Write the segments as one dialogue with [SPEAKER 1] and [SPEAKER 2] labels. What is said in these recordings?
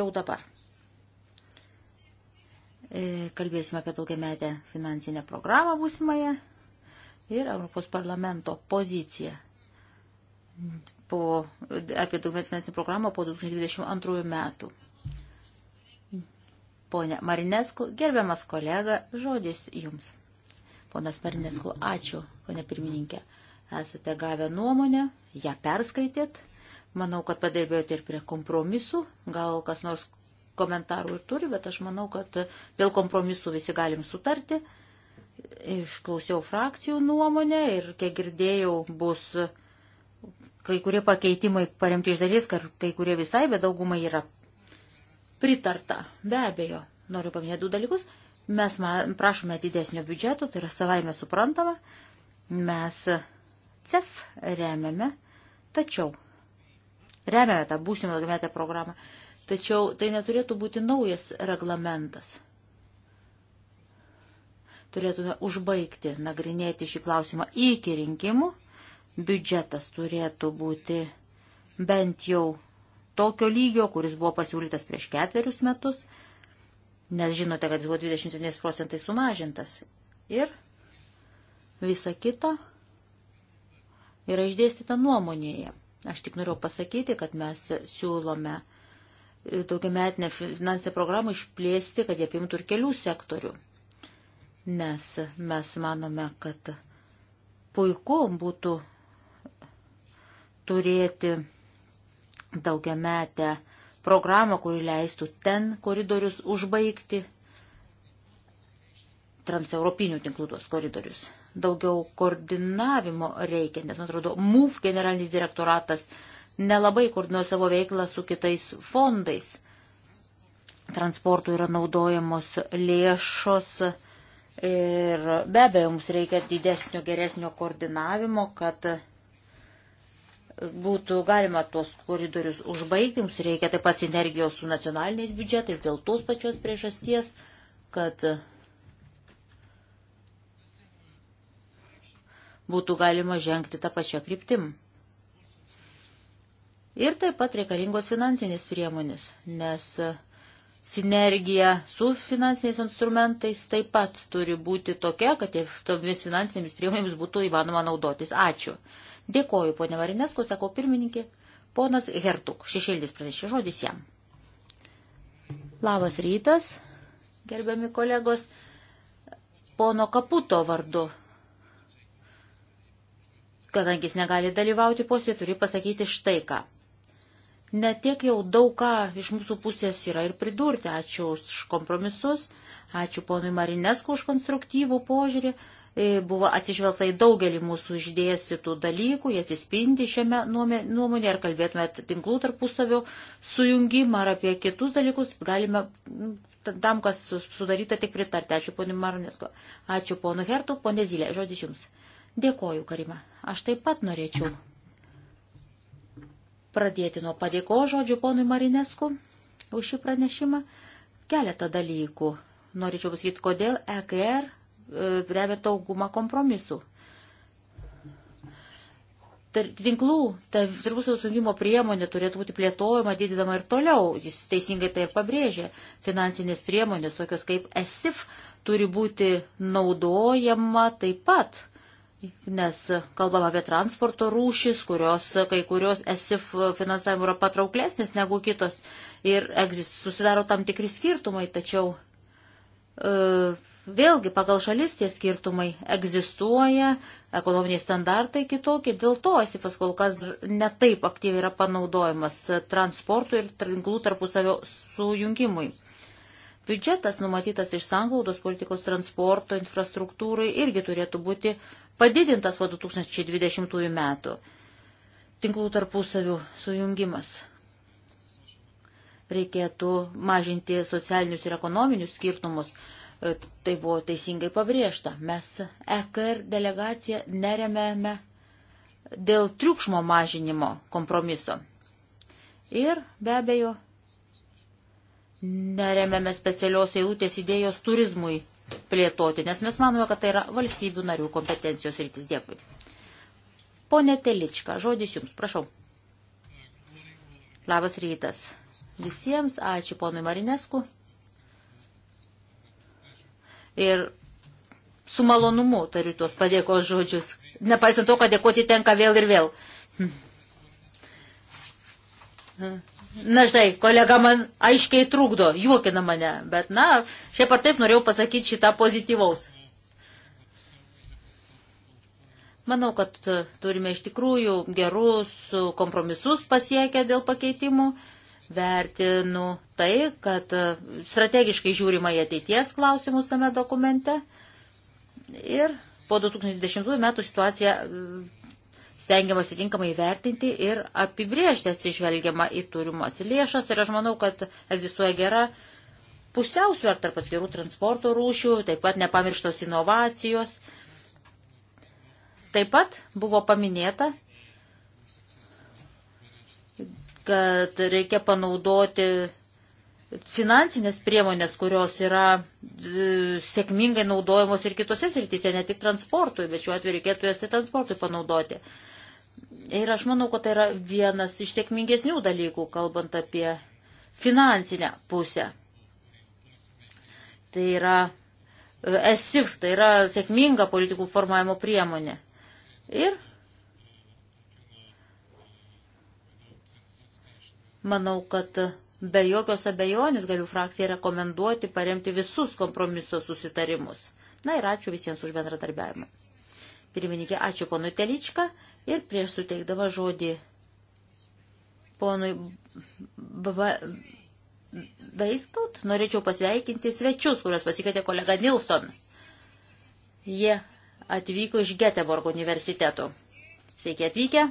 [SPEAKER 1] jau dabar. E, kalbėsime apie daugiametę finansinę programą būsimąją ir Europos parlamento poziciją po, apie daugiametę finansinę programą po 2022 metų. Pone Marinesku, gerbiamas kolega, žodis jums. Ponas Marinesku, ačiū, pone pirmininkė. Esate gavę nuomonę, ją perskaitėt Manau, kad padirbėjote ir prie kompromisų, gal kas nors komentarų ir turi, bet aš manau, kad dėl kompromisų visi galim sutarti. Išklausiau frakcijų nuomonę ir kiek girdėjau, bus kai kurie pakeitimai paremti iš dalies, kai kurie visai, bet daugumai yra pritarta. Be abejo, noriu paminėti du dalykus. Mes prašome didesnio biudžeto, tai yra savaime suprantama. Mes CEF remiame, tačiau remiame tą būsimą ilgametę programą, tačiau tai neturėtų būti naujas reglamentas. Turėtume užbaigti nagrinėti šį klausimą iki rinkimų. Biudžetas turėtų būti bent jau tokio lygio, kuris buvo pasiūlytas prieš ketverius metus, nes žinote, kad jis buvo 27 procentai sumažintas. Ir visa kita yra išdėstyta nuomonėje. Aš tik noriu pasakyti, kad mes siūlome e, tokią metinę finansinę programą išplėsti, kad jie apimtų ir kelių sektorių. Nes mes manome, kad puiku būtų turėti daugiametę programą, kuri leistų ten koridorius užbaigti, transeuropinių tinklų tuos koridorius daugiau koordinavimo reikia, nes, man atrodo, MUF generalinis direktoratas nelabai koordinuoja savo veiklą su kitais fondais. Transportų yra naudojamos lėšos ir be abejo, mums reikia didesnio, geresnio koordinavimo, kad būtų galima tuos koridorius užbaigti, mums reikia taip pat sinergijos su nacionaliniais biudžetais dėl tos pačios priežasties, kad būtų galima žengti tą pačią kryptim. Ir taip pat reikalingos finansinės priemonės, nes sinergija su finansiniais instrumentais taip pat turi būti tokia, kad tomis finansinėmis priemonėmis būtų įmanoma naudotis. Ačiū. Dėkoju, ponė Varinesko, sako pirmininkė. Ponas Hertuk, šešėlis pranešė žodis jam. Labas rytas, gerbiami kolegos. Pono Kaputo vardu kadangi jis negali dalyvauti posėdėje, turi pasakyti štai ką. Netiek jau daug ką iš mūsų pusės yra ir pridurti. Ačiū už kompromisus, ačiū ponui Marinesku už konstruktyvų požiūrį. E, buvo atsižvelgta į daugelį mūsų išdėstytų dalykų, jie atsispindi šiame nuomonė, ar kalbėtume tinklų tarpusavio sujungimą ar apie kitus dalykus, galime tam, kas sudaryta, tik pritarti. Ačiū ponui Marinesku. Ačiū ponui Hertu, ponė Zylė, žodis jums. Dėkoju, Karima. Aš taip pat norėčiau pradėti nuo padėko žodžių ponui Marinesku už šį pranešimą. Keletą dalykų. Norėčiau pasakyti, kodėl EKR e, remia daugumą kompromisų. Tinklų, ta tarpusavio sujungimo priemonė turėtų būti plėtojama, didinama ir toliau. Jis teisingai tai ir pabrėžė. Finansinės priemonės, tokios kaip ESIF, turi būti naudojama taip pat nes kalbam apie transporto rūšis, kurios kai kurios ESIF finansavimu yra patrauklesnės negu kitos ir egzist, susidaro tam tikri skirtumai, tačiau e, vėlgi pagal šalis tie skirtumai egzistuoja, ekonominiai standartai kitokie, dėl to ESIFas kol kas netaip aktyviai yra panaudojamas transportui ir tinklų tarpusavio sujungimui. Biudžetas numatytas iš sanglaudos politikos transporto infrastruktūrai irgi turėtų būti uh, padidintas po 2020 metų. Tinklų tarpusavių sujungimas. Reikėtų mažinti socialinius ir ekonominius skirtumus. E, tai buvo teisingai pabrėžta. Mes EKR delegaciją neremėme dėl triukšmo mažinimo kompromiso. Ir be abejo, neremėme specialios eilutės idėjos turizmui plėtoti, nes mes manome, kad tai yra valstybių narių kompetencijos rytis. Dėkui. Pone Telička, žodis jums, prašau. Labas rytas visiems, ačiū ponui Marinesku. Ir su malonumu tariu tuos padėkos žodžius. Nepaisant to, kad dėkoti tenka vėl ir vėl. Hm. Hm. Na štai, kolega man aiškiai trukdo, juokina mane, bet na, šiaip ar taip norėjau pasakyti šitą pozityvaus. Manau, kad e, turime iš tikrųjų gerus kompromisus pasiekę dėl pakeitimų. Vertinu tai, kad e, strategiškai žiūrima į ateities klausimus tame dokumente. Ir po 2010 metų situacija stengiamasi tinkamai vertinti ir apibriežti atsižvelgiama į turimas lėšas. Ir aš manau, kad egzistuoja gera pusiausvėr tarp atskirų transporto rūšių, taip pat nepamirštos inovacijos. Taip pat buvo paminėta, kad reikia panaudoti finansinės priemonės, kurios yra e, sėkmingai naudojamos ir kitose srityse, ne tik transportui, bet šiuo atveju reikėtų jas ir transportui panaudoti. Ir aš manau, kad tai yra vienas iš sėkmingesnių dalykų, kalbant apie finansinę pusę. Tai yra ESIF, tai yra sėkminga politikų formavimo priemonė. Ir manau, kad be jokios abejonės galiu frakcijai rekomenduoti paremti visus kompromiso susitarimus. Na ir ačiū visiems už bendradarbiavimą. Pirmininkė, ačiū ponui Teličką Ir prieš suteikdama žodį ponui Beiskaut, norėčiau pasveikinti svečius, kuriuos pasikvietė kolega Nilsson. Jie atvyko iš Geteborgo universiteto. Sveiki atvykę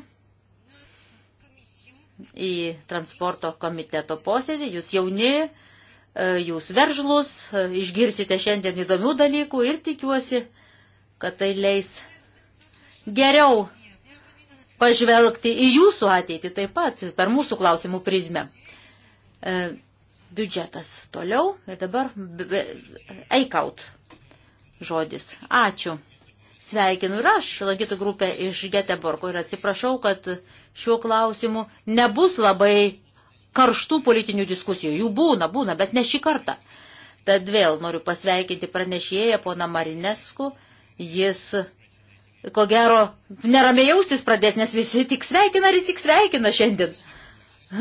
[SPEAKER 1] į transporto komiteto posėdį. Jūs jauni, e, jūs veržlus, e, išgirsite šiandien įdomių dalykų ir tikiuosi, kad tai leis geriau pažvelgti į jūsų ateitį taip pat per mūsų klausimų prizmę. E, biudžetas toliau ir dabar eikaut žodis. Ačiū. Sveikinu ir aš lankytų grupę iš Geteborgo ir atsiprašau, kad šiuo klausimu nebus labai karštų politinių diskusijų. Jų būna, būna, bet ne šį kartą. Tad vėl noriu pasveikinti pranešėją poną Marinesku. Jis ko gero, neramiai jaustis pradės, nes visi tik sveikina ir tik sveikina šiandien.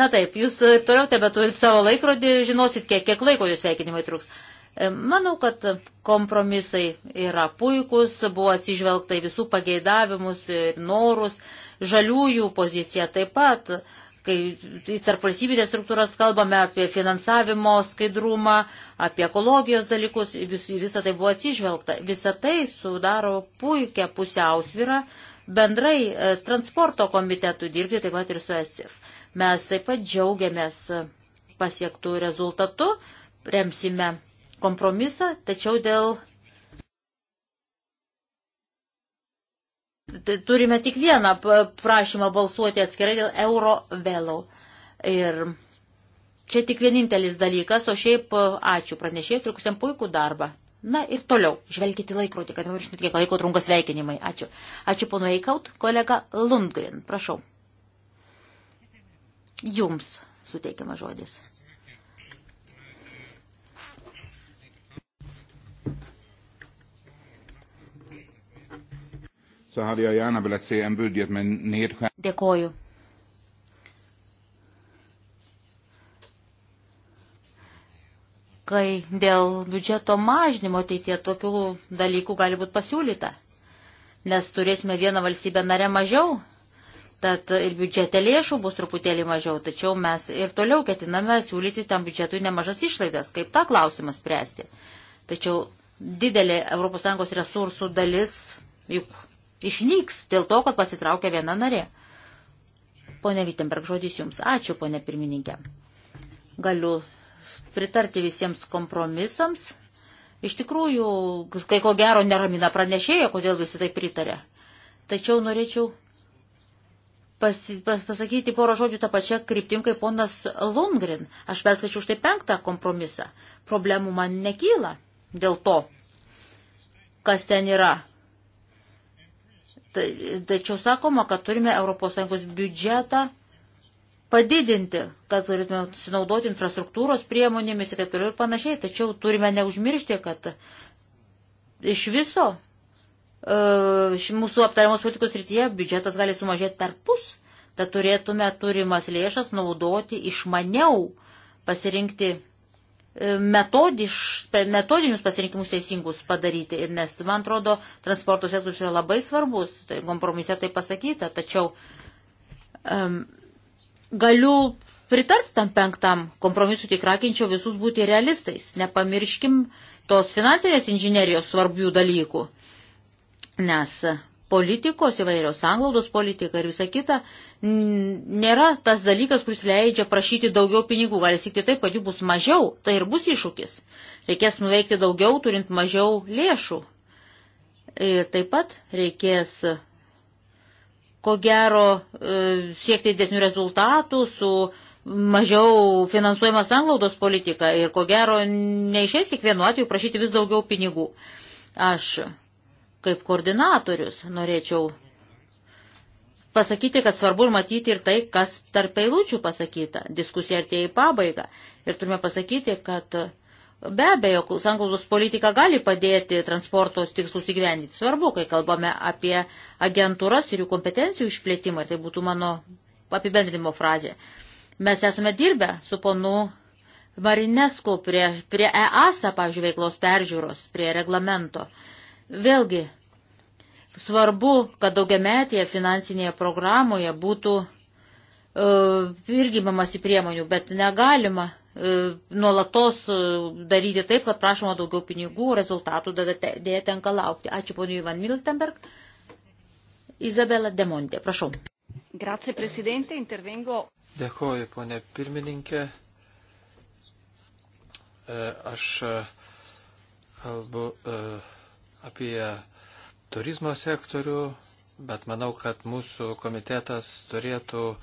[SPEAKER 1] Na taip, jūs ir toliau tebe turit savo laikrodį, žinosit, kiek, kiek laiko jūs sveikinimai truks. E, manau, kad kompromisai yra puikus, buvo atsižvelgta į visų pageidavimus ir norus, žaliųjų pozicija taip pat. Uh, kai tarp valstybinės struktūros kalbame apie finansavimo skaidrumą, apie ekologijos dalykus, vis, visą tai buvo atsižvelgta. Visą tai sudaro puikia pusiausvyrą bendrai e, transporto komitetų dirbti, taip pat ir su ESIF. Mes taip pat džiaugiamės pasiektų rezultatų, remsime kompromisą, tačiau dėl turime tik vieną prašymą balsuoti atskirai dėl euro vėlau. Ir čia tik vienintelis dalykas, o šiaip ačiū pranešėjai, trukusiam puikų darbą. Na ir toliau, žvelkite laikrodį, kad nepamirštumėte, kiek laiko trunka sveikinimai. Ačiū. Ačiū pono Eikaut, kolega Lundgren, prašau. Jums suteikiamas žodis.
[SPEAKER 2] Dėkoju.
[SPEAKER 1] Kai dėl biudžeto mažnymo ateitie tokių dalykų gali būti pasiūlyta, nes turėsime vieną valstybę narę mažiau, tad ir biudžete lėšų bus truputėlį mažiau, tačiau mes ir toliau ketiname siūlyti tam biudžetui nemažas išlaidas, kaip tą klausimą spręsti. Tačiau didelė ES resursų dalis juk išnyks dėl to, kad pasitraukia viena narė. Pone Vitemberg, žodis Jums. Ačiū, pone pirmininkė. Galiu pritarti visiems kompromisams. Iš tikrųjų, kai ko gero neramina pranešėja, kodėl visi tai pritarė. Tačiau norėčiau pas, pas, pasakyti porą žodžių tą pačią kryptim kaip ponas Lundgren. Aš perskačiau štai penktą kompromisą. Problemų man nekyla dėl to, kas ten yra. Tačiau sakoma, kad turime ES biudžetą padidinti, kad turėtume sinaudoti infrastruktūros priemonėmis ir taip toliau ir panašiai. Tačiau turime neužmiršti, kad iš viso e, mūsų aptariamos politikos rytyje biudžetas gali sumažėti per pus, tad turėtume turimas lėšas naudoti išmaniau, pasirinkti metodiš, metodinius pasirinkimus teisingus padaryti, nes man atrodo, transporto sektorius yra labai svarbus, tai kompromise tai pasakyta, tačiau um, galiu pritarti tam penktam kompromisu, tik rakinčiau visus būti realistais, nepamirškim tos finansinės inžinerijos svarbių dalykų, nes politikos įvairios, sanglaudos politika ir visa kita nėra tas dalykas, kuris leidžia prašyti daugiau pinigų. Gali sikti taip, kad jų bus mažiau, tai ir bus iššūkis. Reikės nuveikti daugiau, turint mažiau lėšų. Ir taip pat reikės, ko gero, e, siekti didesnių rezultatų su mažiau finansuojama sanglaudos politika ir ko gero neišės kiekvienu atveju prašyti vis daugiau pinigų. Aš kaip koordinatorius norėčiau pasakyti, kad svarbu ir matyti ir tai, kas tarp eilučių pasakyta. Diskusija artėja į pabaigą. Ir turime pasakyti, kad be abejo, sanglaudos politika gali padėti transporto tikslus įgyvendinti. Svarbu, kai kalbame apie agentūras ir jų kompetencijų išplėtimą. Ir tai būtų mano apibendrinimo frazė. Mes esame dirbę su ponu Marinesku prie, prie EASA, pavyzdžiui, veiklos peržiūros, prie reglamento. Uh, Vėlgi, svarbu, kad daugiametėje finansinėje programoje būtų e, irgi mamasi priemonių, bet negalima e, nuolatos e, daryti taip, kad prašoma daugiau pinigų, rezultatų dėja tenka laukti. Ačiū poniu Ivan Miltenberg. Izabela Demontė, prašau. Grazie,
[SPEAKER 3] prezidentė, intervengo.
[SPEAKER 4] Dėkuoju, ponė pirmininkė. E, aš e, kalbu. E, apie turizmo sektorių, bet manau, kad mūsų komitetas turėtų e,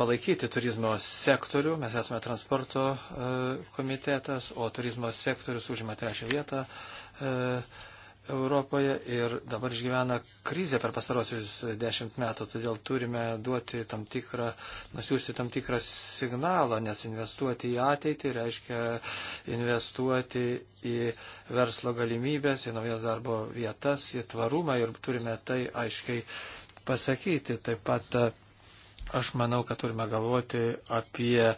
[SPEAKER 4] palaikyti turizmo sektorių. Mes esame transporto e, komitetas, o turizmo sektorius užima trečią vietą e, Europoje ir dabar išgyvena krizę per pastarosius dešimt metų, todėl turime duoti tam tikrą, nusiųsti tam tikrą signalą, nes investuoti į ateitį reiškia investuoti į verslo galimybės, į naujas darbo vietas, į tvarumą ir turime tai aiškiai pasakyti. Taip pat e, aš manau, kad turime galvoti apie e,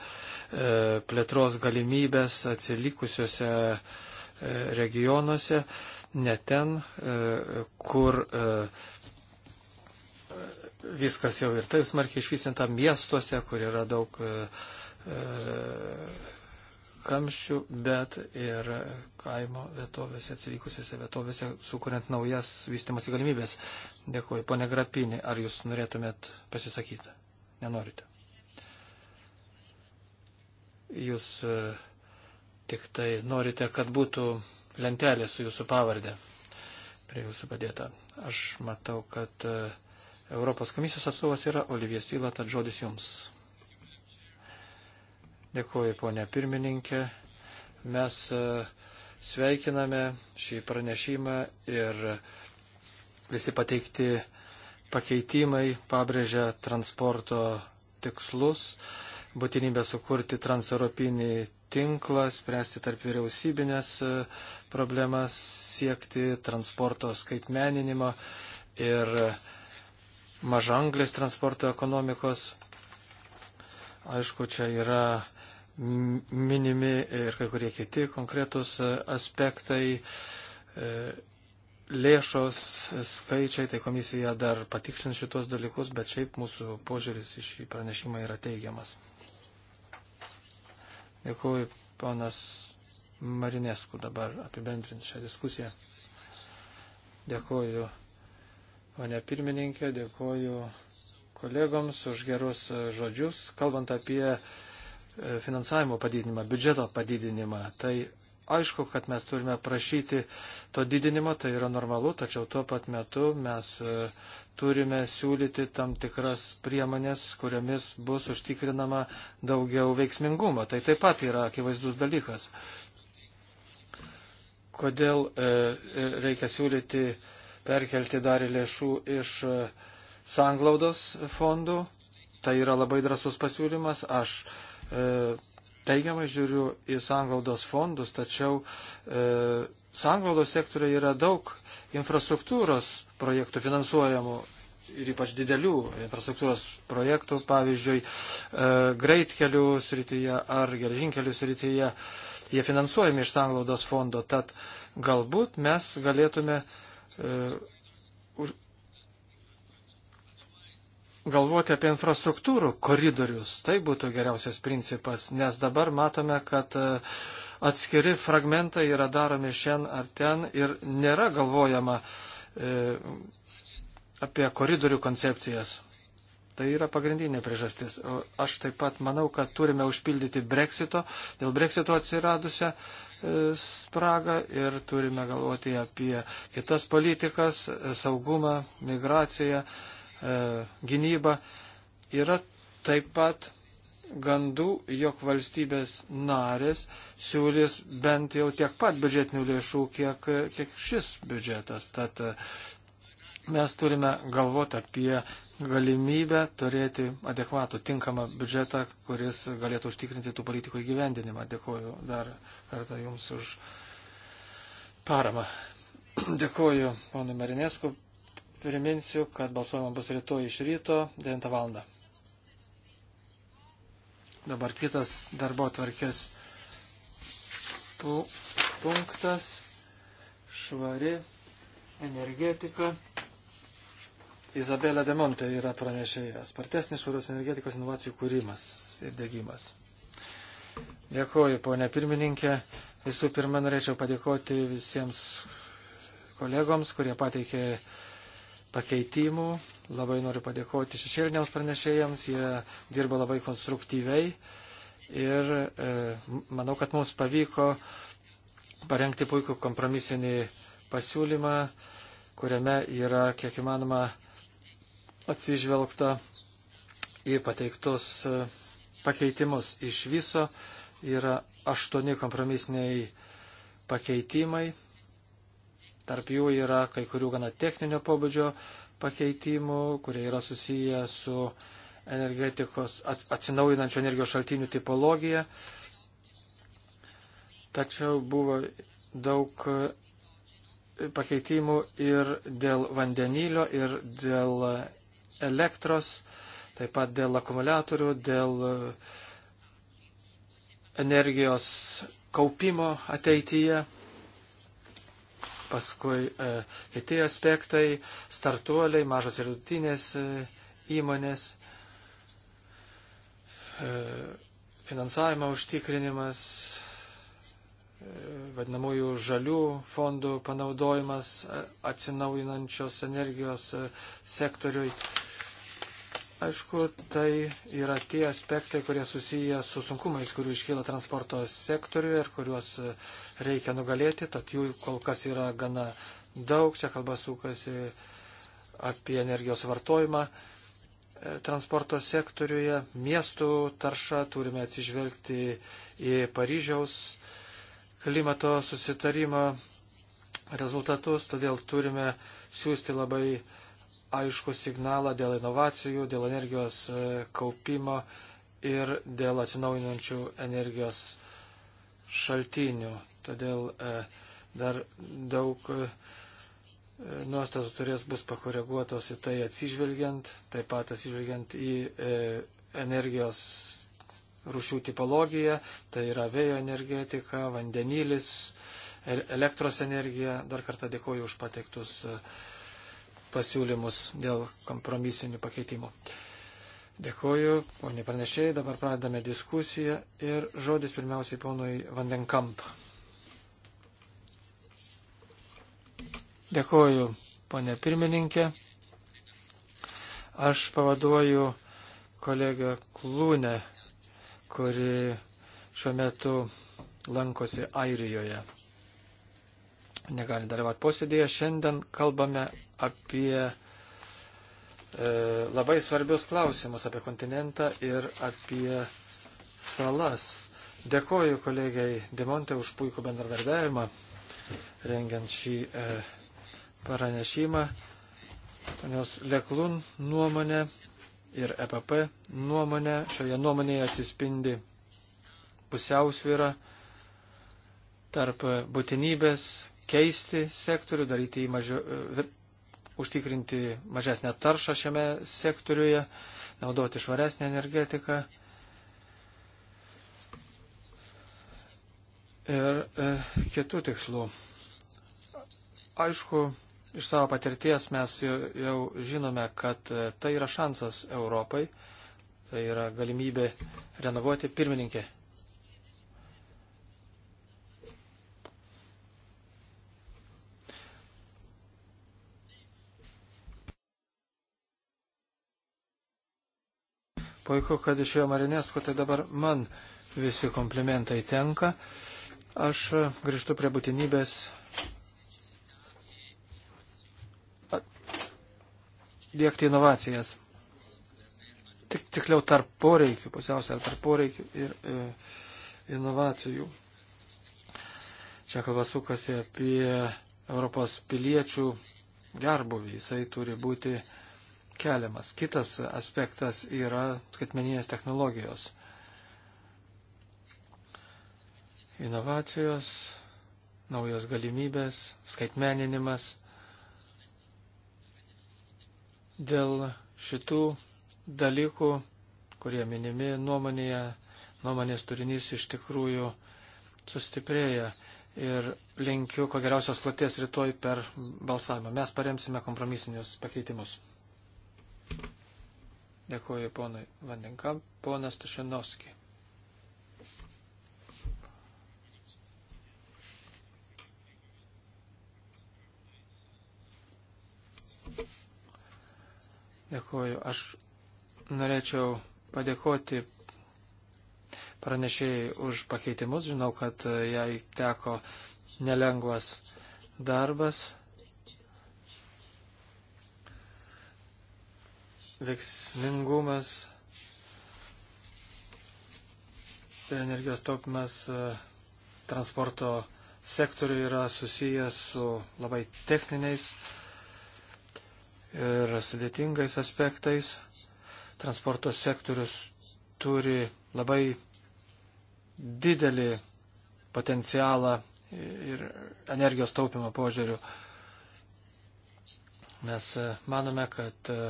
[SPEAKER 4] plėtros galimybės atsilikusiuose e, regionuose. E, ne ten, e, kur e, viskas jau ir taip smarkiai išvysinta miestuose, kur yra daug e, kamščių, bet ir kaimo vietovėse, atsilikusiose vietovėse, sukuriant naujas vystimosi galimybės. Dėkuoju. Pone Grapinė, ar jūs norėtumėt pasisakyti? Nenorite. Jūs tik tai norite, kad būtų lentelė su jūsų pavardė prie jūsų padėta. Aš matau, kad e, Europos komisijos atstovas yra Olivijas Tyla, tad žodis jums. Dėkuoju, ponė pirmininkė. Mes e, sveikiname šį pranešimą ir visi pateikti pakeitimai pabrėžia transporto tikslus, būtinybę sukurti transeuropinį tinklą, spręsti tarp vyriausybinės e, problemas, siekti transporto skaitmeninimo ir e, mažanglės transporto ekonomikos. Aišku, čia yra minimi ir kai kurie kiti konkretus e, aspektai, lėšos, skaičiai, tai komisija dar patikslins šitos dalykus, bet šiaip mūsų požiūris į šį pranešimą yra teigiamas. Dėkuoju, ponas Marinesku dabar apibendrint šią diskusiją. Dėkuoju, ponė pirmininkė, dėkuoju kolegoms už gerus žodžius, kalbant apie e, finansavimo padidinimą, biudžeto padidinimą. Tai Aišku, kad mes turime prašyti to didinimo, tai yra normalu, tačiau tuo pat metu mes e, turime siūlyti tam tikras priemonės, kuriomis bus užtikrinama daugiau veiksmingumo. Tai taip pat yra akivaizdus dalykas. Kodėl e, e, reikia siūlyti perkelti dar lėšų iš sanglaudos fondų? Tai yra labai drasus pasiūlymas. Aš teigiamai žiūriu į sanglaudos fondus, tačiau e, sanglaudos sektoriuje yra daug infrastruktūros projektų finansuojamų ir ypač didelių infrastruktūros projektų, pavyzdžiui, e, greitkelių srityje ar geležinkelių srityje. Jie finansuojami iš sanglaudos fondo, tad galbūt mes galėtume e, galvoti apie infrastruktūrų koridorius. Tai būtų geriausias principas, nes dabar matome, kad e, atskiri fragmentai yra daromi šiandien ar ten ir nėra galvojama e, apie koridorių koncepcijas. Tai yra pagrindinė priežastis. Aš taip pat manau, kad turime užpildyti breksito, dėl breksito atsiradusią e, spragą ir turime galvoti apie kitas politikas, e, saugumą, migraciją E, gynybą. Yra taip pat gandų, jog valstybės narės siūlys bent jau tiek pat biudžetinių lėšų, kiek, kiek šis biudžetas. Tad e, mes turime galvoti apie galimybę turėti adekvatų, tinkamą biudžetą, kuris galėtų užtikrinti tų politikų įgyvendinimą. Dėkuoju dar kartą Jums už paramą. Dėkuoju ponui Marinesku. Priminsiu, kad balsuojama bus rytoj iš ryto 9 val. Dabar kitas darbo tvarkės punktas - švari energetika. Izabelė Demonte yra pranešėjas. Spartesnis švaros energetikos inovacijų kūrimas ir dėgymas. Dėkuoju, ponė pirmininkė. Visų pirma, norėčiau padėkoti visiems kolegoms, kurie pateikė uh, pakeitimų. Labai noriu padėkoti šešėliniams pranešėjams, jie dirba labai konstruktyviai ir e, manau, kad mums pavyko parengti puikų kompromisinį pasiūlymą, kuriame yra kiek įmanoma atsižvelgta į pateiktus e, pakeitimus. Iš viso yra aštuoni kompromisiniai pakeitimai Tarp jų yra kai kurių gana techninio pobūdžio pakeitimų, kurie yra susiję su energetikos atsinaujinančio energijos šaltinių tipologija. Tačiau buvo daug e, pakeitimų ir dėl vandenylio, ir dėl elektros, taip pat dėl akumuliatorių, dėl e, energijos kaupimo ateityje paskui e, kiti aspektai, startuoliai, mažos ir vidutinės e, įmonės, e, finansavimo užtikrinimas, e, vadinamųjų žalių fondų panaudojimas e, atsinaujinančios energijos e, sektoriui. E, Aišku, tai yra tie aspektai, kurie susiję su sunkumais, kurių iškyla transporto sektoriuje ir kuriuos reikia nugalėti, tad jų kol kas yra gana daug. Čia kalba sukasi apie energijos vartojimą e, transporto sektoriuje, miestų taršą, turime atsižvelgti į Paryžiaus klimato susitarimo rezultatus, todėl turime siūsti labai uh, aišku signalą dėl inovacijų, dėl energijos e, kaupimo ir dėl atsinaujinančių energijos šaltinių. Todėl e, dar daug e, nuostatų turės bus pakoreguotos į tai atsižvelgiant, taip pat atsižvelgiant į energijos rušių tipologiją, tai yra vėjo energetika, vandenilis, elektros energija. Dar kartą dėkoju už pateiktus pasiūlymus dėl kompromisinių pakeitimų. Dėkoju, ponė pranešėjai, dabar pradedame diskusiją ir žodis pirmiausiai ponui Vandenkamp. Dėkoju, ponė pirmininkė. Aš pavaduoju kolegą Klūnę, kuri šiuo metu lankosi Airijoje negali dalyvauti posėdėje. Šiandien kalbame apie e, labai svarbius klausimus apie kontinentą ir apie salas. Dėkoju kolegiai Demonte už puikų bendradarbiavimą, rengiant šį e, pranešimą. Panios Leklun nuomonė ir EPP nuomonė. Šioje nuomonėje atsispindi pusiausvyra tarp būtinybės keisti sektorių, daryti jį mažiau, e, užtikrinti mažesnę taršą šiame sektoriuje, naudoti švaresnę energetiką. Ir e, kitų tikslų. Aišku, iš savo patirties mes jau, jau žinome, kad e, tai yra šansas Europai, tai yra galimybė renovuoti pirmininkę Puiku, kad išėjo Marinesku, tai dabar man visi komplimentai tenka. Aš e, grįžtu prie būtinybės dėkti inovacijas. Tik, tikliau tarp poreikių, pusiausia tarp poreikių ir e, inovacijų. Čia kalba sukasi apie Europos piliečių gerbuvį. Jisai turi būti keliamas. Kitas aspektas yra skaitmeninės technologijos. Inovacijos, naujos galimybės, skaitmeninimas. Dėl šitų dalykų, kurie minimi nuomonėje, nuomonės turinys iš tikrųjų sustiprėja ir linkiu ko geriausios kloties rytoj per balsavimą. Mes paremsime kompromisinius pakeitimus. Dėkuoju ponui Vandenkamp, ponas Tušinovski. Dėkuoju, aš norėčiau padėkoti pranešėjai už pakeitimus. Žinau, kad jai teko nelengvas darbas. veiksmingumas ir tai energijos taupimas e, transporto sektoriui yra susijęs su labai techniniais ir sudėtingais aspektais. Transporto sektorius turi labai didelį potencialą ir energijos taupimo požiūrių. Mes e, manome, kad e,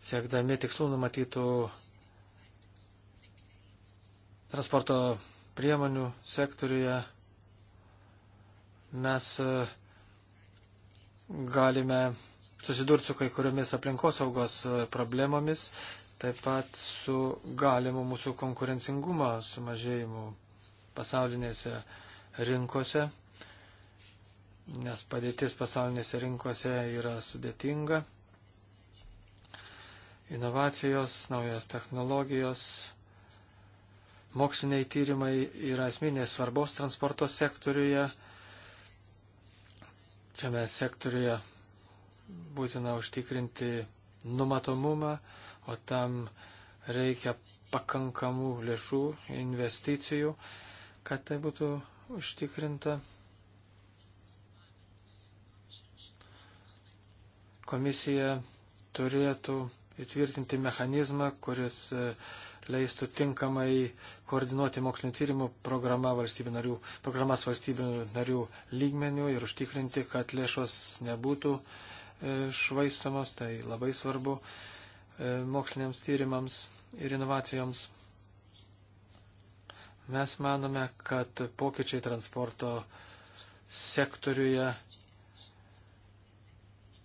[SPEAKER 4] siekdami tikslų numatytų transporto priemonių sektoriuje, mes e, galime susidurti su kai kuriomis aplinkosaugos e, problemomis, taip pat su galimu mūsų konkurencingumo sumažėjimu pasaulinėse rinkose, nes padėtis pasaulinėse rinkose yra sudėtinga. Inovacijos, naujos technologijos, moksliniai tyrimai yra esminės svarbos transporto sektoriuje. Šiame sektoriuje būtina užtikrinti numatomumą, o tam reikia pakankamų lėšų, investicijų, kad tai būtų užtikrinta. Komisija turėtų įtvirtinti mechanizmą, kuris e, leistų tinkamai koordinuoti mokslinio tyrimų programą valstybių narių, programas valstybių narių lygmenių ir užtikrinti, kad lėšos nebūtų e, švaistomos, tai labai svarbu e, moksliniams tyrimams ir inovacijoms. Mes manome, kad pokyčiai transporto sektoriuje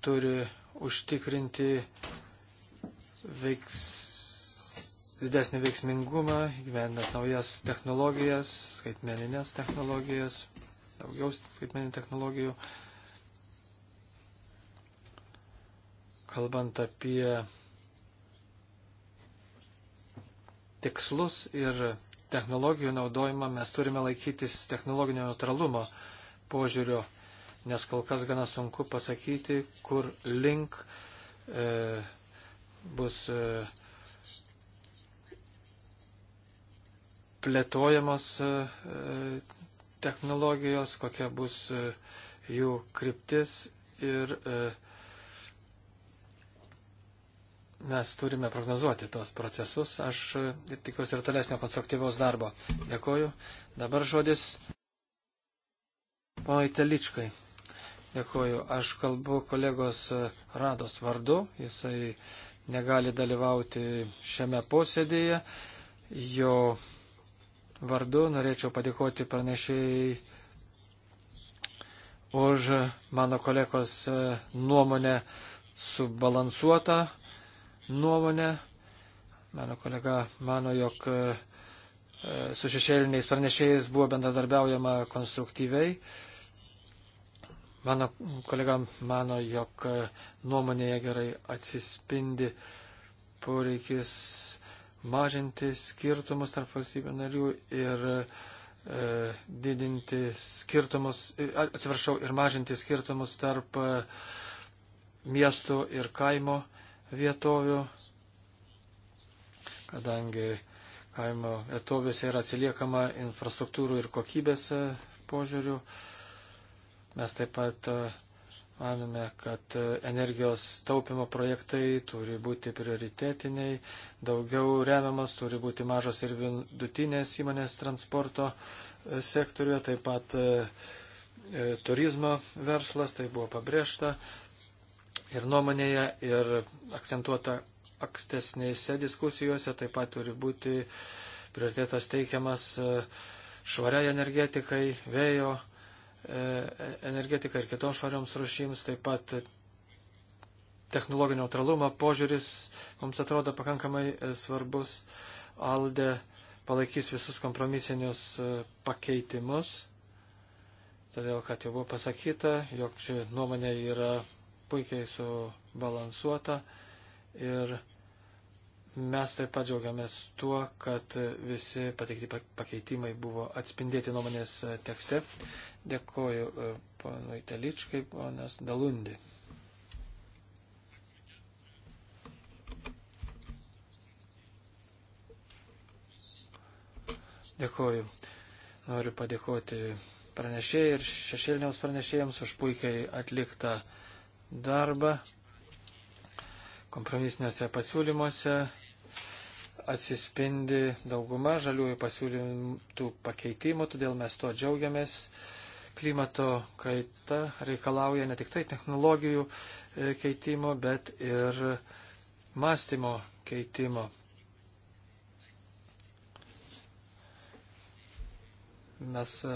[SPEAKER 4] turi užtikrinti veiks, didesnį veiksmingumą, gyvendinant naujas technologijas, skaitmeninės technologijas, daugiau skaitmeninių technologijų. Kalbant apie tikslus ir technologijų naudojimą, mes turime laikytis technologinio neutralumo požiūrio, nes kol kas gana sunku pasakyti, kur link e, bus e, plėtojamos e, technologijos, kokia bus e, jų kryptis ir mes turime prognozuoti tos procesus. Aš tikiuosi ir tolesnio konstruktyvaus darbo. Dėkoju. Dabar žodis ponui Teličkai. Dėkoju. Aš kalbu kolegos Rados vardu. Jisai negali dalyvauti šiame posėdėje. Jo vardu norėčiau padėkoti pranešėjai už mano kolegos e, nuomonę subalansuotą nuomonę. Mano kolega mano, jog e, su šešėliniais pranešėjais buvo bendradarbiaujama konstruktyviai Mano kolega mano, jog nuomonėje gerai atsispindi poreikis mažinti skirtumus tarp valstybių narių ir e, didinti skirtumus, e, atsiprašau, ir mažinti skirtumus tarp e, miestų ir kaimo vietovių, kadangi kaimo vietovėse yra atsiliekama infrastruktūrų ir kokybės e, požiūrių. E, Mes taip pat e, manome, kad e, energijos taupimo projektai turi būti prioritetiniai, daugiau remiamas turi būti mažos ir vidutinės įmonės transporto e, sektoriuje, taip pat e, turizmo verslas, tai buvo pabrėžta ir nuomonėje, ir akcentuota ankstesnėse diskusijose, taip pat turi būti prioritetas teikiamas švariai energetikai, vėjo E, e, energetikai ir kitoms švarioms rušims, taip pat technologinio neutralumo požiūris mums atrodo pakankamai e, svarbus. Alde palaikys visus kompromisinius pakeitimus, todėl kad jau buvo pasakyta, jog ši nuomonė yra puikiai subalansuota ir Mes taip pat džiaugiamės tuo, kad visi pateikti pakeitimai buvo atspindėti nuomonės tekste. Dėkoju e, ponui Teličkai, ponas Dalundi. Dėkoju. Noriu padėkoti pranešėjai ir šešėliniams pranešėjams už puikiai atliktą darbą. Kompromisiniuose pasiūlymuose atsispindi dauguma žaliųjų pasiūlymų pakeitimų, todėl mes to džiaugiamės klimato kaita reikalauja ne tik tai technologijų e, keitimo, bet ir mąstymo keitimo. Mes e,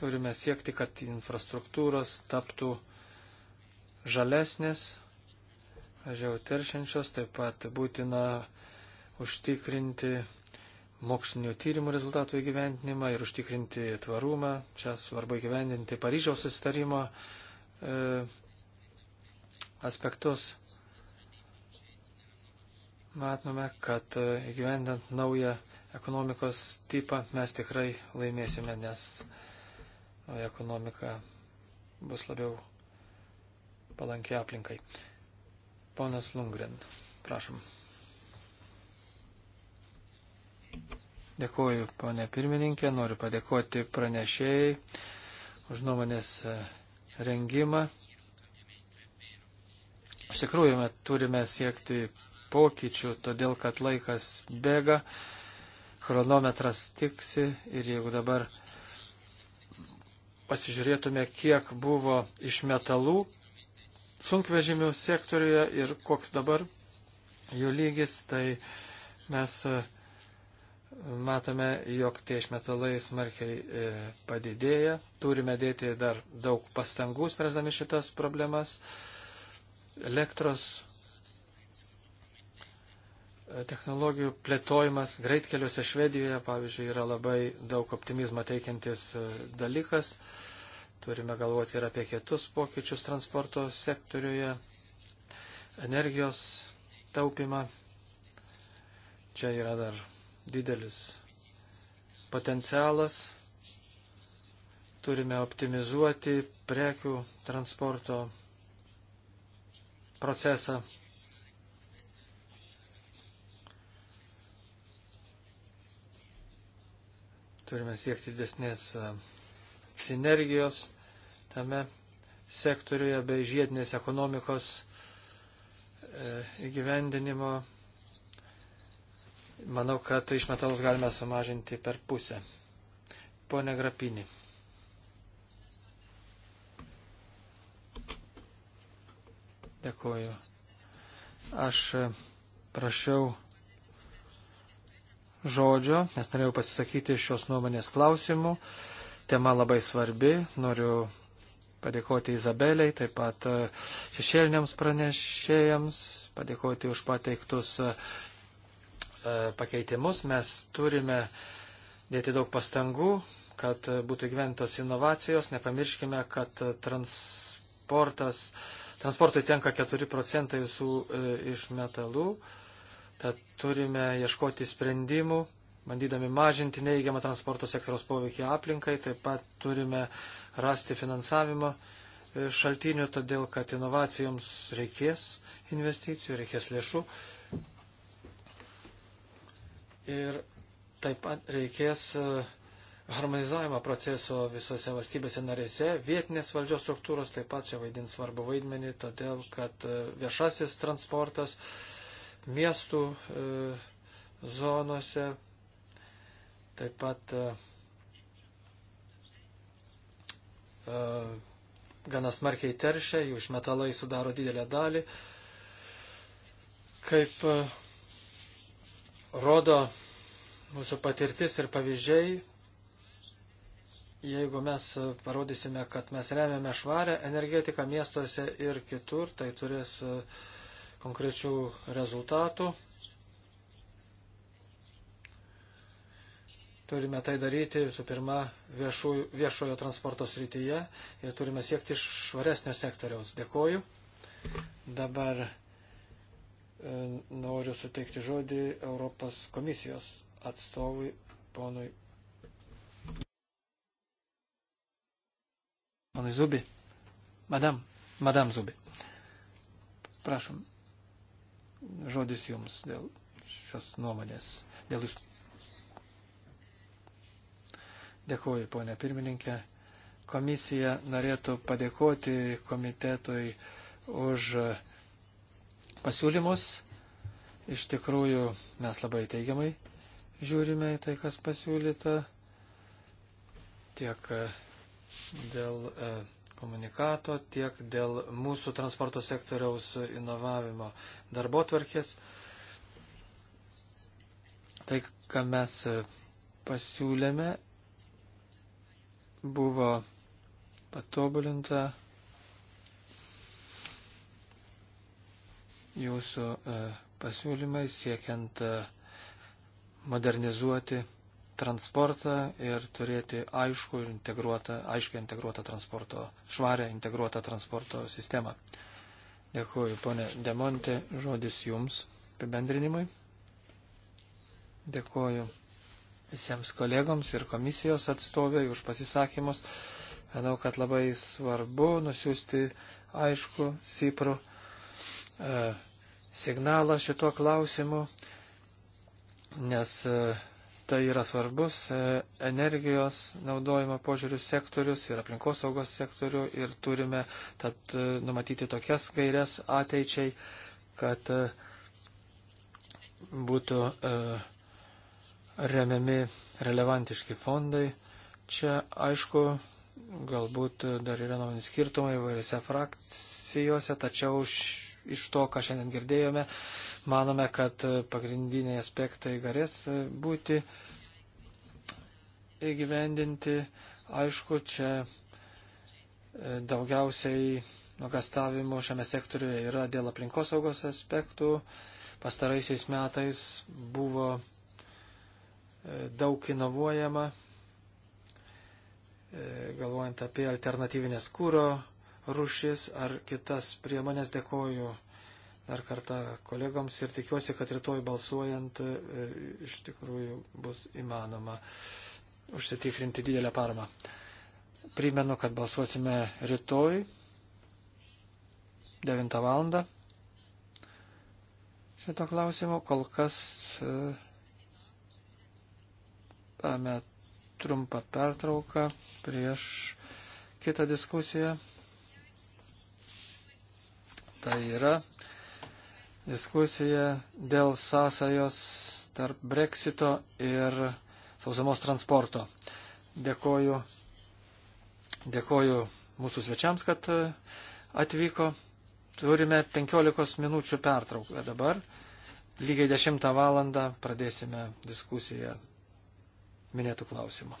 [SPEAKER 4] turime siekti, kad infrastruktūros taptų žalesnės, mažiau teršiančios, taip pat būtina užtikrinti mokslinio tyrimų rezultatų įgyvendinimą ir užtikrinti tvarumą. Čia svarbu įgyvendinti Paryžiaus susitarimo e, aspektus. Matome, kad e, įgyvendant naują ekonomikos tipą mes tikrai laimėsime, nes nauja ekonomika bus labiau palankia aplinkai. Ponas Lungren, prašom. Dėkuoju, ponė pirmininkė, noriu padėkoti pranešėjai už nuomonės e, rengimą. Iš tikrųjų, mes turime siekti pokyčių, todėl kad laikas bėga, chronometras tiksi ir jeigu dabar pasižiūrėtume, kiek buvo iš metalų sunkvežimių sektoriuje ir koks dabar jų lygis, tai mes e, matome, jog tie išmetalai smarkiai e, padidėja. Turime dėti dar daug pastangų spręsdami šitas problemas. Elektros e, technologijų plėtojimas greitkeliuose Švedijoje, pavyzdžiui, yra labai daug optimizmo teikiantis e, dalykas. Turime galvoti ir apie kitus pokyčius transporto sektoriuje, energijos taupimą. Čia yra dar didelis potencialas. Turime optimizuoti prekių transporto procesą. Turime siekti desnės e, sinergijos tame sektoriuje bei žiedinės ekonomikos e, įgyvendinimo Manau, kad išmetalus galime sumažinti per pusę. Pone Grapinį. Dėkuoju. Aš e, prašiau žodžio, nes norėjau pasisakyti šios nuomonės klausimų. Tema labai svarbi. Noriu padėkoti Izabeliai, taip pat e, šešėliniams pranešėjams, padėkoti už pateiktus e, E, pakeitimus. Mes turime dėti daug pastangų, kad būtų gyventos inovacijos. Nepamirškime, kad transportas, transportui tenka 4 procentai visų e, iš metalų. Tad turime ieškoti sprendimų, bandydami mažinti neįgiamą transporto sektoriaus poveikį aplinkai. Taip pat turime rasti finansavimą e, šaltinių, todėl kad inovacijoms reikės investicijų, reikės lėšų ir taip pat reikės e, harmonizavimo proceso visose valstybėse narėse. Vietinės valdžios struktūros taip pat čia vaidins svarbu vaidmenį, todėl kad e, viešasis transportas miestų e, zonose taip pat gana smarkiai teršia, jų išmetalai sudaro didelę dalį. Kaip rodo mūsų patirtis ir pavyzdžiai, jeigu mes parodysime, kad mes remiame švarę energetiką miestuose ir kitur, tai turės e, konkrečių rezultatų. Turime tai daryti visų pirma viešų, viešojo transporto srityje ir turime siekti švaresnio sektoriaus. Dėkoju. Dabar E, noriu suteikti žodį Europos komisijos atstovui ponui. Ponui Zubi. Madam, madam Zubi. Prašom. Žodis jums dėl šios nuomonės. Dėl jūs. Dėkuoju, ponė pirmininkė. Komisija norėtų padėkoti komitetui už uh, pasiūlymus. Iš tikrųjų, mes labai teigiamai žiūrime į tai, kas pasiūlyta tiek e, dėl e, komunikato, tiek dėl mūsų transporto sektoriaus inovavimo darbo tvarkės. Tai, ką mes e, pasiūlėme, buvo patobulinta jūsų e, pasiūlymai siekiant e, modernizuoti transportą ir turėti aišku ir integruotą, aiškiai integruotą transporto, švarę integruotą transporto sistemą. Dėkuoju, ponė Demonte, žodis jums apibendrinimui. Dėkuoju visiems kolegoms ir komisijos atstoviai už pasisakymus. Manau, kad labai svarbu nusiųsti aišku Siprų E, signalą šituo klausimu, nes e, tai yra svarbus e, energijos naudojimo požiūrių sektorius ir aplinkosaugos sektorių ir turime tad numatyti tokias gairias ateičiai, kad būtų remiami relevantiški fondai. Čia, aišku, galbūt dar yra nuomonių skirtumai įvairiose frakcijose, tačiau š iš to, ką šiandien girdėjome, manome, kad pagrindiniai aspektai galės būti įgyvendinti. Aišku, čia e, daugiausiai nuogastavimų šiame sektoriuje yra dėl aplinkosaugos aspektų. Pastaraisiais metais buvo e, daug inovuojama, e, galvojant apie alternatyvinės kūro rušis ar kitas priemonės. Dėkoju dar kartą kolegoms ir tikiuosi, kad rytoj balsuojant e, iš tikrųjų bus įmanoma užsitikrinti didelę paramą. Primenu, kad balsuosime rytoj 9 val. Šito klausimo kol kas dame e, trumpą pertrauką prieš kitą diskusiją. Tai yra diskusija dėl sąsajos tarp breksito ir sausumos transporto. Dėkoju, dėkoju mūsų svečiams, kad e, atvyko. Turime 15 minučių pertrauką dabar. Lygiai 10 valandą pradėsime diskusiją minėtų klausimų.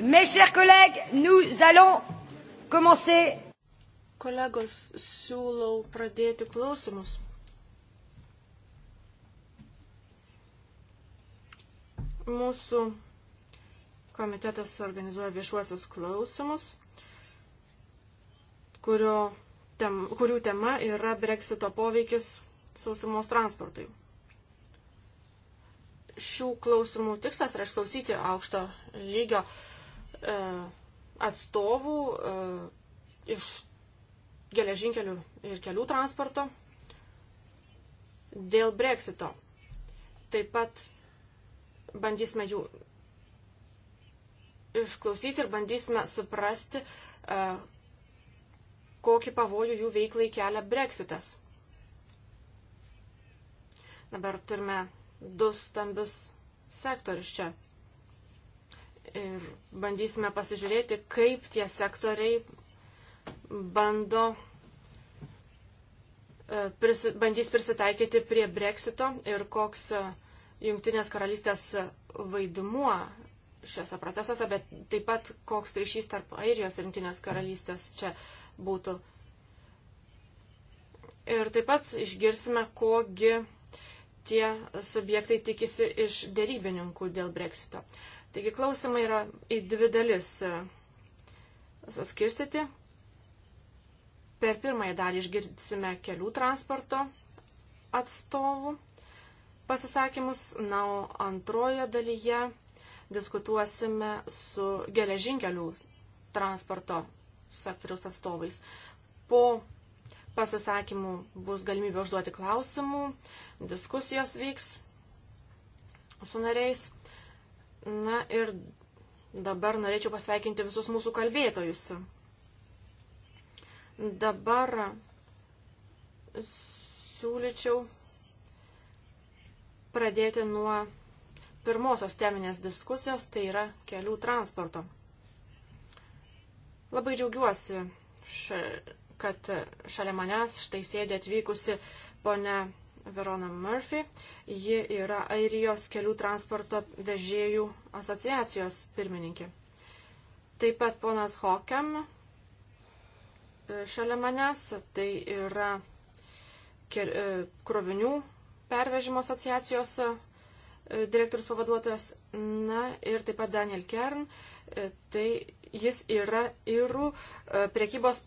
[SPEAKER 2] Mes chers collègues,
[SPEAKER 3] nous allons commencer. Kolegos, siūlau pradėti klausimus. Mūsų komitetas organizuoja viešuosius klausimus, kurio tem, kurių tema yra breksito poveikis sausumos transportui šių klausimų tikslas yra išklausyti aukšto lygio e, atstovų e, iš geležinkelių ir kelių transporto dėl breksito. Taip pat bandysime jų išklausyti ir bandysime suprasti, e, kokį pavojų jų veiklai kelia breksitas. Dabar turime du stambius sektorius čia. Ir bandysime pasižiūrėti, kaip tie sektoriai bando, e, prisi, bandys prisitaikyti prie breksito ir koks e, jungtinės karalystės vaidmuo šiuose procesuose, bet taip pat koks ryšys tarp Airijos ir jungtinės karalystės čia būtų. Ir taip pat išgirsime, kogi tie subjektai tikisi iš dėrybininkų dėl breksito. Taigi klausimai yra į dvi dalis e, suskirstyti. Per pirmąją dalį išgirdsime kelių transporto atstovų pasisakymus, na, o antrojo dalyje diskutuosime su geležinkelių transporto sektoriaus atstovais. Po pasisakymų bus galimybė užduoti klausimų, diskusijos vyks su nariais. Na ir dabar norėčiau pasveikinti visus mūsų kalbėtojus. Dabar siūlyčiau pradėti nuo pirmosios teminės diskusijos, tai yra kelių transporto. Labai džiaugiuosi, kad šalia manęs štai sėdė atvykusi ponia Verona Murphy. Ji yra Airijos kelių transporto vežėjų asociacijos pirmininkė. Taip pat ponas Hokiam e, šalia manęs, tai yra e, krovinių pervežimo asociacijos e, direktorius pavaduotojas, na ir taip pat Daniel Kern, tai jis yra irų priekybos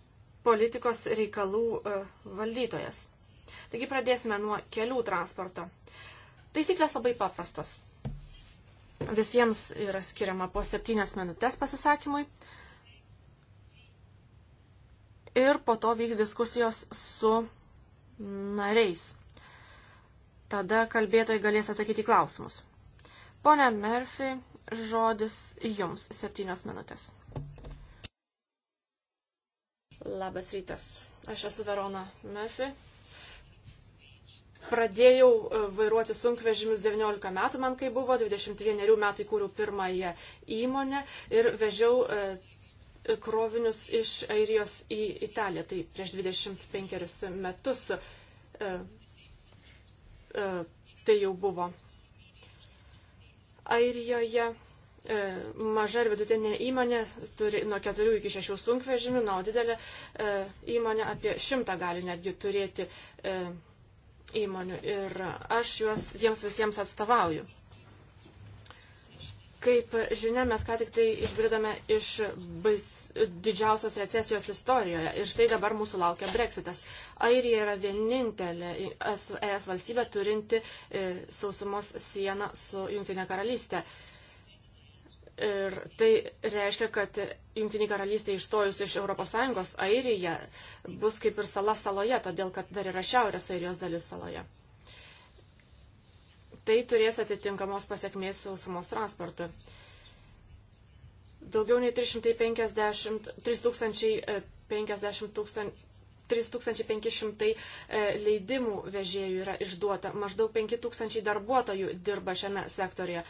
[SPEAKER 3] politikos reikalų valdytojas. Taigi pradėsime nuo kelių transporto. Taisyklės labai paprastos. Visiems yra skiriama po septynias minutės pasisakymui. Ir po to vyks diskusijos su nariais. Tada kalbėtojai galės atsakyti klausimus. Pone Murphy, žodis jums septynios minutės. Labas rytas. Aš esu Verona Murphy Pradėjau e, vairuoti sunkvežimius 19 metų, man kai buvo, 21 metų įkūriau pirmąją įmonę ir vežiau e, krovinius iš Airijos į Italiją. Tai prieš 25 metus e, tai jau buvo. Airijoje maža ir vidutinė įmonė turi nuo 4 iki 6 sunkvežimių, na, o didelė įmonė apie 100 gali netgi turėti įmonių ir aš juos, jiems visiems atstovauju. Kaip žinia, mes ką tik tai išbridome iš bais, didžiausios recesijos istorijoje ir štai dabar mūsų laukia breksitas. Airija yra vienintelė ES valstybė turinti e, sausumos sieną su Junktinė karalystė. E, Ir tai reiškia, kad Junktinė karalystė išstojus iš ES, Airija bus kaip ir sala saloje, todėl kad dar yra Šiaurės Airijos dalis saloje. Tai turės atitinkamos pasiekmės sausumos transportui. Daugiau nei 350, 3050 tūkstančių. 3500 leidimų vežėjų yra išduota, maždaug 5000 darbuotojų dirba šiame sektorėje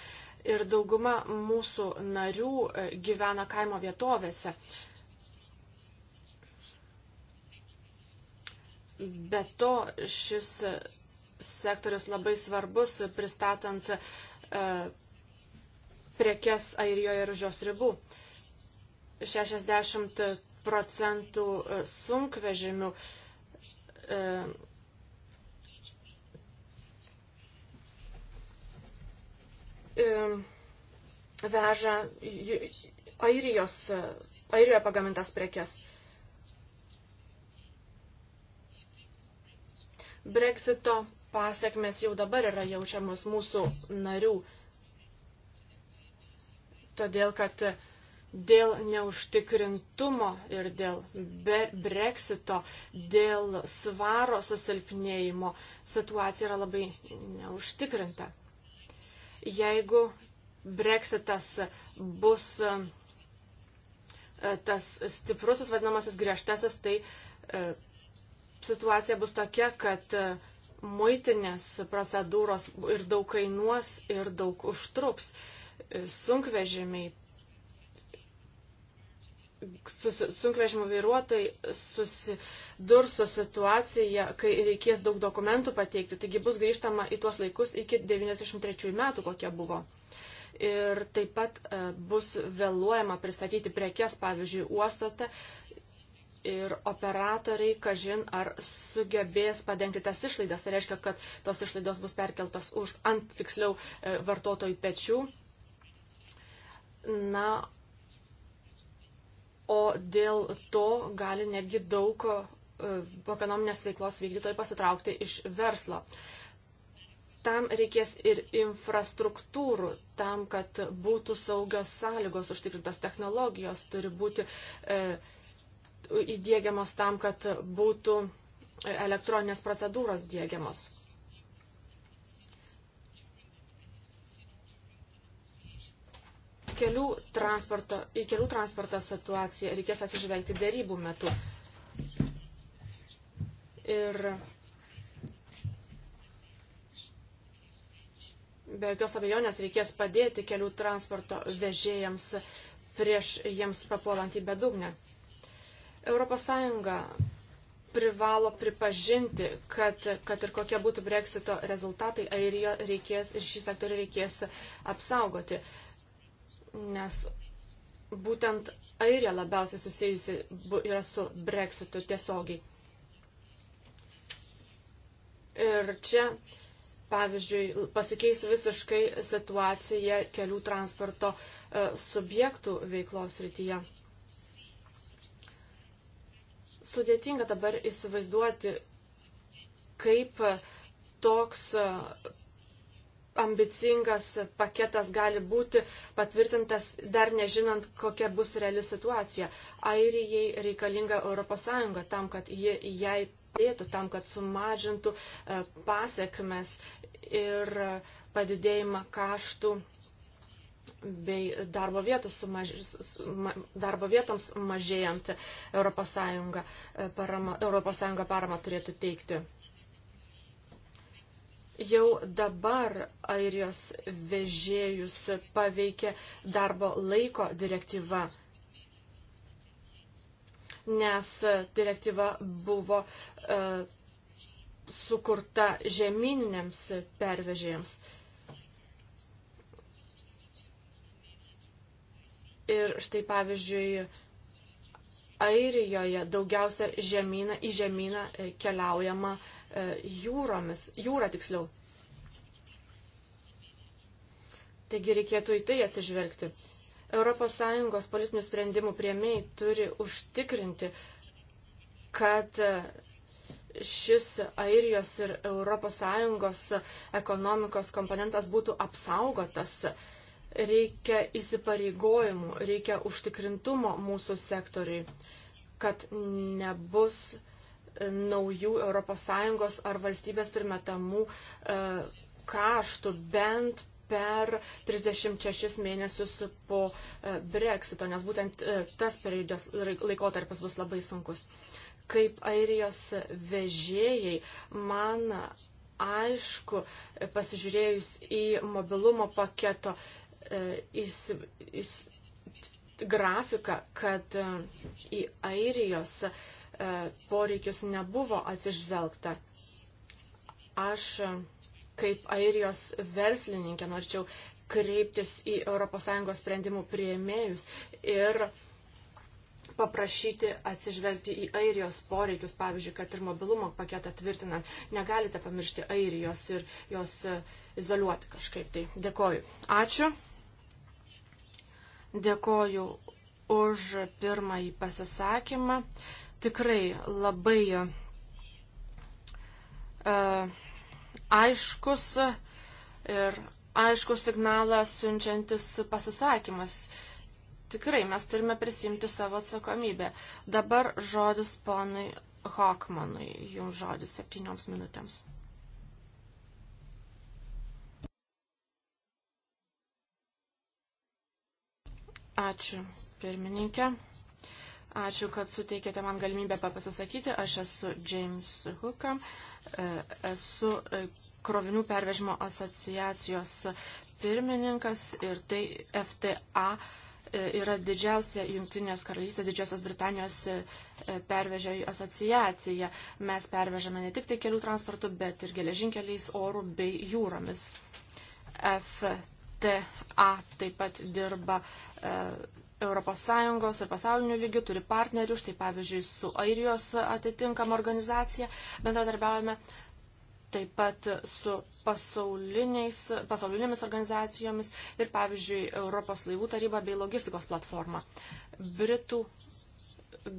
[SPEAKER 3] ir dauguma mūsų narių e, gyvena kaimo vietovėse. Be to, šis sektorius labai svarbus pristatant e, prekes Airijoje ir už jos ribų. 60 procentų sunkvežimių e, E, veža Airijos, e, Airijoje pagamintas prekes. Brexito pasiekmes jau dabar yra jaučiamas mūsų narių, todėl kad dėl neužtikrintumo ir dėl breksito, dėl svaro susilpnėjimo situacija yra labai neužtikrinta jeigu breksitas bus e, tas stiprusis vadinamasis griežtasis, tai e, situacija bus tokia, kad e, muitinės procedūros ir daug kainuos, ir daug užtruks. Sunkvežimiai, sunkvežimų vairuotojai susidurs su situacija, kai reikės daug dokumentų pateikti. Taigi bus grįžtama į tuos laikus iki 93 metų, kokie buvo. Ir taip pat e, bus vėluojama pristatyti prekes, pavyzdžiui, uostose. Ir operatoriai, kažin, ar sugebės padengti tas išlaidas. Tai reiškia, kad tos išlaidos bus perkeltos už ant tiksliau e, vartotojų pečių. Na, o dėl to gali netgi daug e, ekonominės veiklos vykdytojų pasitraukti iš verslo. Tam reikės ir infrastruktūrų, tam, kad būtų saugios sąlygos, užtikrintos technologijos turi būti e, įdėgiamos tam, kad būtų e, elektroninės procedūros dėgiamos. kelių transporto, į kelių transporto situaciją reikės atsižvelgti dėrybų metu. Ir be jokios abejonės reikės padėti kelių transporto vežėjams prieš jiems papuolant į bedugnę. ES privalo pripažinti, kad, kad ir kokie būtų breksito rezultatai, airijo reikės ir šį sektorių reikės apsaugoti nes būtent Airija labiausiai susijusi yra su Brexitu tiesiogiai. Ir čia, pavyzdžiui, pasikeis visiškai situacija kelių transporto e, subjektų veiklos rytyje. Sudėtinga dabar įsivaizduoti, kaip toks ambicingas paketas gali būti patvirtintas dar nežinant, kokia bus reali situacija. Airijai reikalinga ES tam, kad ji jai padėtų, tam, kad sumažintų e, pasiekmes ir padidėjimą kaštų bei darbo, sumaž... darbo vietoms mažėjant ES e, parama, ES parama turėtų teikti jau dabar airijos vežėjus paveikė darbo laiko direktyva, nes direktyva buvo uh, sukurta žemyniniams pervežėjams. Ir štai pavyzdžiui, Airijoje daugiausia žemyną, į žemyną e, keliaujama uh, E, jūromis, jūra tiksliau. Taigi reikėtų į tai atsižvelgti. ES politinių sprendimų prieimiai turi užtikrinti, kad šis Airijos ir ES ekonomikos komponentas būtų apsaugotas. Reikia įsipareigojimų, reikia užtikrintumo mūsų sektoriai, kad nebus uh, naujų ES ar valstybės primetamų e, kaštų bent per 36 mėnesius po e, breksito, nes būtent e, tas periodas laikotarpis bus labai sunkus. Kaip airijos vežėjai, man aišku, pasižiūrėjus į mobilumo paketo įs, įs, grafiką, kad į airijos uh, E, poreikius nebuvo atsižvelgta. Aš e, kaip airijos verslininkė norėčiau kreiptis į ES sprendimų prieimėjus ir paprašyti atsižvelgti į airijos poreikius, pavyzdžiui, kad ir mobilumo paketą tvirtinant, negalite pamiršti airijos ir jos e, izoliuoti kažkaip. Tai dėkoju. Ačiū. Dėkoju už pirmąjį pasisakymą tikrai labai e, aiškus ir aiškus signalas siunčiantis pasisakymas. Tikrai mes turime prisimti savo atsakomybę. Dabar žodis ponui Hokmanui, jums žodis septynioms minutėms. Ačiū, pirmininkė. Ačiū, kad suteikėte man galimybę pasisakyti. Aš esu James Hookam, e, esu e, krovinių pervežimo asociacijos pirmininkas ir tai FTA e, yra didžiausia Junktinės karalystės, Didžiosios Britanijos pervežėjų asociacija. Mes pervežame ne tik tai kelių transportų, bet ir geležinkeliais, orų bei jūromis. FTA taip pat dirba ES ir pasauliniu lygiu, turi partnerių, štai pavyzdžiui, su Airijos atitinkama organizacija bendradarbiaujame taip pat su pasaulinėmis organizacijomis ir, pavyzdžiui, Europos laivų taryba bei logistikos platforma. Britų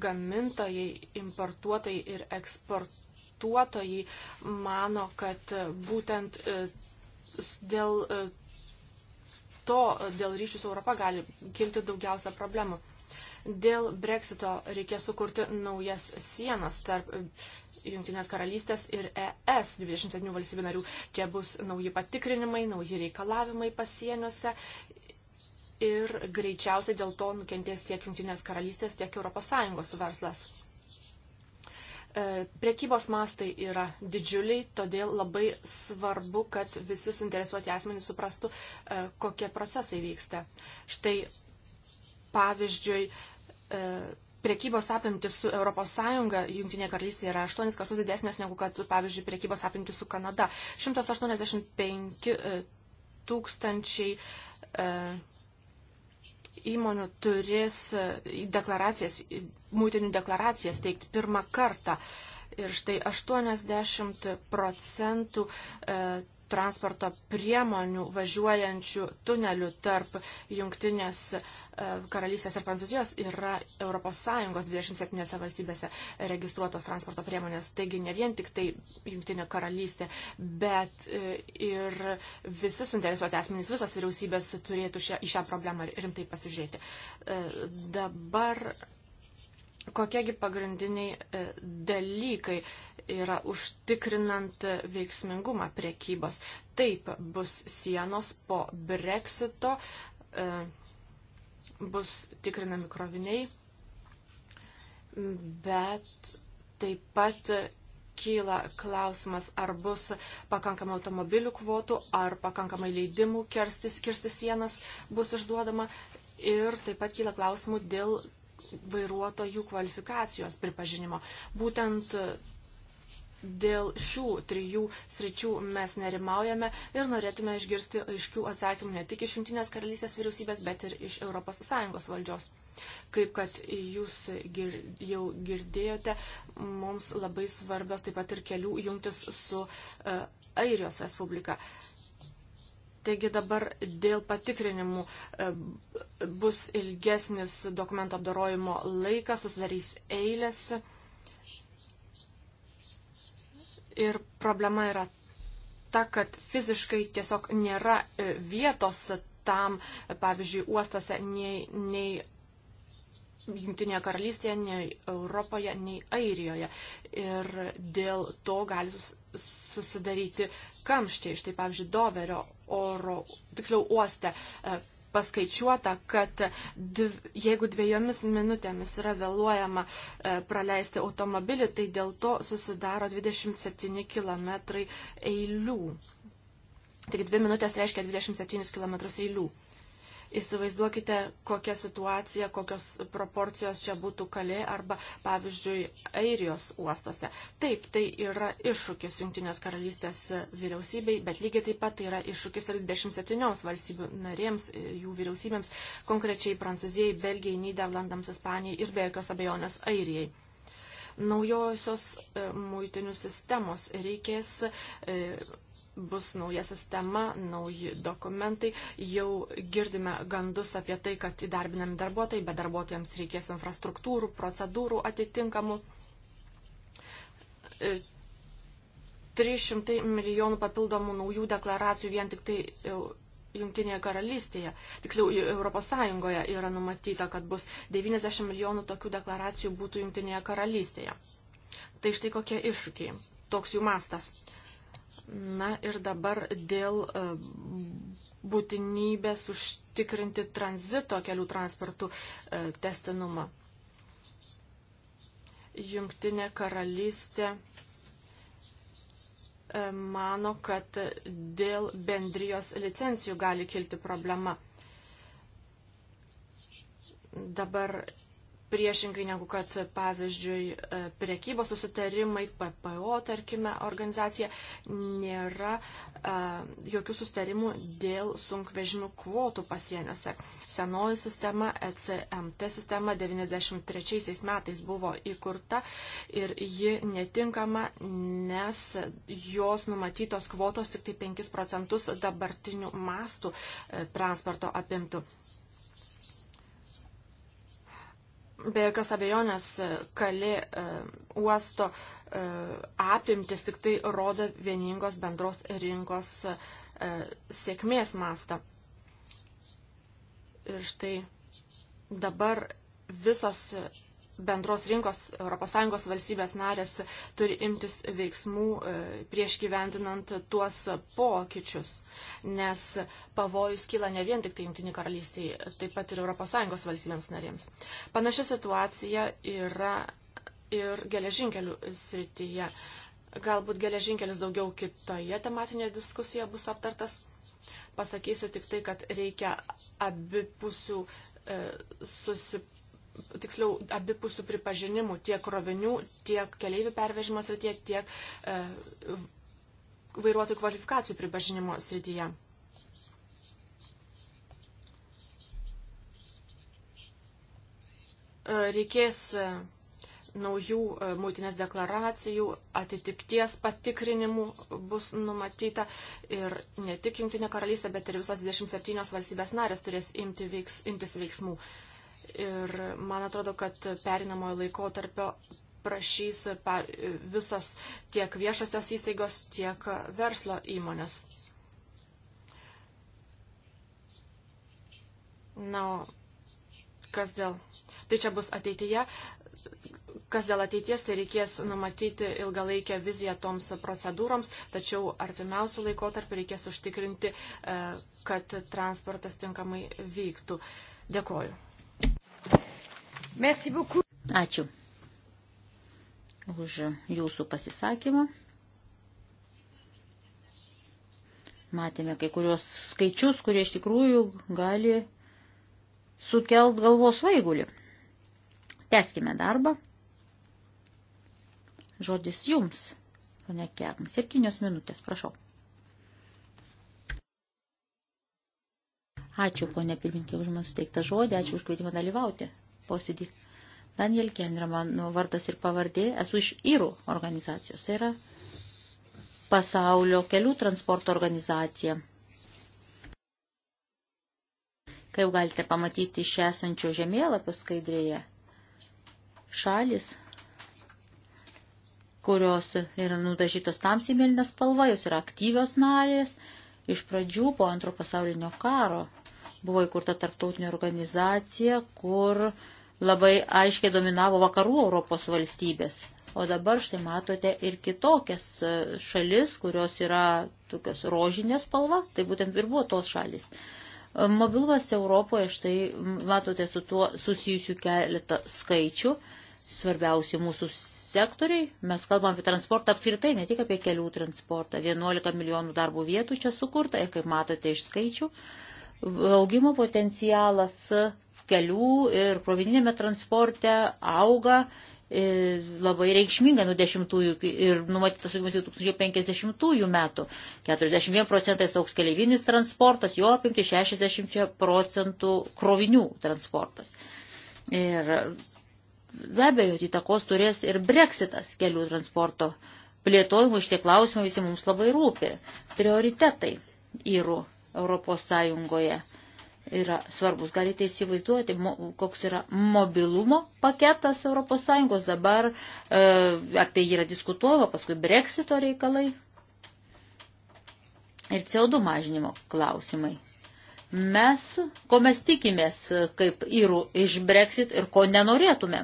[SPEAKER 3] gamintojai, importuotojai ir eksportuotojai mano, kad būtent e, dėl e, to dėl ryšių su Europa gali kilti daugiausia problemų. Dėl breksito reikės sukurti naujas sienas tarp Junktinės karalystės ir ES 27 valstybių narių. Čia bus nauji patikrinimai, nauji reikalavimai pasieniuose ir greičiausiai dėl to nukentės tiek Junktinės karalystės, tiek ES verslas. E, prekybos mastai yra didžiuliai, todėl labai svarbu, kad visi suinteresuoti asmenys suprastų, e, kokie procesai vyksta. Štai pavyzdžiui, e, prekybos apimtis su ES Junktinė karalystė yra 8 kartus didesnės negu kad, pavyzdžiui, prekybos apimtis su Kanada. 185 tūkstančiai. E, įmonių turės e, deklaracijas, mūtinių deklaracijas teikti pirmą kartą. Uh, Ir štai 80 procentų e, transporto priemonių važiuojančių tunelių tarp Junktinės e, karalystės ir Prancūzijos yra ES 27 valstybėse registruotos transporto priemonės. Taigi ne vien tik tai Junktinė karalystė, bet e, ir visi suinteresuoti asmenys, visos vyriausybės turėtų šią, į šią problemą rimtai pasižiūrėti. E, dabar kokiegi pagrindiniai e, dalykai yra užtikrinant veiksmingumą priekybos. Taip bus sienos po breksito, e, bus tikrinami kroviniai, bet taip pat kyla klausimas, ar bus pakankamai automobilių kvotų, ar pakankamai leidimų kirsti, kirsti sienas bus išduodama. Ir taip pat kyla klausimų dėl vairuotojų kvalifikacijos pripažinimo. Būtent dėl šių trijų sričių mes nerimaujame ir norėtume išgirsti aiškių atsakymų ne tik iš Junktinės karalystės vyriausybės, bet ir iš ES valdžios. Kaip kad jūs gir, jau girdėjote, mums labai svarbios taip pat ir kelių jungtis su uh, Airijos Respublika. Uh, Taigi dabar dėl patikrinimų e, bus ilgesnis dokumento apdarojimo laikas, susidarys eilės. Ir problema yra ta, kad fiziškai tiesiog nėra e, vietos tam, pavyzdžiui, uostose nei, nei Junktinėje karalystėje, nei Europoje, nei Airijoje. Ir dėl to gali sus, susidaryti kamščiai. Štai, pavyzdžiui, Doverio oro, tiksliau, uoste e, paskaičiuota, kad dv, jeigu dviejomis minutėmis yra vėluojama e, praleisti automobilį, tai dėl to susidaro 27 km eilių. Tik dvi minutės reiškia 27 km eilių. Įsivaizduokite, kokia situacija, kokios proporcijos čia būtų kalė arba, pavyzdžiui, Airijos uostose. Taip, tai yra iššūkis Junktinės karalystės vyriausybei, bet lygiai taip pat tai yra iššūkis ir 27 valstybių narėms, jų vyriausybėms, konkrečiai Prancūzijai, Belgijai, Niderlandams, Ispanijai ir be jokios abejonės Airijai naujosios e, muitinių sistemos reikės e, bus nauja sistema, nauji dokumentai. Jau girdime gandus apie tai, kad įdarbinami darbuotojai, bet darbuotojams reikės infrastruktūrų, procedūrų atitinkamų. 300 e, milijonų papildomų naujų deklaracijų vien tik tai e, Junktinėje karalystėje, tiksliau Europos Sąjungoje yra numatyta, kad bus 90 milijonų tokių deklaracijų būtų Junktinėje karalystėje. Tai štai kokie iššūkiai. Toks jų mastas. Na ir dabar dėl e, būtinybės užtikrinti tranzito kelių transportų e, testinumą. Jungtinė karalystė e, mano, kad dėl bendrijos licencijų gali kilti problema. Dabar priešingai negu kad, pavyzdžiui, e, priekybos susitarimai, PPO, tarkime, organizacija, nėra a, e, jokių susitarimų dėl sunkvežimių kvotų pasieniuose. Senoji sistema, ECMT sistema 93 metais buvo įkurta ir ji netinkama, nes jos numatytos kvotos tik tai 5 procentus dabartinių mastų e, transporto apimtų be jokios abejonės e, kali e, uosto e, apimtis tik tai rodo vieningos bendros rinkos e, sėkmės mastą. Ir štai dabar visos bendros rinkos ES valstybės narės turi imtis veiksmų e, prieš gyvendinant tuos pokyčius, nes pavojus kyla ne vien tik tai Junktinį karalystį, taip pat ir ES valstybėms narėms. Panaši situacija yra ir geležinkelių srityje. Galbūt geležinkelis daugiau kitoje tematinėje diskusijoje bus aptartas. Pasakysiu tik tai, kad reikia abipusių e, susipažinti tiksliau, abipusių pripažinimų tiek krovinių, tiek keleivių pervežimo srityje, tiek e, vairuotojų kvalifikacijų pripažinimo srityje. E, reikės e, naujų e, mūtinės deklaracijų, atitikties patikrinimų bus numatyta ir ne tik Junktinė karalystė, bet ir visos 27 valstybės narės turės imti veiks, imtis veiksmų. Uh, Ir man atrodo, kad perinamojo laiko tarpio prašys visos tiek viešosios įstaigos, tiek verslo įmonės. Na, o kas dėl. Tai čia bus ateityje. Kas dėl ateities, tai reikės numatyti ilgalaikę viziją toms procedūroms, tačiau artimiausių laikotarpį reikės užtikrinti, e, kad transportas tinkamai vyktų. Dėkoju.
[SPEAKER 1] Merci beaucoup. Ačiū už jūsų pasisakymą. Matėme kai kurios skaičius, kurie iš tikrųjų gali sukelt galvos vaigulį. Teskime darbą. Žodis jums, pane Kern. Septynios minutės, prašau. Ačiū, ponė pirmininkė, už man suteiktą žodį, ačiū už kvietimą dalyvauti posėdį. Daniel Kendra, mano vardas ir pavardė, esu iš IRU organizacijos. Tai yra pasaulio kelių transporto organizacija. Kai jau galite pamatyti iš esančio žemėlapio skaidrėje, šalis, kurios yra nudažytos tamsiai mėlyna spalva, jos yra aktyvios narės, iš pradžių po antro pasaulinio karo buvo įkurta tarptautinė organizacija, kur uh, labai aiškiai dominavo vakarų Europos valstybės. O dabar štai matote ir kitokias e, šalis, kurios yra tokios rožinės spalva, tai būtent ir buvo tos šalis. E, mobilumas Europoje, štai matote su tuo susijusių keletą skaičių, svarbiausi mūsų sektoriai, mes kalbam apie transportą apskritai, ne tik apie kelių transportą, 11 milijonų darbo vietų čia sukurta ir kaip matote iš skaičių, Augimo potencialas kelių ir krovininėme transporte auga e, labai reikšmingai nuo 10-ųjų ir numatytas augimas 2050 metų. 41 procentais auks keleivinis transportas, jo apimti 60 procentų krovinių transportas. Ir be abejo, tai įtakos turės ir breksitas kelių transporto plėtojimų, šitie klausimai visi mums labai rūpi. Prioritetai įrų Europos Sąjungoje yra svarbus. Galite įsivaizduoti, koks yra mobilumo paketas ES dabar, e, apie jį yra diskutuojama, paskui breksito reikalai ir CO2 mažinimo klausimai. Mes, ko mes tikimės kaip įrų iš breksit ir ko nenorėtume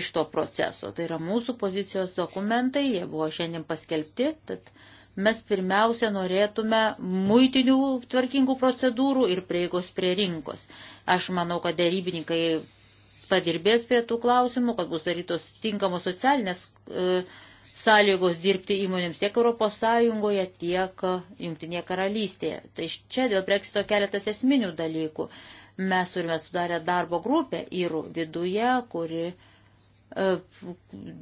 [SPEAKER 1] iš to proceso. Tai yra mūsų pozicijos dokumentai, jie buvo šiandien paskelbti, tad mes pirmiausia norėtume muitinių tvarkingų procedūrų ir prieigos prie rinkos. Aš manau, kad dėrybininkai padirbės prie tų klausimų, kad bus darytos tinkamos socialinės e, sąlygos dirbti įmonėms tiek ES, tiek Junktinėje karalystėje. Tai čia dėl breksito keletas esminių dalykų. Mes turime sudarę darbo grupę įrų viduje, kuri e,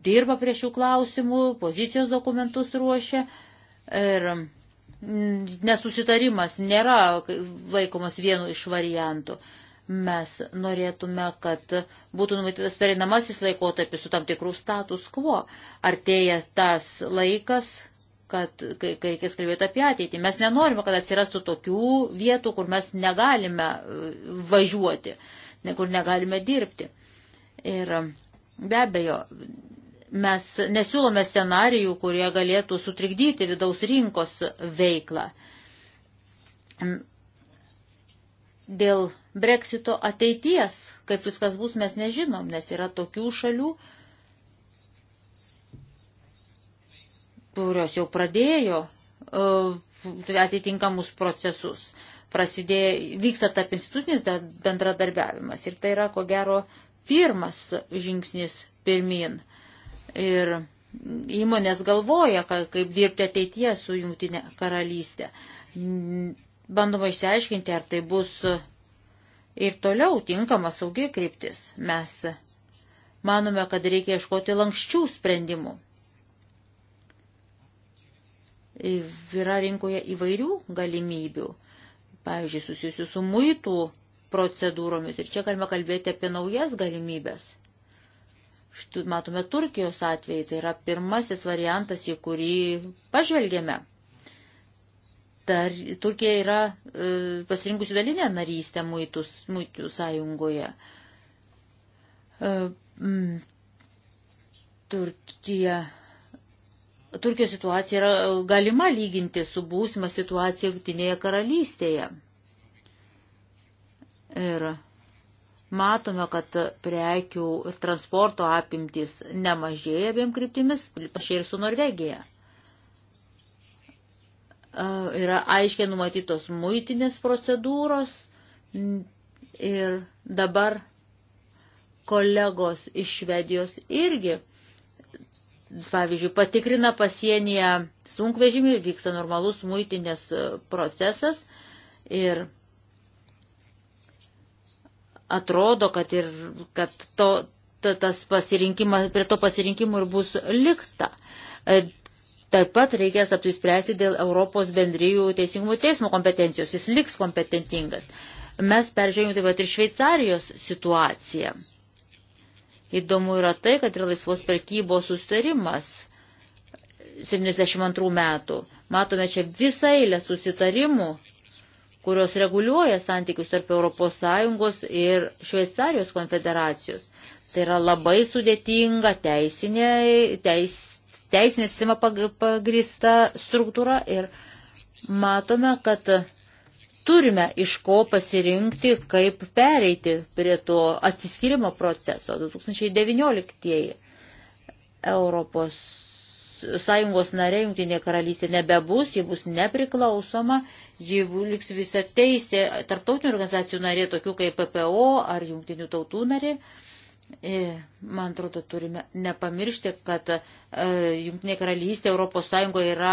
[SPEAKER 1] dirba prie šių klausimų, pozicijos dokumentus ruošia. E, Ir mm, nesusitarimas nėra laikomas vienu iš variantų. Mes norėtume, kad būtų numatytas pereinamasis laikotarpis su tam tikrų status quo. Artėja tas laikas, kad kai, kai reikės kalbėti apie ateitį. Mes nenorime, kad atsirastų tokių vietų, kur mes negalime e, važiuoti, kur negalime dirbti. Ir be abejo, Mes nesiūlome scenarijų, kurie galėtų sutrikdyti vidaus rinkos veiklą. Dėl breksito ateities, kaip viskas bus, mes nežinom, nes yra tokių šalių, kurios jau pradėjo e, atitinkamus procesus. Prasidėjo, vyksta tarp institucinis bendradarbiavimas ir tai yra, ko gero, pirmas žingsnis pirmin. Ir įmonės galvoja, kaip dirbti ateityje su jungtinė karalystė. Bandoma išsiaiškinti, ar tai bus ir toliau tinkama saugiai kryptis. Mes manome, kad reikia ieškoti lankščių sprendimų. Yra rinkoje įvairių galimybių, pavyzdžiui, susijusių su muitų procedūromis ir čia galime kalbėti apie naujas galimybės Štai matome Turkijos atvejį, tai yra pirmasis variantas, į kurį pažvelgėme. Tar, Turkija yra e, pasirinkusi dalinę narystę muitus, muitų sąjungoje. E, m, Turkija, Turkijos situacija yra galima lyginti su būsima situacija Jungtinėje karalystėje. Ir e, Matome, kad prekių ir transporto apimtys nemažėja abiem kryptimis, pašiai ir su Norvegija. Yra aiškiai numatytos muitinės procedūros ir dabar kolegos iš Švedijos irgi, pavyzdžiui, patikrina pasienyje sunkvežimį, vyksta normalus muitinės procesas ir atrodo, kad, ir, kad to, ta, tas pasirinkimas, prie to pasirinkimų ir bus likta. E, taip pat reikės apsispręsti dėl Europos bendryjų teisingumo teismo kompetencijos. Jis liks kompetentingas. Mes peržengėme taip pat ir Šveicarijos situaciją. Įdomu yra tai, kad yra laisvos perkybos sustarimas 72 metų. Matome čia visą eilę susitarimų kurios reguliuoja santykius tarp ES ir Šveicarijos konfederacijos. Tai yra labai sudėtinga teisinė, teis, teisinė sistema pagrįsta struktūra ir matome, kad turime iš ko pasirinkti, kaip pereiti prie to atsiskirimo proceso 2019. Europos sąjungos narė Junktinė karalystė nebebus, ji bus nepriklausoma, ji liks visą teisę tarptautinių organizacijų narė, tokių kaip PPO ar Junktinių tautų narė. Ir, e, man atrodo, turime nepamiršti, kad e, Junktinė karalystė Europos Sąjungoje yra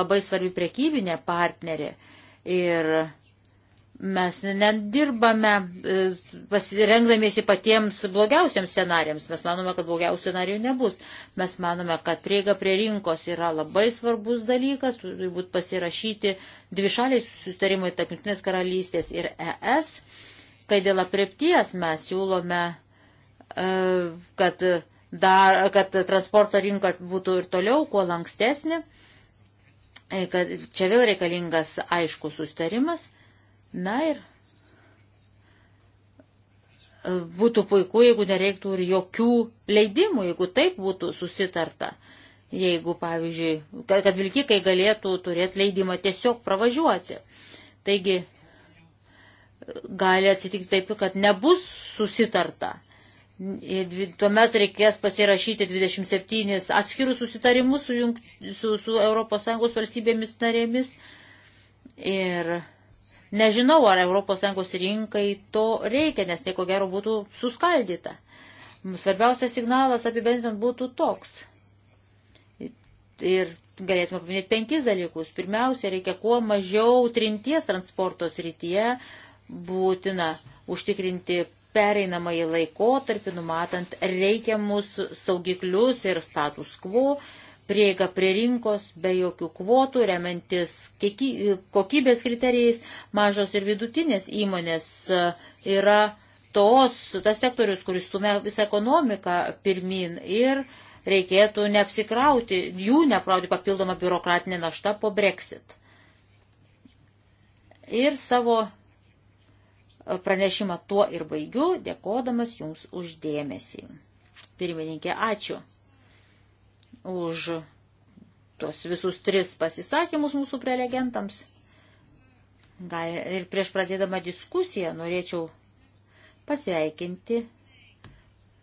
[SPEAKER 1] labai svarbi prekybinė partnerė. Ir Mes nedirbame e, pasirengdamiesi patiems blogiausiams scenarijams. Mes manome, kad blogiausių scenarijų nebus. Mes manome, kad prieiga prie rinkos yra labai svarbus dalykas, turi būti pasirašyti dvišaliai sustarimai tarp Junktinės karalystės ir ES, kai dėl apriepties mes siūlome, e, kad, dar, kad transporto rinka būtų ir toliau kuo lankstesnė, e, kad čia vėl reikalingas aiškus sustarimas Na ir e, būtų puiku, jeigu nereiktų ir jokių leidimų, jeigu taip būtų susitarta. Jeigu, pavyzdžiui, kad, kad vilkikai galėtų turėti leidimą tiesiog pravažiuoti. Taigi, gali atsitikti taip, kad nebus susitarta. Tuomet reikės pasirašyti 27 atskirus susitarimus su, su, su ES valstybėmis narėmis. Ir Nežinau, ar ES rinkai to reikia, nes tai ko gero būtų suskaldyta. Svarbiausias signalas apibendrinant būtų toks. Ir galėtume paminėti penkis dalykus. Pirmiausia, reikia kuo mažiau trinties transporto srityje, būtina užtikrinti pereinamąjį laikotarpį, numatant reikiamus saugiklius ir status quo, prieigą prie rinkos be jokių kvotų, remiantis kokybės kriterijais, mažos ir vidutinės įmonės e, yra tos, tas sektorius, kuris stumia visą ekonomiką pirmin ir reikėtų neapsikrauti, jų neapkrauti papildomą biurokratinę naštą po Brexit. Ir savo e, pranešimą tuo ir baigiu, dėkodamas Jums uždėmesį. Pirmininkė, ačiū už tos visus tris pasisakymus mūsų prelegentams. Gal ir prieš pradėdama diskusiją norėčiau pasveikinti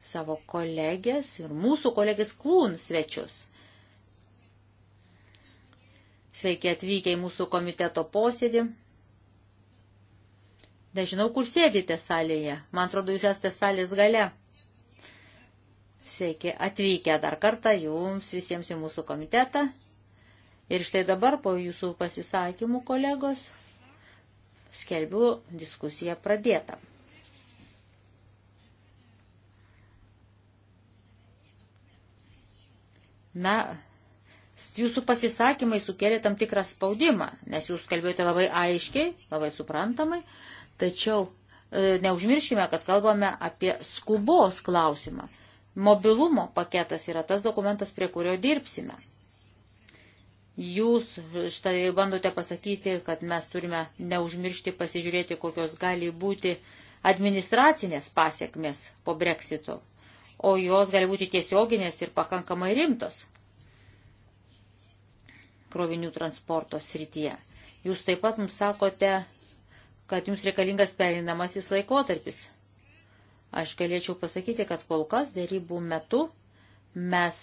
[SPEAKER 1] savo kolegės ir mūsų kolegės klūn svečius. Sveiki atvykę į mūsų komiteto posėdį. Nežinau, kur sėdite salėje. Man atrodo, jūs esate salės gale. Sveiki atvykę dar kartą jums visiems į mūsų komitetą. Ir štai dabar po jūsų pasisakymų, kolegos, skelbiu diskusiją pradėtą. Na, jūsų pasisakymai sukėlė tam tikrą spaudimą, nes jūs kalbėjote labai aiškiai, labai suprantamai, tačiau e, neužmirškime, kad kalbame apie skubos klausimą. Mobilumo paketas yra tas dokumentas, prie kurio dirbsime. Jūs štai bandote pasakyti, kad mes turime neužmiršti pasižiūrėti, kokios gali būti administracinės pasiekmes po breksito, o jos gali būti tiesioginės ir pakankamai rimtos krovinių transporto srityje. Jūs taip pat mums sakote, kad jums reikalingas perinamasis laikotarpis Aš galėčiau pasakyti, kad kol kas dėrybų metu mes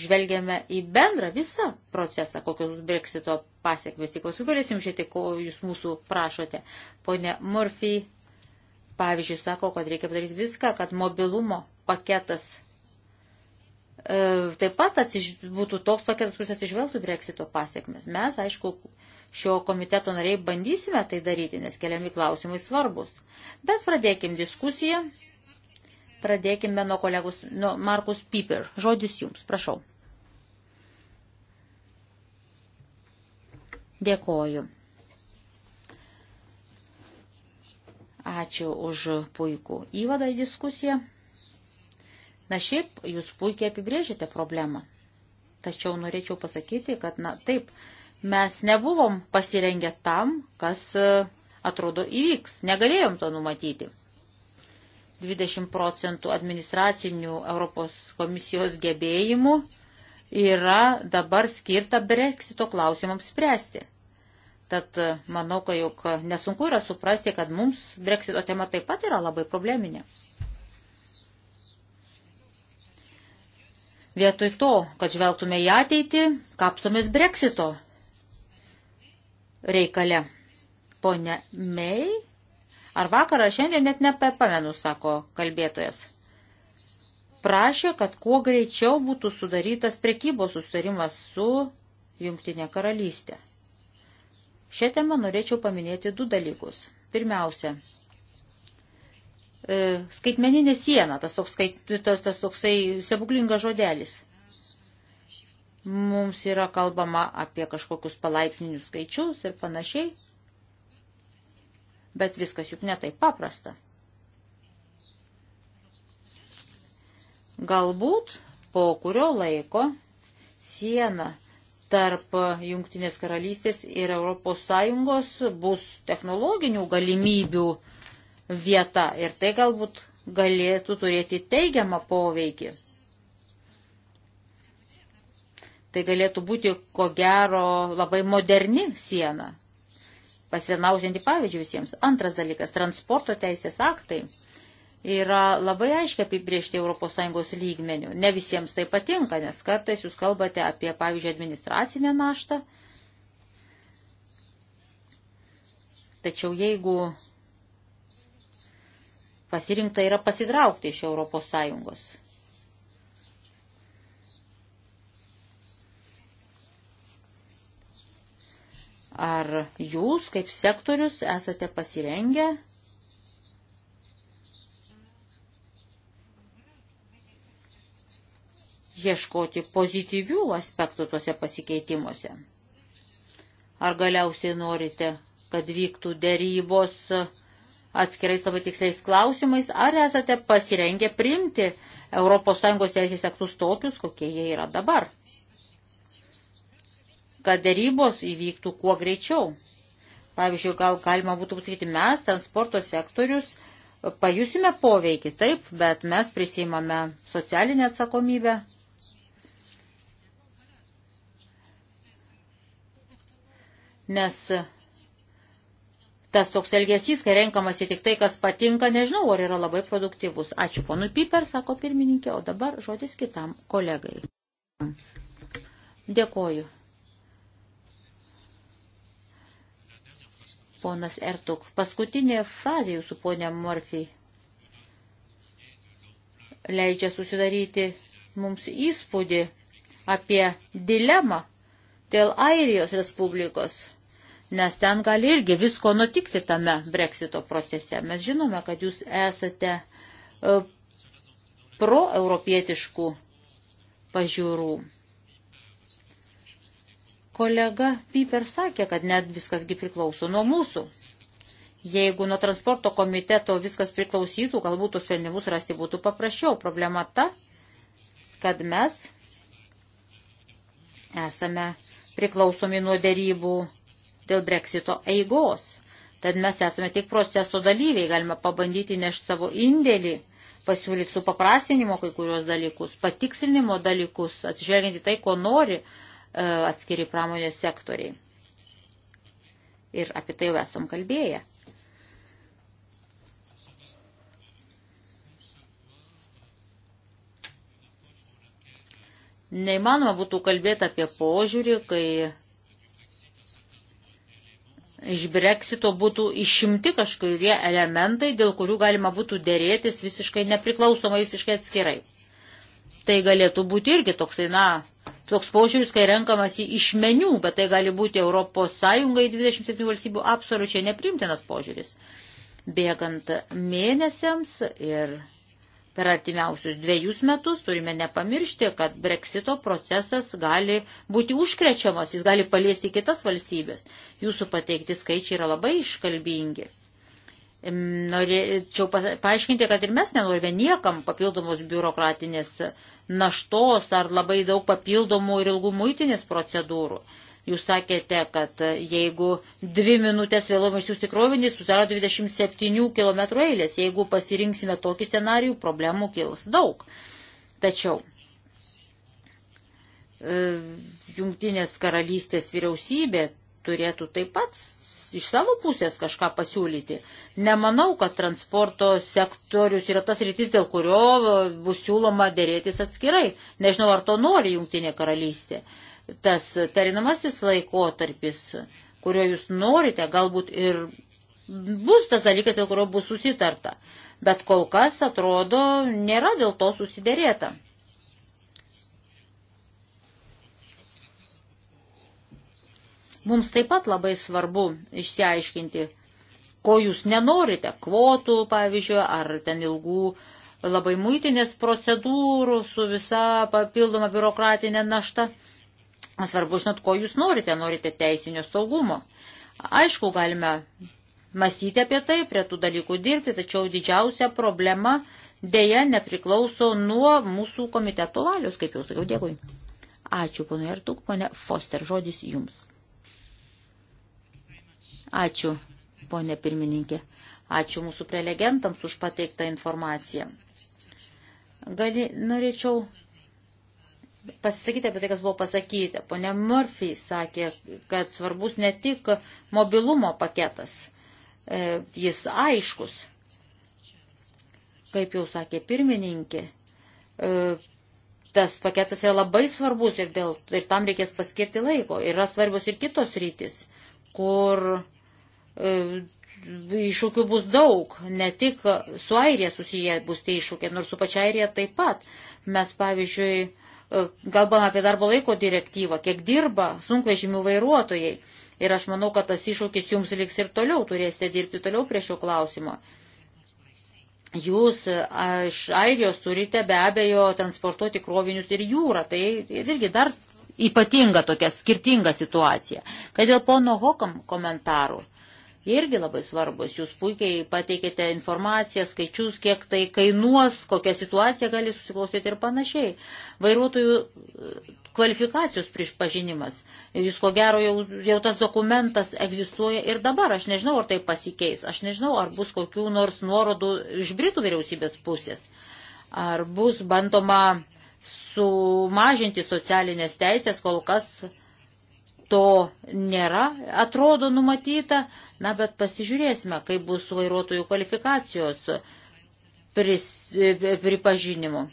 [SPEAKER 1] žvelgiame į bendrą visą procesą, kokios breksito pasiekmes. Tik paskui galėsim žiūrėti, ko jūs mūsų prašote. Pone Murphy, pavyzdžiui, sako, kad reikia padaryti viską, kad mobilumo paketas e, taip pat atsiž... būtų toks paketas, kuris atsižvelgtų breksito pasiekmes. Mes, aišku, šio komiteto nariai bandysime tai daryti, nes keliami klausimai svarbus. Bet pradėkim diskusiją Pradėkime nuo kolegus, nuo Markus Piper. Žodis jums, prašau. Dėkoju. Ačiū už puikų įvadą į diskusiją. Na šiaip, jūs puikiai apibrėžėte problemą. Tačiau norėčiau pasakyti, kad, na taip, mes nebuvom pasirengę tam, kas e, atrodo įvyks. Negalėjom to numatyti. 20 procentų administracinių Europos komisijos gebėjimų yra dabar skirta breksito klausimams spręsti. Tad e, manau, kad jau nesunku yra suprasti, kad mums breksito tema taip pat yra labai probleminė. Vietoj to, kad žvelgtume į ateitį, kapstomės breksito reikale. Pone Mei ar vakar, ar šiandien, net nepamenu, sako kalbėtojas. Prašė, kad kuo greičiau būtų sudarytas prekybos sustarimas su Jungtinė karalystė. Šią temą norėčiau paminėti du dalykus. Pirmiausia, e, skaitmeninė siena, tas, toks, tas, tas toksai sebuklingas žodelis. Mums yra kalbama apie kažkokius palaipsninius skaičius ir panašiai. Bet viskas juk netai paprasta. Galbūt po kurio laiko siena tarp Junktinės karalystės ir ES bus technologinių galimybių vieta ir tai galbūt galėtų turėti teigiamą poveikį. Tai galėtų būti, ko gero, labai moderni siena pasirnausianti pavyzdžių visiems. Antras dalykas - transporto teisės aktai yra labai aiškiai apibriežti ES lygmenių. Ne visiems tai patinka, nes kartais jūs kalbate apie, pavyzdžiui, administracinę naštą. Tačiau jeigu pasirinkta yra pasitraukti iš ES, Ar jūs kaip sektorius esate pasirengę ieškoti pozityvių aspektų tose pasikeitimuose? Ar galiausiai norite, kad vyktų dėrybos atskirais savo tiksliais klausimais, ar esate pasirengę priimti ES teisės aktus tokius, kokie jie yra dabar? kad dėrybos įvyktų kuo greičiau. Pavyzdžiui, gal galima būtų pasakyti, mes, transporto sektorius, pajusime poveikį, taip, bet mes prisimame socialinę atsakomybę. Nes tas toks elgesys, kai renkamasi tik tai, kas patinka, nežinau, ar yra labai produktyvus. Ačiū ponui Piper, sako pirmininkė, o dabar žodis kitam kolegai. Dėkoju. ponas Ertuk. Paskutinė frazė jūsų, ponia Morfiai, leidžia susidaryti mums įspūdį apie dilemą dėl Airijos Respublikos, nes ten gali irgi visko nutikti tame breksito procese. Mes žinome, kad jūs esate e, proeuropietiškų pažiūrų. Kolega Piper sakė, kad net viskasgi priklauso nuo mūsų. Jeigu nuo transporto komiteto viskas priklausytų, galbūt tos sprendimus rasti būtų paprasčiau. Problema ta, kad mes esame priklausomi nuo dėrybų dėl breksito eigos. Tad mes esame tik proceso dalyviai, galime pabandyti nešti savo indėlį, pasiūlyti su paprastinimo kai kurios dalykus, patikslinimo dalykus, atsižvelgiant į tai, ko nori E, atskiri pramonės sektoriai. Ir apie tai jau esam kalbėję. Neįmanoma būtų kalbėti apie požiūrį, kai iš breksito būtų išimti kažkurie elementai, dėl kurių galima būtų dėrėtis visiškai nepriklausomai, visiškai atskirai. Tai galėtų būti irgi toksai, na, toks požiūris, kai renkamasi iš menių, bet tai gali būti ES 27 valstybių absoliučiai neprimtinas požiūris. Bėgant mėnesiams ir per artimiausius dviejus metus turime nepamiršti, kad breksito procesas gali būti užkrečiamas, jis gali paliesti kitas valstybės. Jūsų pateikti skaičiai yra labai iškalbingi. Norėčiau paaiškinti, kad ir mes nenorime niekam papildomos biurokratinės naštos ar labai daug papildomų ir ilgų muitinės procedūrų. Jūs sakėte, kad jeigu dvi minutės vėluomis jūs tikrovinį, susidaro 27 km eilės. Jeigu pasirinksime tokį scenarijų, problemų kils daug. Tačiau e, Jungtinės karalystės vyriausybė turėtų taip pat iš savo pusės kažką pasiūlyti. Nemanau, kad transporto sektorius yra tas rytis, dėl kurio bus siūloma dėrėtis atskirai. Nežinau, ar to nori Junktinė karalystė. Tas perinamasis laikotarpis, kurio jūs norite, galbūt ir bus tas dalykas, dėl kurio bus susitarta. Bet kol kas, atrodo, nėra dėl to susidėrėta. Mums taip pat labai svarbu išsiaiškinti, ko jūs nenorite, kvotų, pavyzdžiui, ar ten ilgų labai muitinės procedūrų su visa papildoma biurokratinė našta. Svarbu žinot, ko jūs norite, norite teisinio saugumo. Aišku, galime mąstyti apie tai, prie tų dalykų dirbti, tačiau didžiausia problema dėja nepriklauso nuo mūsų komiteto valios, kaip jau sakiau, dėkui. Ačiū, ponai Artuk, ponė Foster, žodis jums. Ačiū, ponė pirmininkė. Ačiū mūsų prelegentams už pateiktą informaciją. Gali, norėčiau pasisakyti apie tai, kas buvo pasakyta. Pone Murphy sakė, kad svarbus ne tik mobilumo paketas, e, jis aiškus, kaip jau sakė pirmininkė, e, tas paketas yra labai svarbus ir, dėl, ir tam reikės paskirti laiko. Yra svarbios ir kitos rytis, kur E, iššūkių bus daug, ne tik su Airija susiję bus tie iššūkiai, nors su pačia Airija taip pat. Mes, pavyzdžiui, e, kalbam apie darbo laiko direktyvą, kiek dirba sunkvežimių vairuotojai. Ir aš manau, kad tas iššūkis jums liks ir toliau, turėsite dirbti toliau prie šio klausimo. Jūs iš Airijos turite be abejo transportuoti krovinius ir jūrą, tai irgi dar ypatinga tokia skirtinga situacija. Kad dėl pono Hokam komentarų Jie irgi labai svarbus. Jūs puikiai pateikėte informaciją, skaičius, kiek tai kainuos, kokia situacija gali susiklausyti ir panašiai. Vairuotojų e, kvalifikacijos pripažinimas. Jūs ko gero jau, jau tas dokumentas egzistuoja ir dabar. Aš nežinau, ar tai pasikeis. Aš nežinau, ar bus kokių nors nuorodų iš Britų vyriausybės pusės. Ar bus bandoma sumažinti socialinės teisės, kol kas to nėra, atrodo numatyta. Na, bet pasižiūrėsime, kaip bus su vairuotojų kvalifikacijos pris, e, e, pripažinimu.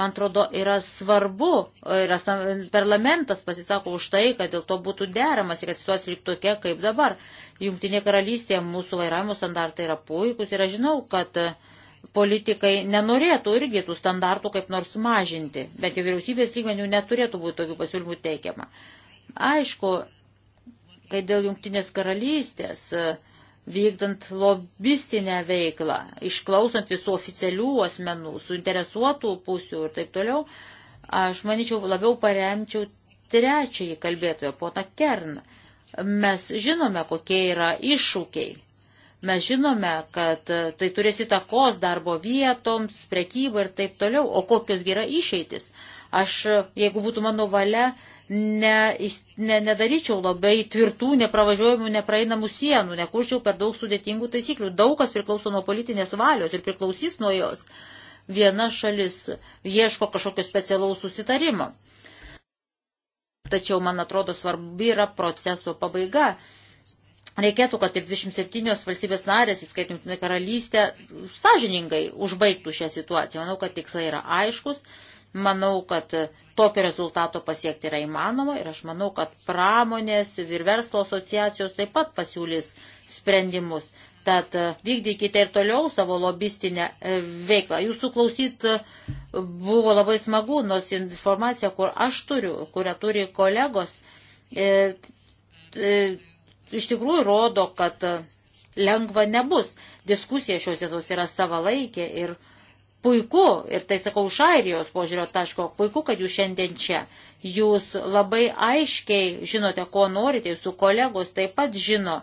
[SPEAKER 1] Man atrodo, yra svarbu, e, yra, parlamentas pasisako už tai, kad dėl to būtų deramas ir kad situacija liktų tokia kaip dabar. Jungtinė karalystė mūsų vairavimo standartai yra puikūs ir aš žinau, kad politikai nenorėtų irgi tų standartų kaip nors mažinti, bet jau vyriausybės lygmenių neturėtų būti tokių pasiūlymų teikiama. Aišku, Kai dėl jungtinės karalystės e, vykdant lobistinę veiklą, išklausant visų oficialių asmenų, suinteresuotų pusių ir taip toliau, aš manyčiau labiau paremčiau trečiąjį kalbėtoją, poną Kerną. Mes žinome, kokie yra iššūkiai. Mes žinome, kad e, tai turės įtakos darbo vietoms, prekybai ir taip toliau. O kokios yra išeitis? Aš, jeigu būtų mano valia, ne, ne, nedaryčiau labai tvirtų, nepravažiuojamų, nepraeinamų sienų, nekurčiau per daug sudėtingų taisyklių. Daug kas priklauso nuo politinės valios ir priklausys nuo jos. Viena šalis ieško kažkokio specialaus susitarimo. Tačiau, man atrodo, svarbi yra proceso pabaiga. Reikėtų, kad 37 valstybės narės, įskaitant karalystę, sąžiningai užbaigtų šią situaciją. Manau, kad tikslai yra aiškus Manau, kad tokio rezultato pasiekti yra įmanoma ir aš manau, kad pramonės ir verslo asociacijos taip pat pasiūlys sprendimus. Tad e, vykdykite ir toliau savo lobistinę e, veiklą. Jūsų klausyt e, buvo labai smagu, nors informacija, kur aš turiu, kurią turi kolegos, e, e, iš tikrųjų rodo, kad lengva nebus. Diskusija šios dienos yra savalaikė ir puiku, ir tai sakau iš airijos požiūrio taško, puiku, kad jūs šiandien čia. Jūs labai aiškiai žinote, ko norite, jūsų kolegos taip pat žino,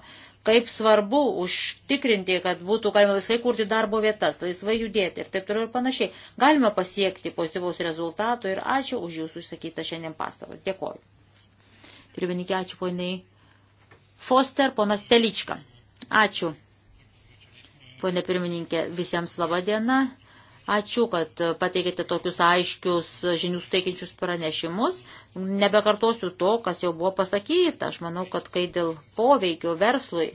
[SPEAKER 1] kaip svarbu užtikrinti, kad būtų galima laisvai kurti darbo vietas, laisvai judėti ir taip toliau ir panašiai. Galima pasiekti pozityvaus rezultato ir ačiū už jūsų išsakytą šiandien pastabas. Dėkoju. Pirmininkė, ačiū poniai. Foster, ponas Telička. Ačiū. Pone pirmininkė, visiems laba diena. Ačiū, kad pateikėte tokius aiškius žinių suteikiančius pranešimus. Nebekartosiu to, kas jau buvo pasakyta. Aš manau, kad kai dėl poveikio verslui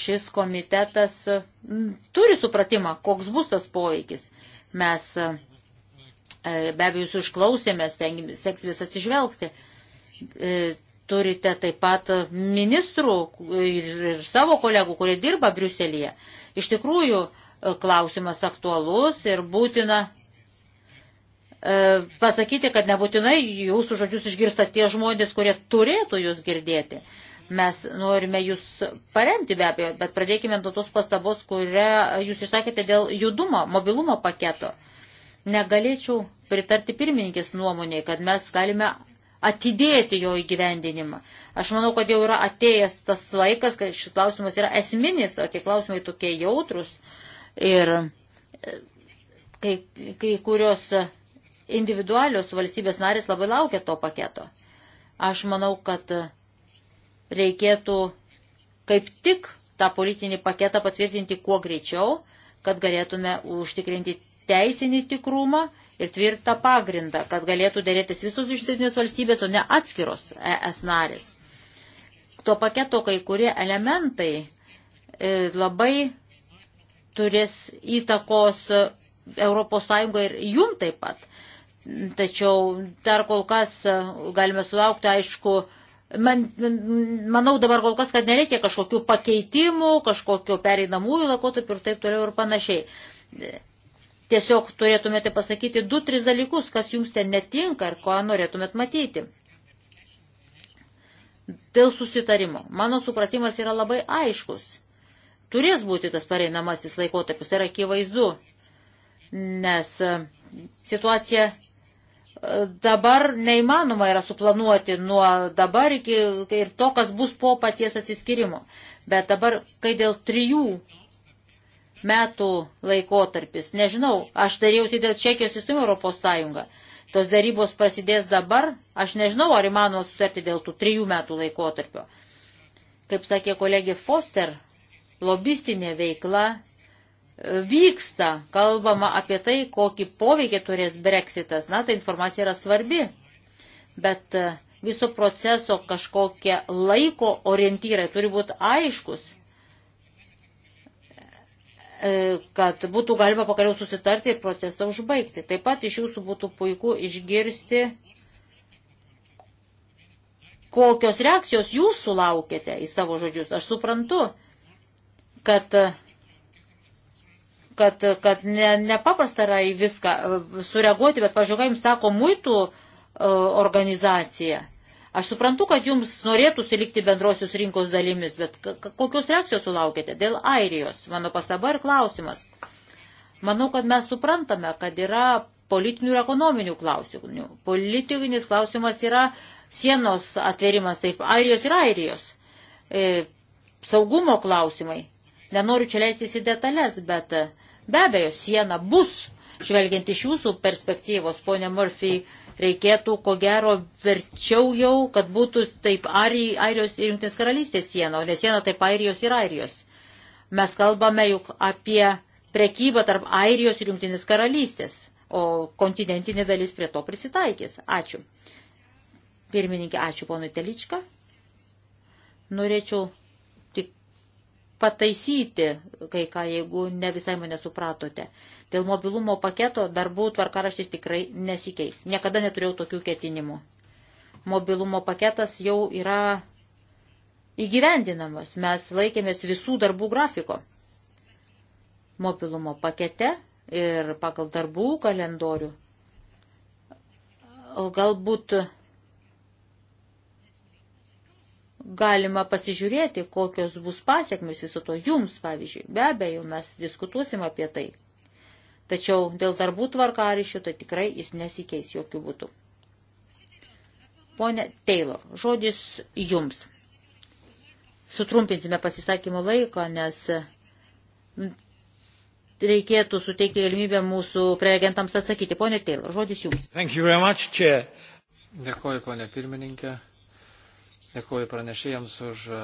[SPEAKER 1] šis komitetas turi supratimą, koks bus tas poveikis. Mes e, be abejo jūs išklausėme, seks vis atsižvelgti. E, turite taip pat ministrų ir savo kolegų, kurie dirba Briuselėje. Iš tikrųjų, klausimas aktualus ir būtina e, pasakyti, kad nebūtinai jūsų žodžius išgirsta tie žmonės, kurie turėtų jūs girdėti. Mes norime jūs paremti be abejo, bet pradėkime nuo tos pastabos, kurią jūs išsakėte dėl judumo, mobilumo paketo. Negalėčiau pritarti pirmininkės nuomonėje, kad mes galime atidėti jo įgyvendinimą. Aš manau, kad jau yra atėjęs tas laikas, kad šis klausimas yra esminis, o tie klausimai tokie jautrus. Uh, Ir kai, kai kurios individualios valstybės narės labai laukia to paketo. Aš manau, kad reikėtų kaip tik tą politinį paketą patvirtinti kuo greičiau, kad galėtume užtikrinti teisinį tikrumą ir tvirtą pagrindą, kad galėtų dėrėtis visos išsitinės valstybės, o ne atskiros ES narės. To paketo kai kurie elementai e, labai turės įtakos ES ir jum taip pat. Tačiau dar kol kas galime sulaukti, aišku, man, manau dabar kol kas, kad nereikia kažkokių pakeitimų, kažkokio pereinamųjų lakotarpių ir taip toliau ir panašiai. Tiesiog turėtumėte pasakyti du, tris dalykus, kas jums ten netinka ir ko norėtumėt matyti. Dėl susitarimo. Mano supratimas yra labai aiškus turės būti tas pareinamasis laikotarpis, tai yra akivaizdu, nes e, situacija e, dabar neįmanoma yra suplanuoti nuo dabar iki ir to, kas bus po paties atsiskirimo. Bet dabar, kai dėl trijų metų laikotarpis, nežinau, aš dariausi dėl Čekijos įstumimo Europos Sąjungą, tos darybos prasidės dabar, aš nežinau, ar įmanoma sutarti dėl tų trijų metų laikotarpio. Kaip sakė kolegė Foster, lobistinė veikla e, vyksta, kalbama apie tai, kokį poveikį turės breksitas. Na, ta informacija yra svarbi, bet e, viso proceso kažkokie laiko orientyrai turi būti aiškus, e, kad būtų galima pagaliau susitarti ir procesą užbaigti. Taip pat iš jūsų būtų puiku išgirsti, kokios reakcijos jūs sulaukėte į savo žodžius. Aš suprantu, kad kad, kad ne, nepaprasta yra į viską e, sureaguoti, bet, pažiūrėjau, jums sako muitų e, organizacija. Aš suprantu, kad jums norėtųsi likti bendrosios rinkos dalimis, bet kokios reakcijos sulaukėte dėl Airijos? Mano pasaba ir klausimas. Manau, kad mes suprantame, kad yra politinių ir ekonominių klausimų. Politinis klausimas yra sienos atverimas taip Airijos ir Airijos. E, saugumo klausimai Nenoriu čia leistis į detalės, bet be abejo, siena bus. Žvelgiant iš jūsų perspektyvos, ponė Murphy, reikėtų ko gero verčiau jau, kad būtų taip Airijos ir Junktinės karalystės siena, o ne siena taip Airijos ir Airijos. Mes kalbame juk apie prekybą tarp Airijos ir Junktinės karalystės, o kontinentinė dalis prie to prisitaikys. Ačiū. Pirmininkė, ačiū ponui Teličką. Norėčiau pataisyti kai ką, jeigu ne visai mane supratote. Dėl mobilumo paketo darbų tvarkaraštis tikrai nesikeis. Niekada neturėjau tokių ketinimų. Mobilumo paketas jau yra įgyvendinamas. Mes laikėmės visų darbų grafiko. Mobilumo pakete ir pagal darbų kalendorių. Galbūt galima pasižiūrėti, kokios bus pasiekmes viso to jums, pavyzdžiui. Be abejo, mes diskutuosim apie tai. Tačiau dėl darbų tvarkarišio tai tikrai jis nesikeis jokių būtų. Pone Taylor, žodis jums. Sutrumpinsime pasisakymo laiką, nes reikėtų suteikti galimybę mūsų prelegentams atsakyti. Pone Taylor, žodis jums.
[SPEAKER 4] Much, Dėkuoju, ponė pirmininkė. Dėkuoju pranešėjams už e,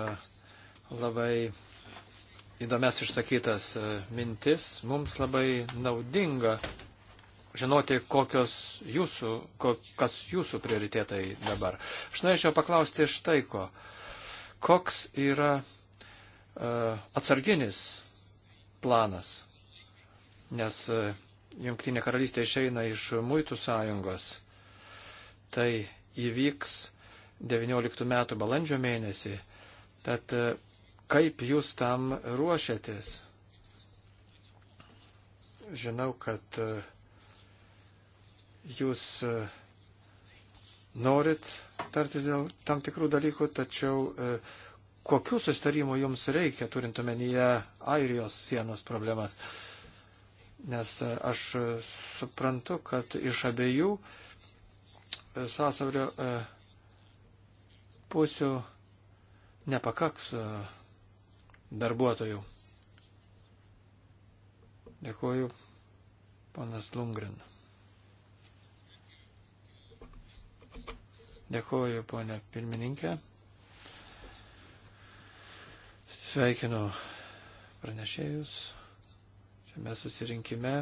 [SPEAKER 4] labai įdomias išsakytas e, mintis. Mums labai naudinga žinoti, kokios jūsų, kas jūsų prioritetai dabar. Aš norėčiau paklausti iš tai, ko. Koks yra uh, atsarginis planas? Nes uh, Junktinė karalystė išeina iš muitų sąjungos. Tai įvyks 19 metų balandžio mėnesį. Tad e, kaip jūs tam ruošiatės? Žinau, kad e, jūs e, norit tartis dėl tam tikrų dalykų, tačiau kokių sustarimų jums reikia, turint omenyje Airijos sienos problemas? Nes aš suprantu, kad iš abiejų sąsavrio. E, pusių nepakaks e, darbuotojų. Dėkuoju, ponas Lungrin. Dėkuoju, ponė pirmininkė. Sveikinu pranešėjus šiame susirinkime.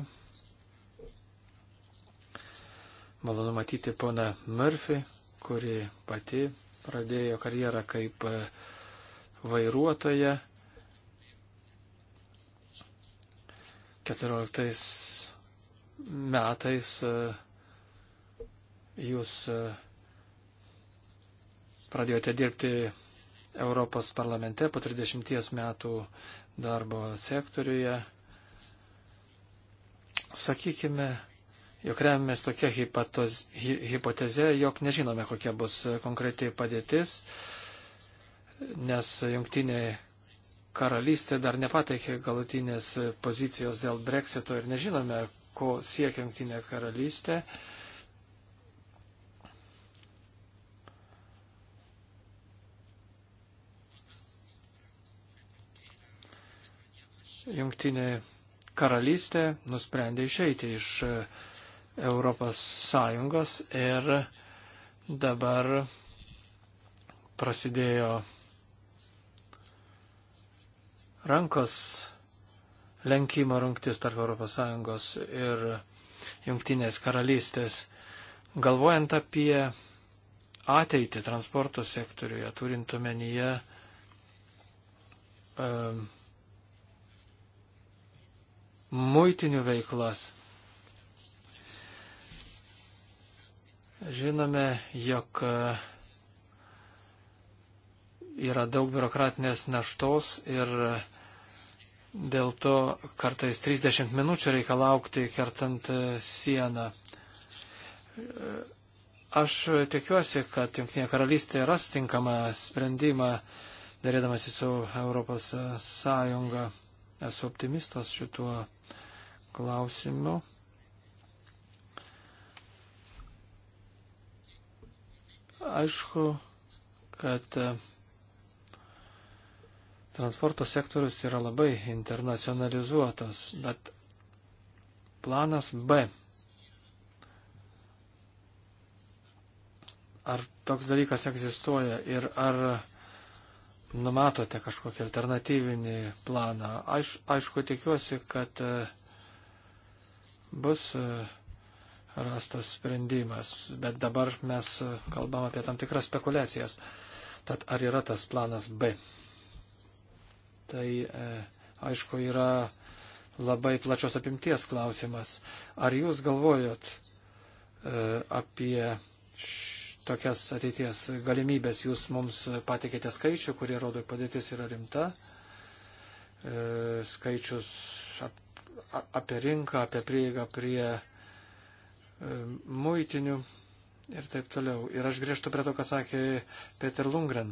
[SPEAKER 4] Malonu matyti poną Murphy, kuri pati pradėjo karjerą kaip e, vairuotoja. 14 metais e, jūs e, pradėjote dirbti Europos parlamente po 30 metų darbo sektoriuje. Sakykime, jog remiamės tokia hipotoz, hi, hipoteze, jog nežinome, kokia bus konkreti padėtis, nes jungtinė karalystė dar nepateikė galutinės pozicijos dėl breksito ir nežinome, ko siekia jungtinė karalystė. Jungtinė karalystė nusprendė išeiti iš uh, Europos Sąjungos ir dabar prasidėjo rankos lenkimo rungtis tarp Europos Sąjungos ir Jungtinės karalystės. Galvojant apie ateitį transporto sektoriuje, turint omenyje um, muitinių veiklas, Žinome, jog e, yra daug biurokratinės naštos ir dėl to kartais 30 minučių reikia laukti kertant e, sieną. E, aš tikiuosi, kad Junktinė karalystė ras tinkamą sprendimą dėrėdamasi su Europos Sąjunga. Esu optimistas šituo klausimu. Aišku, kad e, transporto sektorius yra labai internacionalizuotas, bet planas B. Ar toks dalykas egzistuoja ir ar numatote kažkokį alternatyvinį planą? Aš, aišku, tikiuosi, kad e, bus e, rastas sprendimas, bet dabar mes kalbam apie tam tikras spekulacijas. Tad ar yra tas planas B? Tai e, aišku yra labai plačios apimties klausimas. Ar jūs galvojot e, apie š, tokias ateities galimybės? Jūs mums patikėte skaičių, kurie rodo, padėtis yra rimta. E, skaičius ap, a, apie rinką, apie prieigą prie E, muitinių ir taip toliau. Ir aš grįžtu prie to, ką sakė Peter Lungren.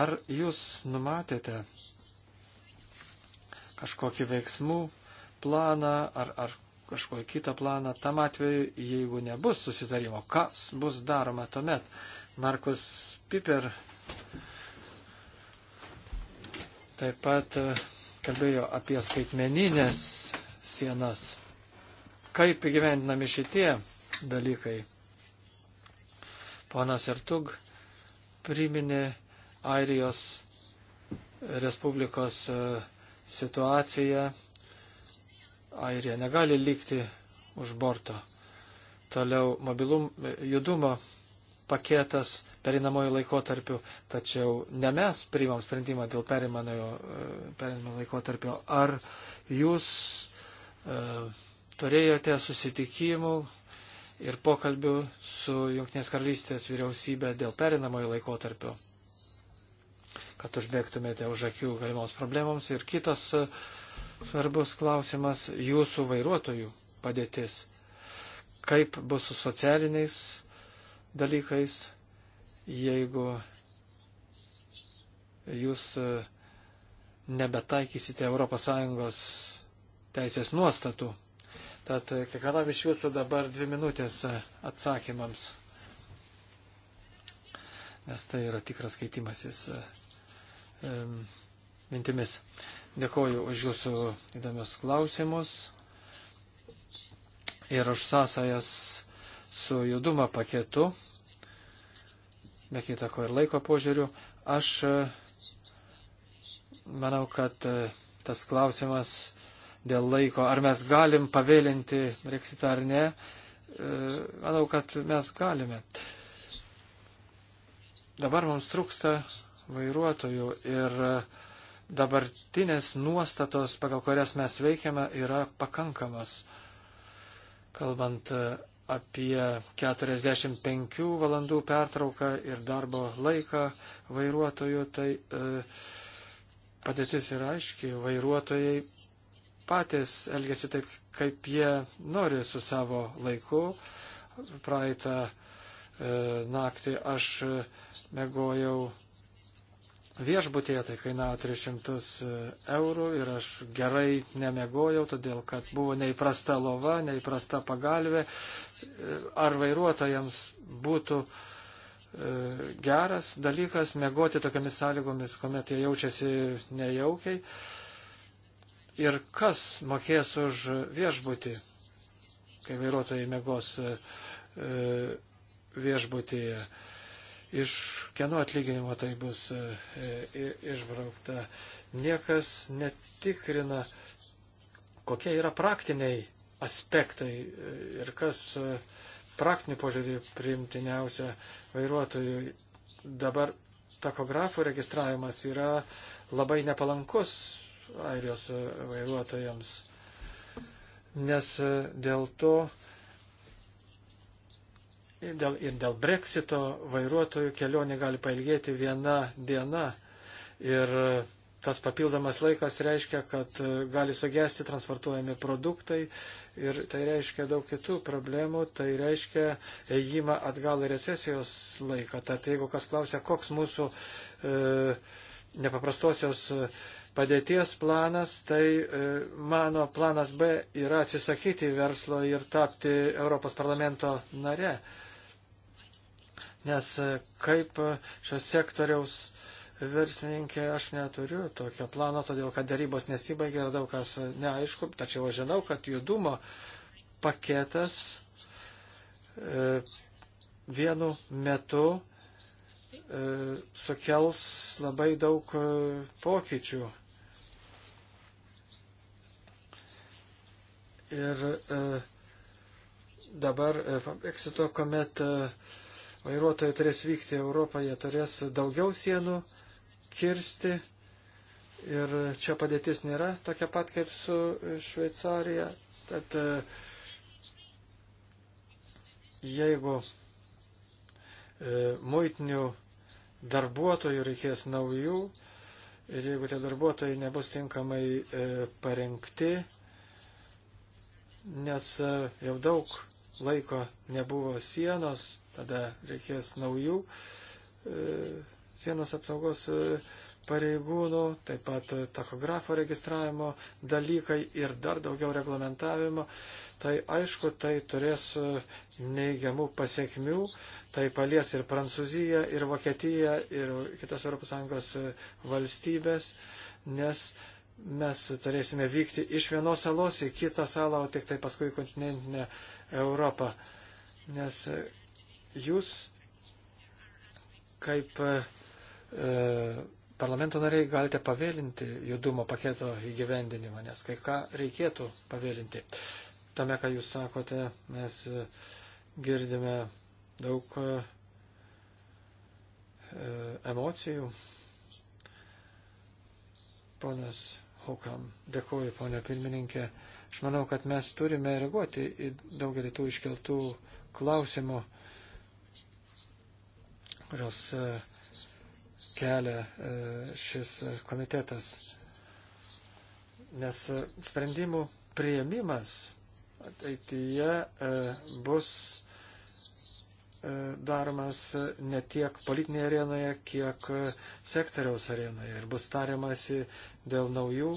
[SPEAKER 4] Ar jūs numatėte kažkokį veiksmų planą ar, ar kažkokį kitą planą tam atveju, jeigu nebus susitarimo? Kas bus daroma tuomet? Markus Piper taip pat e, kalbėjo apie skaitmeninės sienas kaip įgyvendinami šitie dalykai. Ponas Ertug priminė Airijos Respublikos e, situaciją. Airija negali likti už borto. Toliau mobilum, e, judumo paketas perinamojo laikotarpiu, tačiau ne mes priimam sprendimą dėl perinamojo e, laikotarpio. Ar jūs uh, turėjote susitikimų ir pokalbių su Junktinės karalystės vyriausybė dėl perinamojo laikotarpio, kad užbėgtumėte už akių galimoms problemoms. Ir kitas svarbus klausimas - jūsų vairuotojų padėtis. Kaip bus su socialiniais dalykais, jeigu jūs e, nebetaikysite ES teisės nuostatų Tad kiekvienam iš jūsų dabar dvi minutės atsakymams, nes tai yra tikras skaitimasis e, mintimis. Dėkoju už jūsų įdomius klausimus ir už sąsajas su judumo paketu, be kita ko ir laiko požiūriu. Aš e, manau, kad e, tas klausimas dėl laiko, ar mes galim pavėlinti Brexitą ar ne, e, manau, kad mes galime. Dabar mums trūksta vairuotojų ir dabartinės nuostatos, pagal kurias mes veikiame, yra pakankamas. Kalbant e, apie 45 valandų pertrauką ir darbo laiką vairuotojų, tai e, padėtis yra aiški. Vairuotojai patys elgesi taip, kaip jie nori su savo laiku. Praeitą e, naktį aš e, mėgojau viešbutėje, tai kainavo 300 e, eurų ir aš gerai nemėgojau, todėl kad buvo neįprasta lova, neįprasta pagalvė. E, ar vairuotojams būtų e, geras dalykas mėgoti tokiamis sąlygomis, kuomet jie jaučiasi nejaukiai. E, ir kas mokės už viešbutį, kai vairuotojai mėgos e, e, viešbutyje, iš kieno atlyginimo tai bus e, išbraukta. Niekas netikrina, kokie yra praktiniai aspektai ir kas praktinių požiūrį priimtiniausia vairuotojui. Dabar takografų registravimas yra labai nepalankus airijos vairuotojams, nes e, dėl to ir dėl, ir dėl breksito vairuotojų kelionė gali pailgėti viena diena ir e, tas papildomas laikas reiškia, kad e, gali sugesti transportuojami produktai ir tai reiškia daug kitų problemų, tai reiškia ėjimą atgal į recesijos laiką. Tad jeigu kas klausia, koks mūsų e, nepaprastosios padėties planas, tai e, mano planas B yra atsisakyti verslo ir tapti Europos parlamento nare. Nes e, kaip šios sektoriaus verslininkė aš neturiu tokio plano, todėl kad darybos nesibaigė ir daug kas neaišku, tačiau aš žinau, kad judumo paketas e, vienu metu E, sukels labai daug e, pokyčių. Ir e, dabar Brexito, kuomet vairuotojai turės vykti Europą, jie turės daugiau sienų kirsti. Ir čia padėtis nėra tokia pat kaip su Šveicarija. Tad jeigu muitinių darbuotojų, reikės naujų ir jeigu tie darbuotojai nebus tinkamai e, parengti, nes e, jau daug laiko nebuvo sienos, tada reikės naujų e, sienos apsaugos. E, pareigūnų, taip pat tachografo registravimo dalykai ir dar daugiau reglamentavimo, tai aišku, tai turės neigiamų pasiekmių, tai palies ir Prancūziją, ir Vokietiją, ir kitas ES valstybės, nes mes turėsime vykti iš vienos salos į kitą salą, o tik tai paskui kontinentinę Europą. Nes jūs kaip e, parlamento nariai galite pavėlinti judumo paketo įgyvendinimą, nes kai ką reikėtų pavėlinti. Tame, ką jūs sakote, mes e, girdime daug e, emocijų. Ponas Hukam, dėkuoju, ponė pirmininkė. Aš manau, kad mes turime reaguoti į daugelį tų iškeltų klausimų, kurios uh, kelia e, šis komitetas. Nes e, sprendimų prieimimas ateityje e, bus daromas ne tiek politinėje arenoje, kiek sektoriaus arenoje. Ir bus tariamasi dėl naujų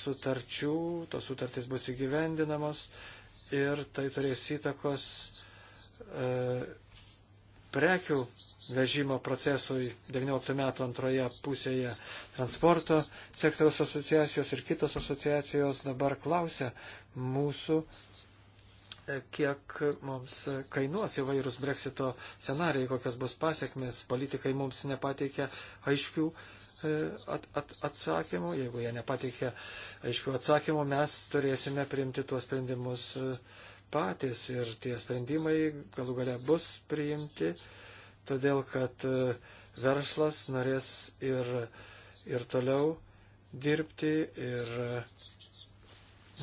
[SPEAKER 4] sutarčių, tos sutartys bus įgyvendinamos ir tai turės įtakos prekių vežimo procesui 19 metų antroje pusėje transporto sektoriaus asociacijos ir kitos asociacijos dabar klausia mūsų, e, kiek mums kainuos įvairūs breksito scenarijai, kokios bus pasiekmes. Politikai mums nepateikia aiškių e, at, at, atsakymų. Jeigu jie nepateikia aiškių atsakymų, mes turėsime priimti tuos sprendimus. Uh, patys ir tie sprendimai galų gale bus priimti, todėl kad e, verslas norės ir, ir toliau dirbti ir e,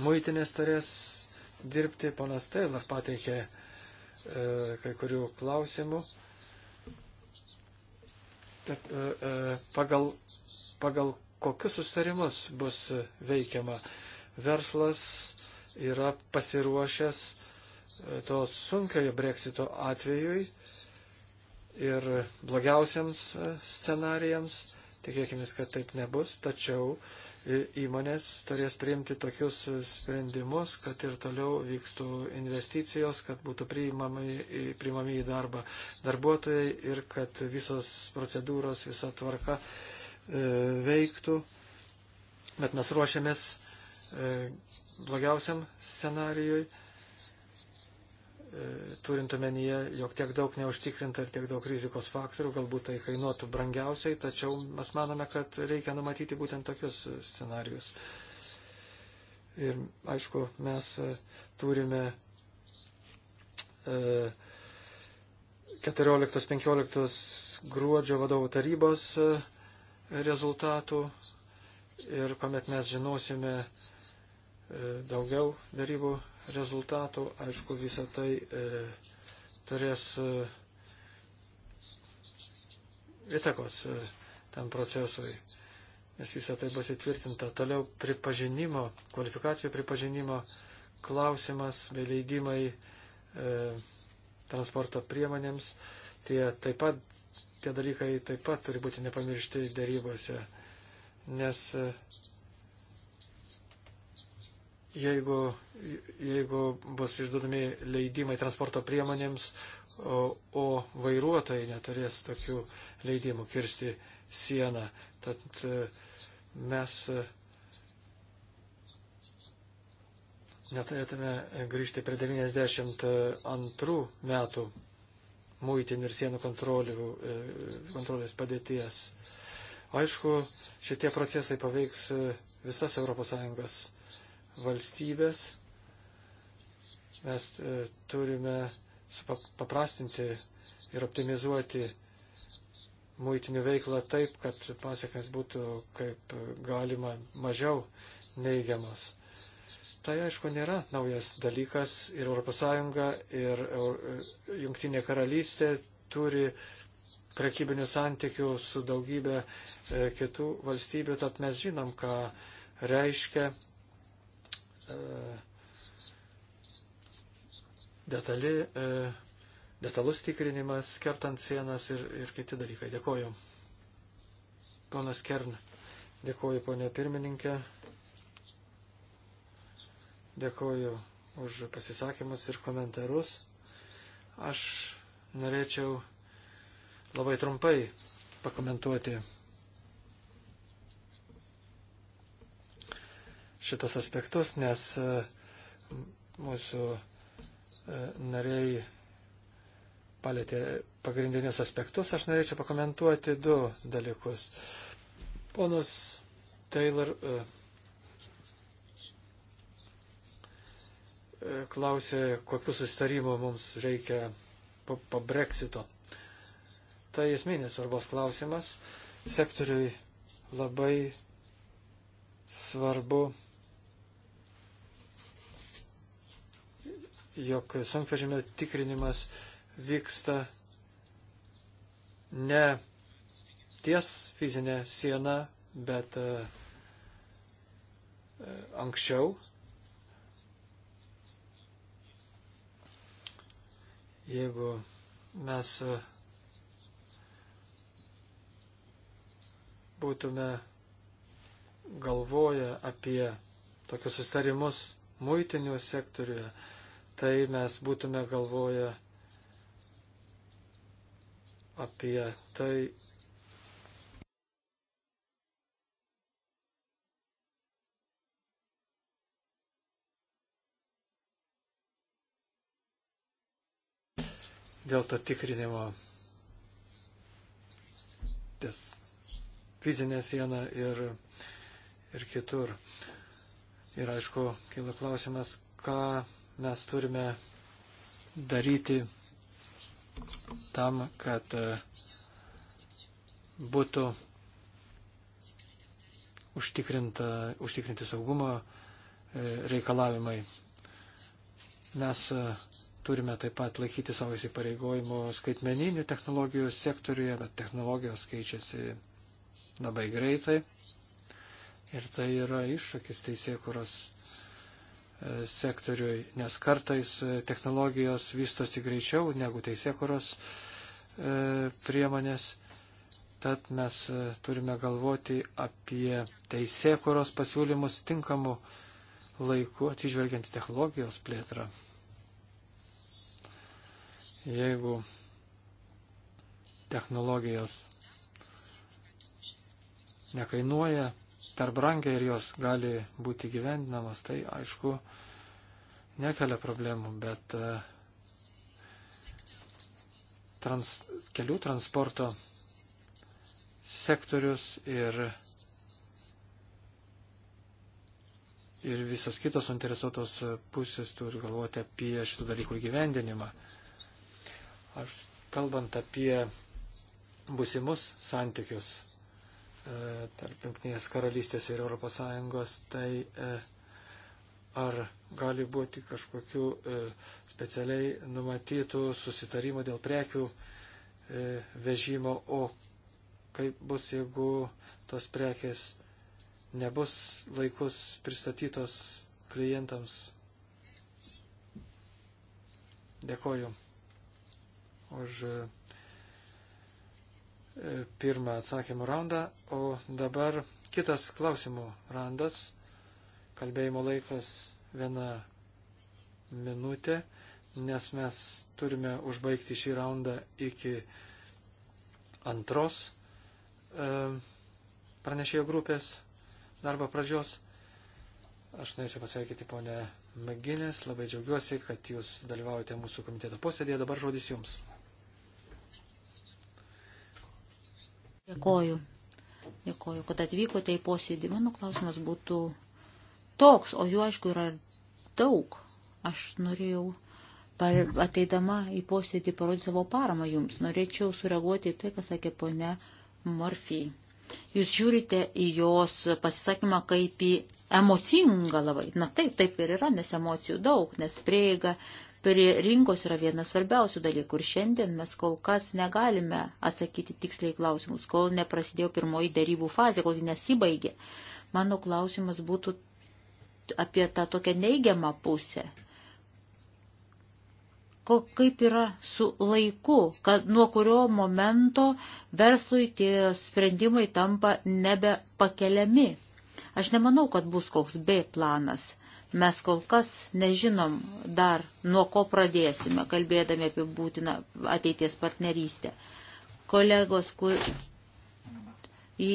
[SPEAKER 4] muitinės turės dirbti. Ponas Taylor pateikė e, kai kurių klausimų. Tad, e, e, pagal, pagal kokius sustarimus bus veikiama verslas, yra pasiruošęs e, to sunkiojo breksito atvejui ir blogiausiams e, scenarijams. Tikėkime, kad taip nebus, tačiau e, įmonės turės priimti tokius sprendimus, kad ir toliau vykstų investicijos, kad būtų priimami, priimami į darbą darbuotojai ir kad visos procedūros, visa tvarka veiktų. Bet mes ruošiamės E, blogiausiam scenarijui, e, turint omenyje, jog tiek daug neužtikrinta ir tiek daug rizikos faktorių, galbūt tai kainuotų brangiausiai, tačiau mes manome, kad reikia numatyti būtent tokius scenarius. Ir aišku, mes e, turime 14-15 gruodžio vadovų tarybos rezultatų ir kuomet mes žinosime, E, daugiau darybų rezultatų. Aišku, visą tai e, turės e, įtakos e, tam procesui, nes visą tai bus įtvirtinta. Toliau pripažinimo, kvalifikacijų pripažinimo klausimas bei leidimai e, transporto priemonėms. Tie, taip pat, tie dalykai taip pat turi būti nepamiršti darybose, nes e, jeigu, jeigu bus išduodami leidimai transporto priemonėms, o, o vairuotojai neturės tokių leidimų kirsti sieną. Tad e, mes e, neturėtume grįžti prie 92 metų muitinių ir sienų e, kontrolės padėties. Aišku, šitie procesai paveiks visas ES valstybės. Mes e, turime paprastinti ir optimizuoti muitinių veiklą taip, kad pasiekmes būtų kaip galima mažiau neigiamas. Tai aišku nėra naujas dalykas ir ES ir e, Junktinė karalystė turi prekybinių santykių su daugybė e, kitų valstybių, tad mes žinom, ką reiškia E, detali, e, detalus tikrinimas, kertant sienas ir, ir kiti dalykai. Dėkoju. Ponas Kern, dėkoju ponė pirmininkė. Dėkoju už pasisakymus ir komentarus. Aš norėčiau labai trumpai pakomentuoti šitos aspektus, nes e, mūsų e, nariai palėtė pagrindinius aspektus. Aš norėčiau pakomentuoti du dalykus. Ponas Taylor e, klausė, kokiu sustarimu mums reikia po, po breksito. Tai esminis svarbos klausimas. Sektoriui labai svarbu jog sunkvežimio tikrinimas vyksta ne ties fizinė siena, bet e, anksčiau. Jeigu mes e, būtume galvoję apie tokius sustarimus muitinių sektoriuje, tai mes būtume galvoję apie tai, dėl to tikrinimo ties fizinė siena ir, ir kitur. Ir aišku, kila klausimas, ką mes turime daryti tam, kad e, būtų užtikrinti saugumo e, reikalavimai. Mes e, turime taip pat laikyti savo įsipareigojimų skaitmeninių technologijų sektoriuje, bet technologijos keičiasi labai greitai. Ir tai yra iššūkis teisėkuros sektoriui, nes kartais technologijos vystosi greičiau negu teisėkuros e, priemonės. Tad mes e, turime galvoti apie teisėkuros pasiūlymus tinkamu laiku atsižvelgiant į technologijos plėtrą. Jeigu technologijos nekainuoja per brangiai ir jos gali būti gyvendinamos, tai aišku, nekelia problemų, bet e, trans, kelių transporto sektorius ir, ir visos kitos interesuotos pusės turi galvoti apie šitų dalykų įgyvendinimą. Aš kalbant apie būsimus santykius E, tarp Junktinės karalystės ir ES, tai e, ar gali būti kažkokių e, specialiai numatytų susitarimų dėl prekių vežimo, o kaip bus, jeigu tos prekės nebus laikus pristatytos klientams. Dėkoju už pirmą atsakymų raundą, o dabar kitas klausimų randas. Kalbėjimo laikas viena minutė, nes mes turime užbaigti šį raundą iki antros e, pranešėjo grupės darbo pradžios. Aš norėčiau pasveikyti ponę Maginės, labai džiaugiuosi, kad jūs dalyvaujate mūsų komiteto posėdėje, dabar žodis jums.
[SPEAKER 1] Dėkoju. Dėkoju, kad atvykote į posėdį. Mano klausimas būtų toks, o jų aišku yra daug. Aš norėjau ateidama į posėdį parodyti savo paramą jums. Norėčiau sureaguoti į tai, ką sakė ponia Murphy. Jūs žiūrite į jos pasisakymą kaip į emocingą labai. Na taip, taip ir yra, nes emocijų daug, nes prieiga prie rinkos yra vienas svarbiausių dalykų ir šiandien mes kol kas negalime atsakyti tiksliai klausimus, kol neprasidėjo pirmoji darybų fazė, kol nesibaigė. Mano klausimas būtų apie tą tokią neigiamą pusę. Ko, kaip yra su laiku, kad nuo kurio momento verslui tie sprendimai tampa nebepakeliami. Aš nemanau, kad bus koks B planas Mes kol kas nežinom dar, nuo ko pradėsime, kalbėdami apie būtiną ateities partnerystę. Kolegos, kur... Į...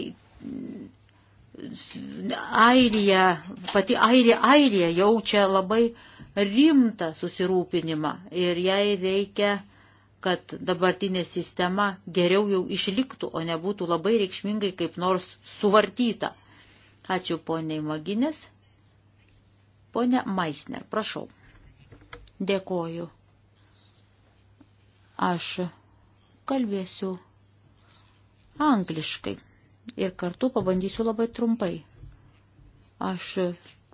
[SPEAKER 1] Airija, pati Airija, Airija jaučia labai rimtą susirūpinimą ir jai reikia kad dabartinė sistema geriau jau išliktų, o nebūtų labai reikšmingai kaip nors suvartyta. Ačiū poniai Maginės. Pone Maisner, prašau. Dėkoju. Aš kalbėsiu angliškai ir kartu pabandysiu labai trumpai. Aš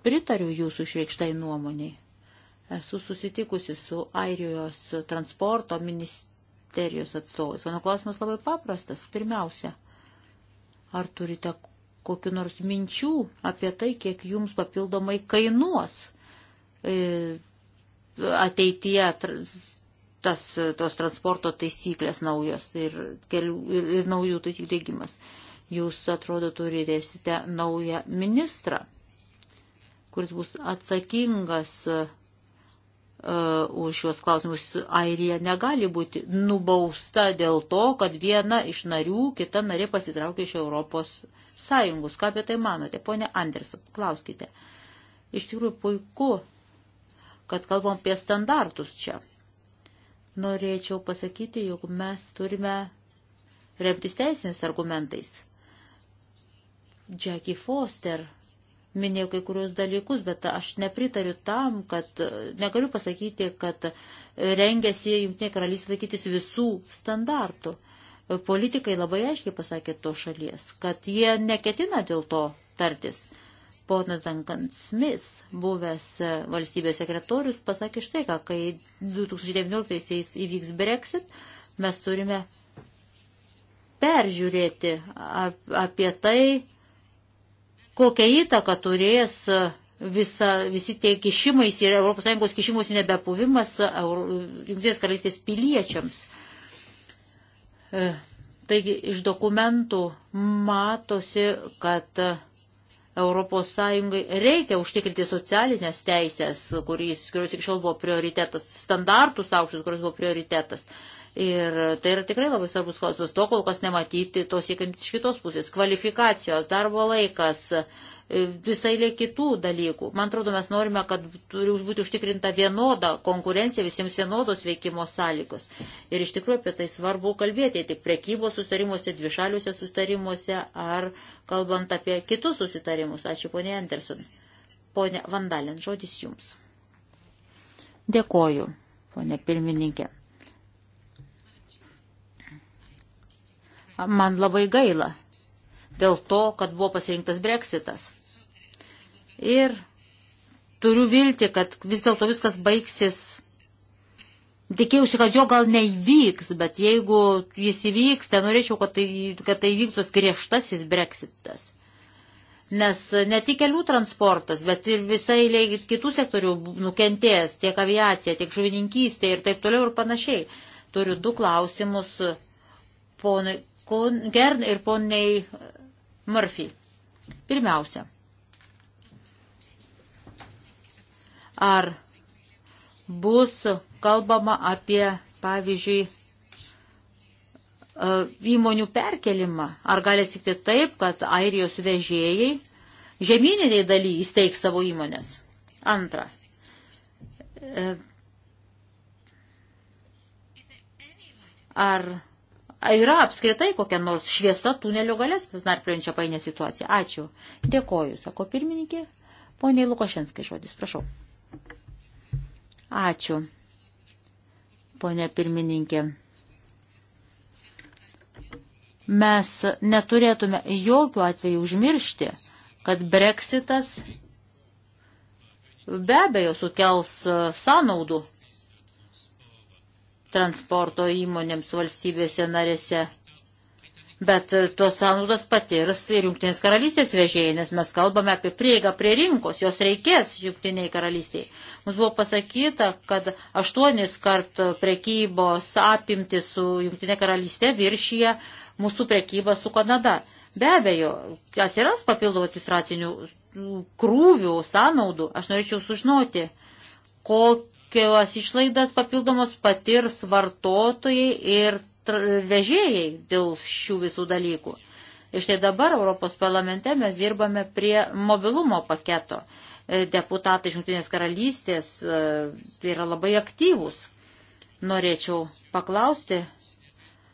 [SPEAKER 1] pritariu jūsų išreikštai nuomoniai. Esu susitikusi su Airijos transporto ministerijos atstovais. Mano klausimas labai paprastas. Pirmiausia, ar turite kokiu nors minčių apie tai, kiek jums papildomai kainuos e, ateityje tas, tos transporto taisyklės naujos ir, kelių, ir, ir naujų taisyklių dėgymas. Jūs, atrodo, turėsite naują ministrą, kuris bus atsakingas uh, uh, už šios klausimus Airija negali būti nubausta dėl to, kad viena iš narių, kita narė pasitraukė iš Europos Sąjungos. Ką apie tai manote? Pone Anderson, klauskite. Iš tikrųjų puiku, kad kalbam apie standartus čia. Norėčiau pasakyti, jog mes turime remtis teisiniais argumentais. Jackie Foster minėjau kai kurios dalykus, bet aš nepritariu tam, kad negaliu pasakyti, kad rengiasi Junktinė karalystė laikytis visų standartų. Politikai labai aiškiai pasakė to šalies, kad jie neketina dėl to tartis. Ponas Duncan Smith, buvęs valstybės sekretorius, pasakė štai ką, kai 2019-aisiais įvyks Brexit, mes turime peržiūrėti apie tai, kokią įtaką turės e, visa, visi tie kišimais ir ES kišimus nebepuvimas e, Junktinės karalystės piliečiams. E, taigi iš dokumentų matosi, kad ES reikia užtikrinti socialinės teisės, kuris, kurios iki šiol buvo prioritetas, standartus aukštus, kuris buvo prioritetas. Uh, Ir tai yra tikrai labai svarbus klausimas. To kol kas nematyti, to siekiant iš kitos pusės. Kvalifikacijos, darbo laikas, e, visai lė kitų dalykų. Man atrodo, mes norime, kad turi būti užtikrinta vienoda konkurencija, visiems vienodos veikimo sąlygos. Ir iš tikrųjų apie tai svarbu kalbėti, tik prekybos sustarimuose, dvišaliuose sustarimuose ar kalbant apie kitus susitarimus. Ačiū, ponė Anderson. Pone Vandalin, žodis jums. Dėkoju, ponė pirmininkė. Man labai gaila dėl to, kad buvo pasirinktas breksitas. Ir turiu vilti, kad vis dėlto viskas baigsis. Tikėjausi, kad jo gal neįvyks, bet jeigu jis įvyks, tai norėčiau, kad tai, kad tai įvyks tos griežtasis breksitas. Nes ne tik kelių transportas, bet ir visai kitų sektorių nukentės, tiek aviacija, tiek žuvininkystė ir taip toliau ir panašiai. Turiu du klausimus ponui Kern ir poniai Murphy. Pirmiausia, ar bus kalbama apie, pavyzdžiui, e, įmonių perkelimą? Ar gali sikti taip, kad airijos vežėjai žemyniniai daly įsteigs savo įmonės? Antra. E, ar yra apskritai kokia nors šviesa tunelio galės narpliojančia painę situaciją. Ačiū. Dėkoju, sako pirmininkė. Poniai Lukošenskai žodis, prašau. Ačiū, ponė pirmininkė. Mes neturėtume jokių atveju užmiršti, kad breksitas be abejo sukels sąnaudų transporto įmonėms valstybėse narėse. Bet tuos sąnaudas patirs ir Junktinės karalystės vežėjai, nes mes kalbame apie prieigą prie rinkos, jos reikės Junktiniai karalystiai. Mums buvo pasakyta, kad aštuonis kart prekybos apimti su Junktinė karalystė viršyje mūsų prekybą su Kanada. Be abejo, atsiras papildomų administracinių krūvių, sąnaudų. Aš norėčiau sužinoti, kokį kokios išlaidas papildomos patirs vartotojai ir vežėjai dėl šių visų dalykų. Ir štai dabar Europos parlamente mes dirbame prie mobilumo paketo. E, deputatai iš Junktinės karalystės e, yra labai aktyvūs. Norėčiau paklausti,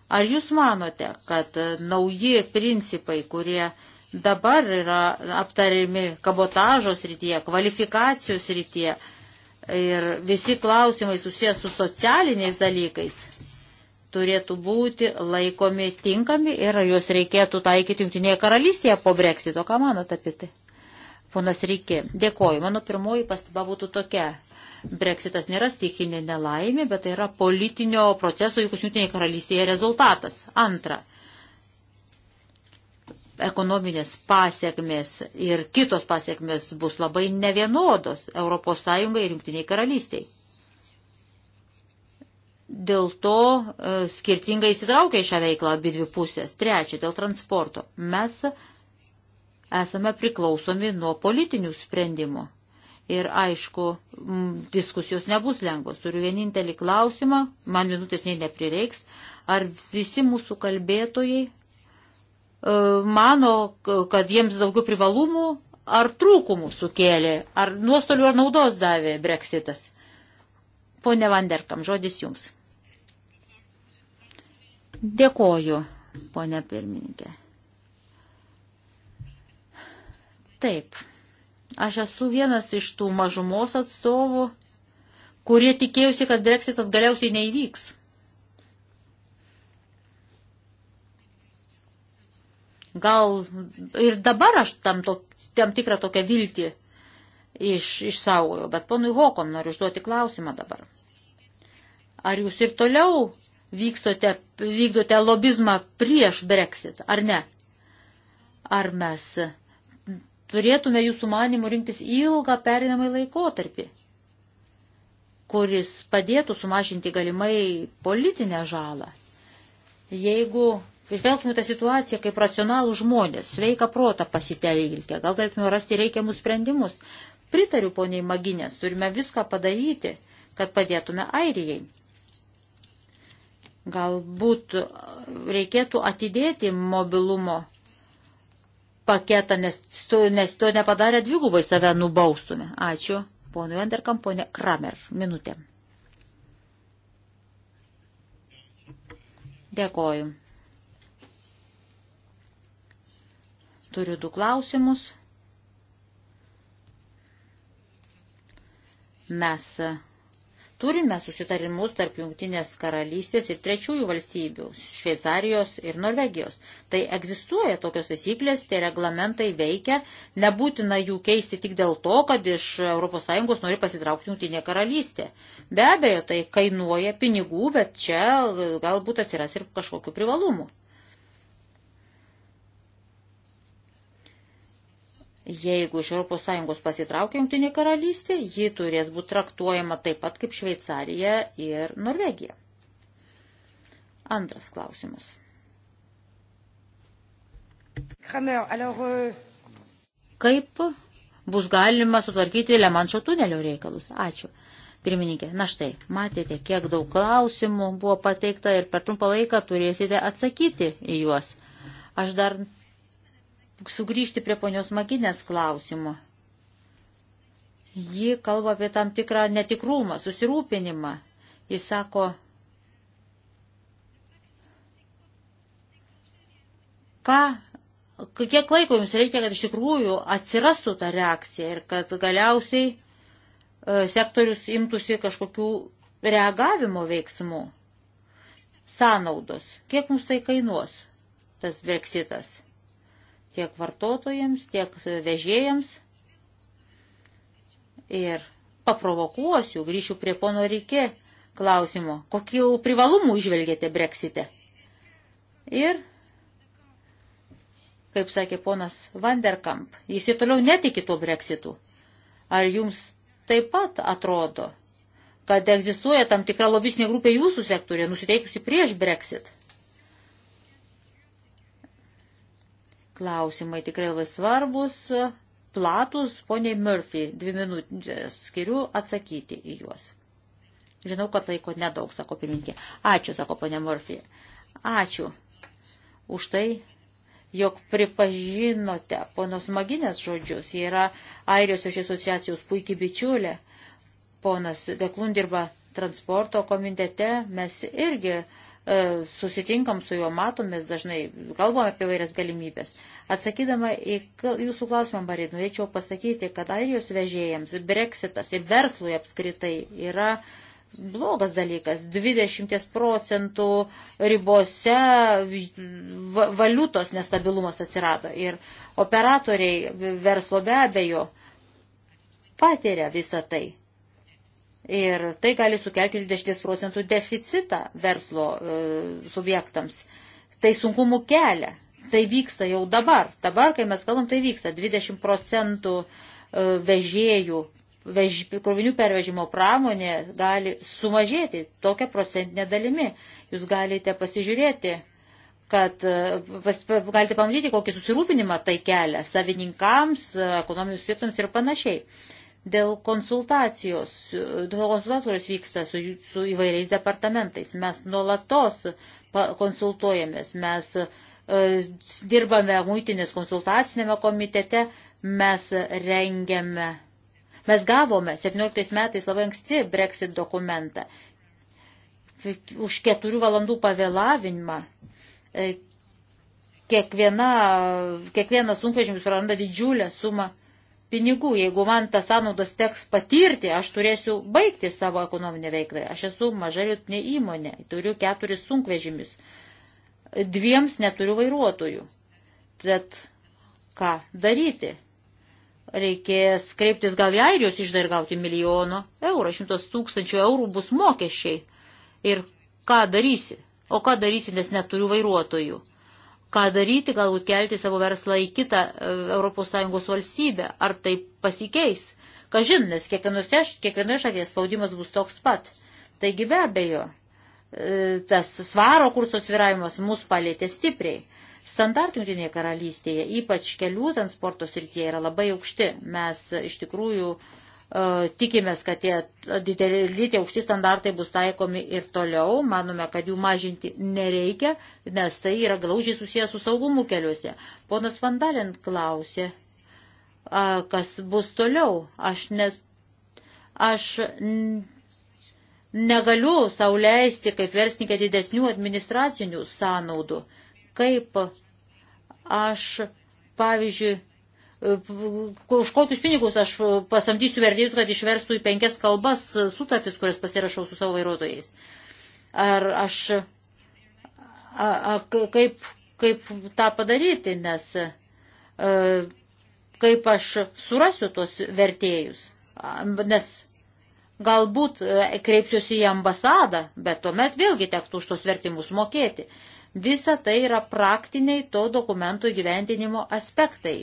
[SPEAKER 1] ar jūs manote, kad e, nauji principai, kurie dabar yra aptarimi kabotažos rytyje, kvalifikacijos rytyje, ir visi klausimai susijęs su socialiniais dalykais turėtų būti laikomi tinkami ir juos reikėtų taikyti Junktinėje karalystėje po breksito. Ką manote apie tai? Ponas Rykė, dėkoju. Mano pirmoji pastaba būtų tokia. Brexitas nėra stikinė nelaimė, bet tai yra politinio proceso, juk Junktinėje karalystėje rezultatas. Antra, ekonominės pasiekmes ir kitos pasiekmes bus labai nevienodos ES ir Junktiniai karalystiai. Dėl to e, skirtingai įsitraukia į šią veiklą abi dvi pusės. Trečia, dėl transporto. Mes esame priklausomi nuo politinių sprendimų. Ir aišku, m, diskusijos nebus lengvos. Turiu vienintelį klausimą, man minutės nei neprireiks, ar visi mūsų kalbėtojai E, mano, kad jiems daugiau privalumų ar trūkumų sukėlė, ar nuostolių ar naudos davė breksitas. Pone Vanderkam, žodis jums. Dėkoju, ponė pirmininkė. Taip, aš esu vienas iš tų mažumos atstovų, kurie tikėjusi, kad breksitas galiausiai neįvyks. Gal ir dabar aš tam, to, tam tikrą tokią viltį iš, išsaugojau, bet ponui Hokom noriu užduoti klausimą dabar. Ar jūs ir toliau vykstote, vykdote lobizmą prieš Brexit, ar ne? Ar mes turėtume jūsų manimų rinktis ilgą perinamąjį laikotarpį, kuris padėtų sumažinti galimai politinę žalą? Jeigu Žvelgtume tą situaciją kaip racionalų žmonės, sveiką protą pasitelkę, gal galėtume rasti reikiamus sprendimus. Pritariu poniai Maginės, turime viską padaryti, kad padėtume Airijai. Galbūt reikėtų atidėti mobilumo paketą, nes to, nes to nepadarę dvigubai save nubaustume. Ačiū, ponui Enderkam, ponė Kramer, minutė. Dėkoju. Turiu du klausimus. Mes turime susitarimus tarp Junktinės karalystės ir trečiųjų valstybių - Šveicarijos ir Norvegijos. Tai egzistuoja tokios taisyklės, tie reglamentai veikia, nebūtina jų keisti tik dėl to, kad iš ES nori pasitraukti Junktinė karalystė. Be abejo, tai kainuoja pinigų, bet čia galbūt atsiras ir kažkokiu privalumu. Jeigu iš ES pasitraukia Junktinė karalystė, ji turės būti traktuojama taip pat kaip Šveicarija ir Norvegija. Antras klausimas.
[SPEAKER 2] Kramer, alors, euh...
[SPEAKER 1] Kaip bus galima sutvarkyti Lemanšo tunelio reikalus? Ačiū. Pirmininkė, na štai, matėte, kiek daug klausimų buvo pateikta ir per trumpą laiką turėsite atsakyti į juos. Aš dar sugrįžti prie ponios Maginės klausimo. Ji kalba apie tam tikrą netikrumą, susirūpinimą. Jis sako, ką, kiek laiko jums reikia, kad iš tikrųjų atsirastų ta reakcija ir kad galiausiai e, sektorius imtųsi kažkokių reagavimo veiksmų. Sąnaudos. Kiek mums tai kainuos tas breksitas? tiek vartotojams, tiek vežėjams. Ir paprovokuosiu, grįšiu prie pono Rikė klausimo, kokių privalumų išvelgėte breksite. Ir, kaip sakė ponas Vanderkamp, jis ir toliau netiki tuo breksitu. Ar jums taip pat atrodo, kad egzistuoja tam tikra lobistinė grupė jūsų sektorė, nusiteikusi prieš breksit? Klausimai tikrai labai svarbus, platus, poniai Murphy, dvi minutės skiriu atsakyti į juos. Žinau, kad laiko nedaug, sako pirmininkė. Ačiū, sako ponė Murphy. Ačiū už tai, jog pripažinote ponos Maginės žodžius. Jie yra Airijos iš asociacijos puikiai bičiulė. Ponas Deklun dirba transporto komitete. Mes irgi uh, E, susitinkam su juo, matomės dažnai, kalbame apie vairias galimybės. Atsakydama į jūsų klausimą, Marit, norėčiau pasakyti, kad airijos vežėjams breksitas ir verslui apskritai yra blogas dalykas. 20 procentų ribose valiutos nestabilumas atsirado ir operatoriai verslo be abejo patiria visą tai. Ir tai gali sukelti 20 procentų deficitą verslo e, subjektams. Tai sunkumų kelia. Tai vyksta jau dabar. Dabar, kai mes kalbam, tai vyksta. 20 procentų e, vežėjų, vež, krovinių pervežimo pramonė gali sumažėti tokią procentinę dalimi. Jūs galite pasižiūrėti, kad e, pas, galite pamatyti, kokį susirūpinimą tai kelia savininkams, e, ekonominius vietoms ir panašiai. E, Dėl konsultacijos, dėl konsultacijos, kurios vyksta su, su įvairiais departamentais, mes nuolatos konsultuojamės, mes e, dirbame muitinės konsultacinėme komitete, mes rengiame. Mes gavome 17 metais labai anksti Brexit dokumentą. Už keturių valandų pavėlavinimą e, kiekviena, kiekvienas sunkvežimis praranda didžiulę sumą pinigų. Jeigu man tas sąnaudas teks patirti, aš turėsiu baigti savo ekonominę veiklą. Aš esu maža liutinė įmonė, turiu keturis sunkvežimius, dviems neturiu vairuotojų. Tad ką daryti? Reikės kreiptis gal į Airijos išdar gauti milijono eurų, šimtas tūkstančių eurų bus mokesčiai. Ir ką darysi? O ką darysi, nes neturiu vairuotojų? ką daryti, galbūt kelti savo verslą į kitą e, ES valstybę, ar tai pasikeis. Kažin, nes kiekvienoje šalyje spaudimas bus toks pat. Taigi be abejo, e, tas svaro kurso sviravimas mus palėtė stipriai. Standartinėje karalystėje, ypač kelių transporto srityje, yra labai aukšti. Mes iš tikrųjų uh, E, tikimės, kad tie dideli, tie aukšti standartai bus taikomi ir toliau. Manome, kad jų mažinti nereikia, nes tai yra glaužiai susijęs su saugumu keliuose. Ponas Vandalin klausė, kas bus toliau. Aš, nes, aš negaliu sauliaisti kaip versnikė didesnių administracinių sąnaudų. Kaip aš, pavyzdžiui, už kokius pinigus aš pasamdysiu vertėjus, kad išverstų į penkias kalbas sutartis, kurias pasirašau su savo vairuotojais. Ar aš, a, a, kaip, kaip tą padaryti, nes a, e, kaip aš surasiu tos vertėjus, a, nes galbūt e, kreipsiuosi į ambasadą, bet tuomet vėlgi tektų už tos vertimus mokėti. Visa tai yra praktiniai to dokumento įgyvendinimo aspektai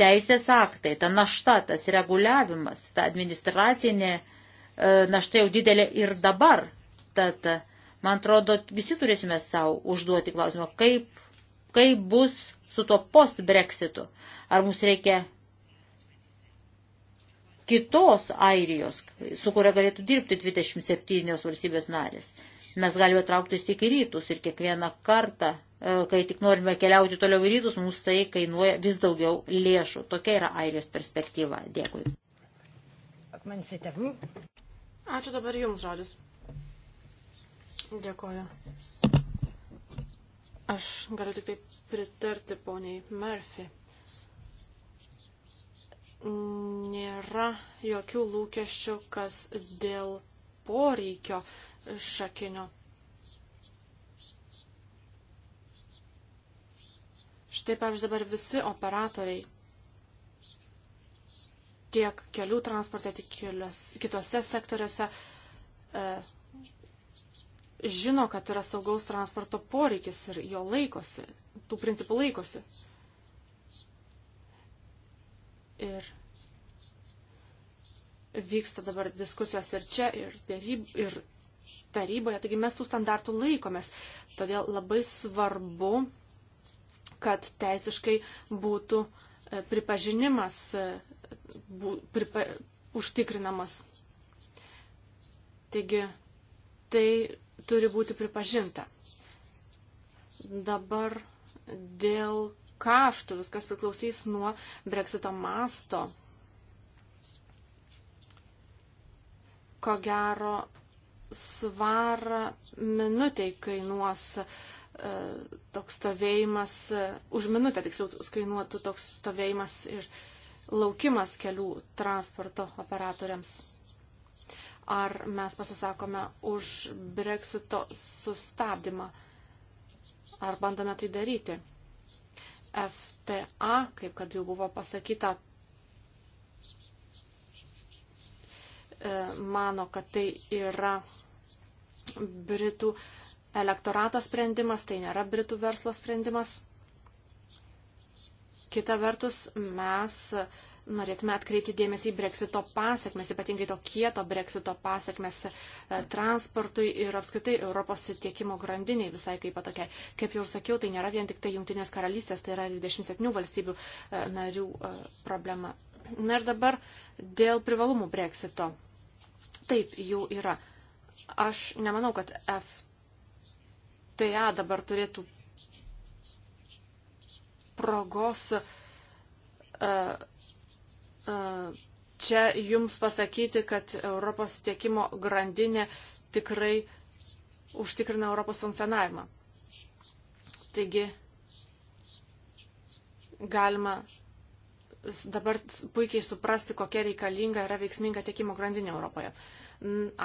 [SPEAKER 1] teisės aktai, ta našta, tas reguliavimas, ta administracinė e, našta jau didelė ir dabar. Tad, man atrodo, visi turėsime savo užduoti klausimą, kaip, kaip bus su tuo post-Brexitu. Ar mums reikia kitos Airijos, su kuria galėtų dirbti 27 valstybės narės. Mes galime trauktis tik į rytus ir kiekvieną kartą E, kai tik norime keliauti toliau į rytus, mums tai kainuoja vis daugiau lėšų. Tokia yra Airijos perspektyva. Dėkui.
[SPEAKER 3] Ačiū dabar Jums žodis. Dėkoju. Aš galiu tik tai pritarti poniai Murphy. Nėra jokių lūkesčių, kas dėl poreikio šakinio Štai, pavyzdžiui, dabar visi operatoriai tiek kelių transporte, tiek kitose sektoriuose e, žino, kad yra saugaus transporto poreikis ir jo laikosi, tų principų laikosi. Ir vyksta dabar diskusijos ir čia, ir, dėryb, ir taryboje, taigi mes tų standartų laikomės. Todėl labai svarbu kad teisiškai būtų e, pripažinimas e, bū, pripa, užtikrinamas. Taigi, tai turi būti pripažinta. Dabar dėl kaštų viskas priklausys nuo breksito masto. Ko gero, svarą minutiai kainuos uh, E, toks stovėjimas, e, už minutę tiksliau skainuotų toks stovėjimas ir laukimas kelių transporto operatoriams. Ar mes pasisakome už breksito sustabdymą, ar bandome tai daryti. FTA, kaip kad jau buvo pasakyta, e, mano, kad tai yra Britų uh, elektorato sprendimas, tai nėra Britų verslo sprendimas. Kita vertus, mes norėtume atkreipti dėmesį į breksito pasiekmes, ypatingai to kieto breksito pasiekmes e, transportui ir apskritai Europos tiekimo grandiniai visai kaip patokiai. Kaip jau sakiau, tai nėra vien tik tai jungtinės karalystės, tai yra 27 valstybių e, narių e, problema. Na ir dabar dėl privalumų breksito. Taip, jų yra. Aš nemanau, kad FT TA dabar turėtų progos uh, uh, čia jums pasakyti, kad Europos tiekimo grandinė tikrai užtikrina Europos funkcionavimą. Taigi galima dabar puikiai suprasti, kokia reikalinga yra veiksminga tiekimo grandinė Europoje.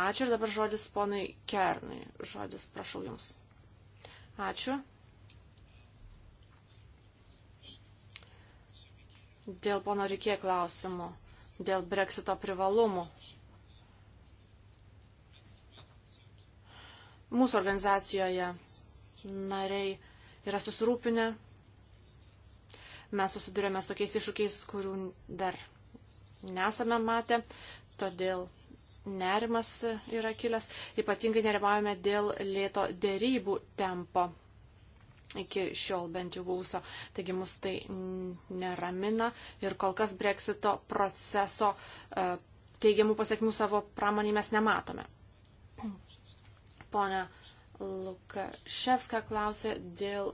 [SPEAKER 3] Ačiū ir dabar žodis ponui Kernui. Žodis, prašau jums. Ačiū. Dėl pono Rikė klausimų, dėl breksito privalumų. Mūsų organizacijoje nariai yra susirūpinę. Mes susidurėme su tokiais iššūkiais, kurių dar nesame matę, todėl nerimas yra kilęs. Ypatingai nerimavome dėl lėto dėrybų tempo iki šiol bent jau gauso. Taigi mus tai neramina ir kol kas breksito proceso e, teigiamų pasiekmių savo pramonį mes nematome. Pone Lukaševska klausė dėl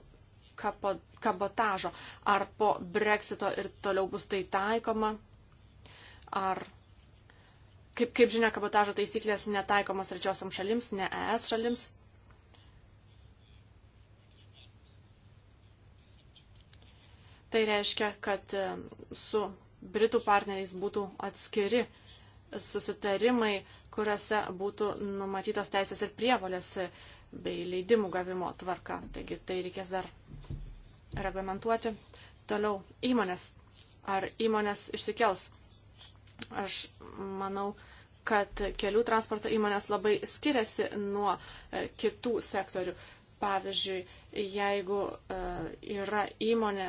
[SPEAKER 3] kabotažo. Ar po breksito ir toliau bus tai taikoma? Ar kaip, kaip žinia, kabotažo taisyklės netaikomos trečiosiam šalims, ne ES šalims. Tai reiškia, kad e, su Britų partneriais būtų atskiri susitarimai, kuriuose būtų numatytos teisės ir prievolės bei leidimų gavimo tvarka. Taigi tai reikės dar reglamentuoti. Toliau įmonės. Ar įmonės išsikels Aš manau, kad kelių transporto įmonės labai skiriasi nuo e, kitų sektorių. Pavyzdžiui, jeigu e, yra įmonė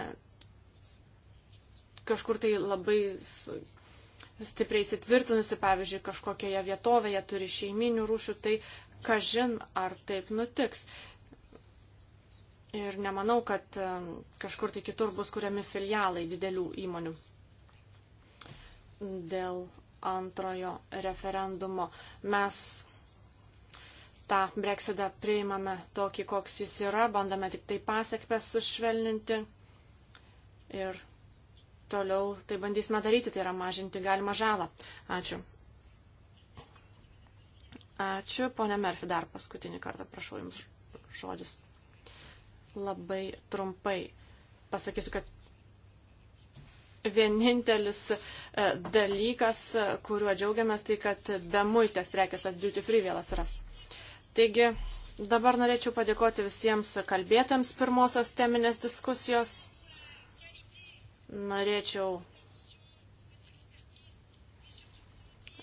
[SPEAKER 3] kažkur tai labai stipriai įsitvirtinusi, pavyzdžiui, kažkokioje vietovėje turi šeiminių rūšių, tai kažin ar taip nutiks. Ir nemanau, kad e, kažkur tai kitur bus kuriami filialai didelių įmonių dėl antrojo referendumo. Mes tą breksitą priimame tokį, koks jis yra, bandome tik tai pasiekpes sušvelninti ir toliau tai bandysime daryti, tai yra mažinti galimą žalą. Ačiū. Ačiū, ponė Merfi, dar paskutinį kartą prašau Jums žodis. Labai trumpai pasakysiu, kad vienintelis e, dalykas, e, kuriuo džiaugiamės, tai kad be muitės prekės tas duty free vėl atsiras. Taigi, dabar norėčiau padėkoti visiems kalbėtams pirmosios teminės diskusijos. Norėčiau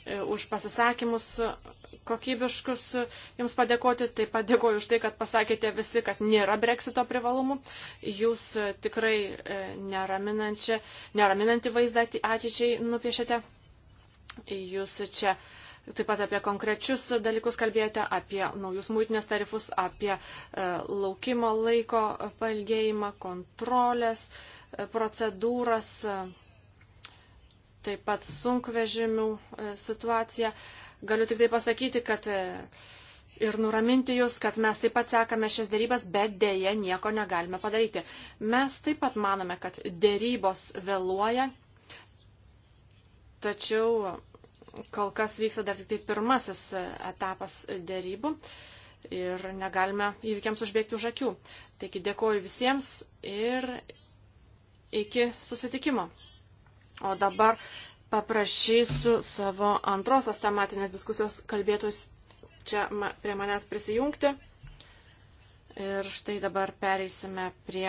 [SPEAKER 3] e, už pasisakymus kokybiškus e, jums padėkoti. Taip pat dėkoju už tai, kad pasakėte visi, kad nėra breksito privalumų. Jūs e, tikrai e, neraminantį vaizdą ateičiai nupiešėte. Jūs čia taip pat apie konkrečius dalykus kalbėjote, apie naujus mūtinės tarifus, apie laukimo laiko palgėjimą, kontrolės, procedūras taip pat sunkvežimių situacija. Galiu tik tai pasakyti, kad e, ir nuraminti jūs, kad mes taip pat sekame šias dėrybas, bet dėje nieko negalime padaryti. Mes taip pat manome, kad dėrybos vėluoja, tačiau kol kas vyksta dar tik tai pirmasis etapas dėrybų ir negalime įvykiams užbėgti už akių. Taigi dėkoju visiems ir iki susitikimo. O dabar paprašysiu savo antrosios tematinės diskusijos kalbėtus čia ma prie manęs prisijungti. Ir štai dabar pereisime prie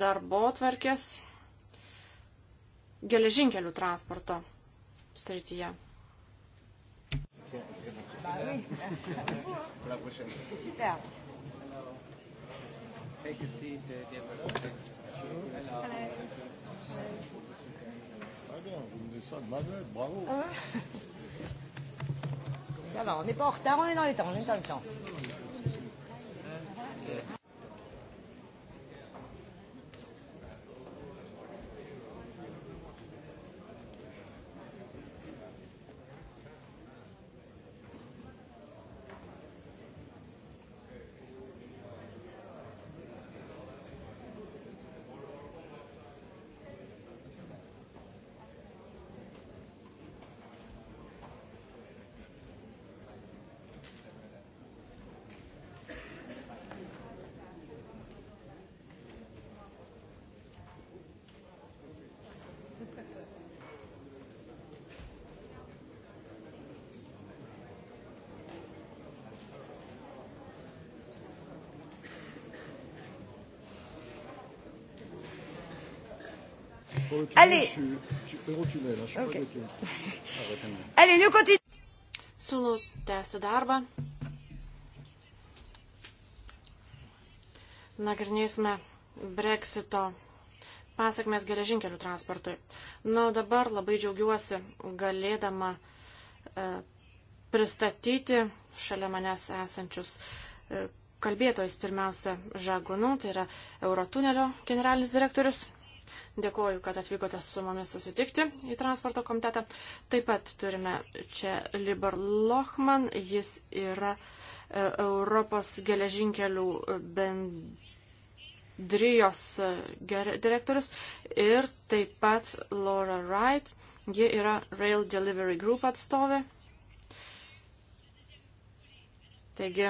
[SPEAKER 3] darbo tvarkės geležinkelių transporto srityje.
[SPEAKER 2] Take a seat, dear Très bien, vous menez ça de manette, bravo. Ça va, on n'est pas en retard, on est dans les temps, on est dans le temps. Euh, Allez. Okay.
[SPEAKER 3] Allez, nous continuons. Siūlau tęsti darbą. Nagrinėsime Brexito pasakmes geležinkelių transportui. Na, dabar labai džiaugiuosi galėdama e, pristatyti šalia manęs esančius e, kalbėtojus. Pirmiausia, Žagunu, tai yra Eurotunelio generalinis direktorius. Dėkuoju, kad atvykote su mumis susitikti į transporto komitetą. Taip pat turime čia Libar Lochman, jis yra e, Europos geležinkelių e, bendrijos e, direktorius ir taip pat Laura Wright, ji yra Rail Delivery Group atstovė. Taigi,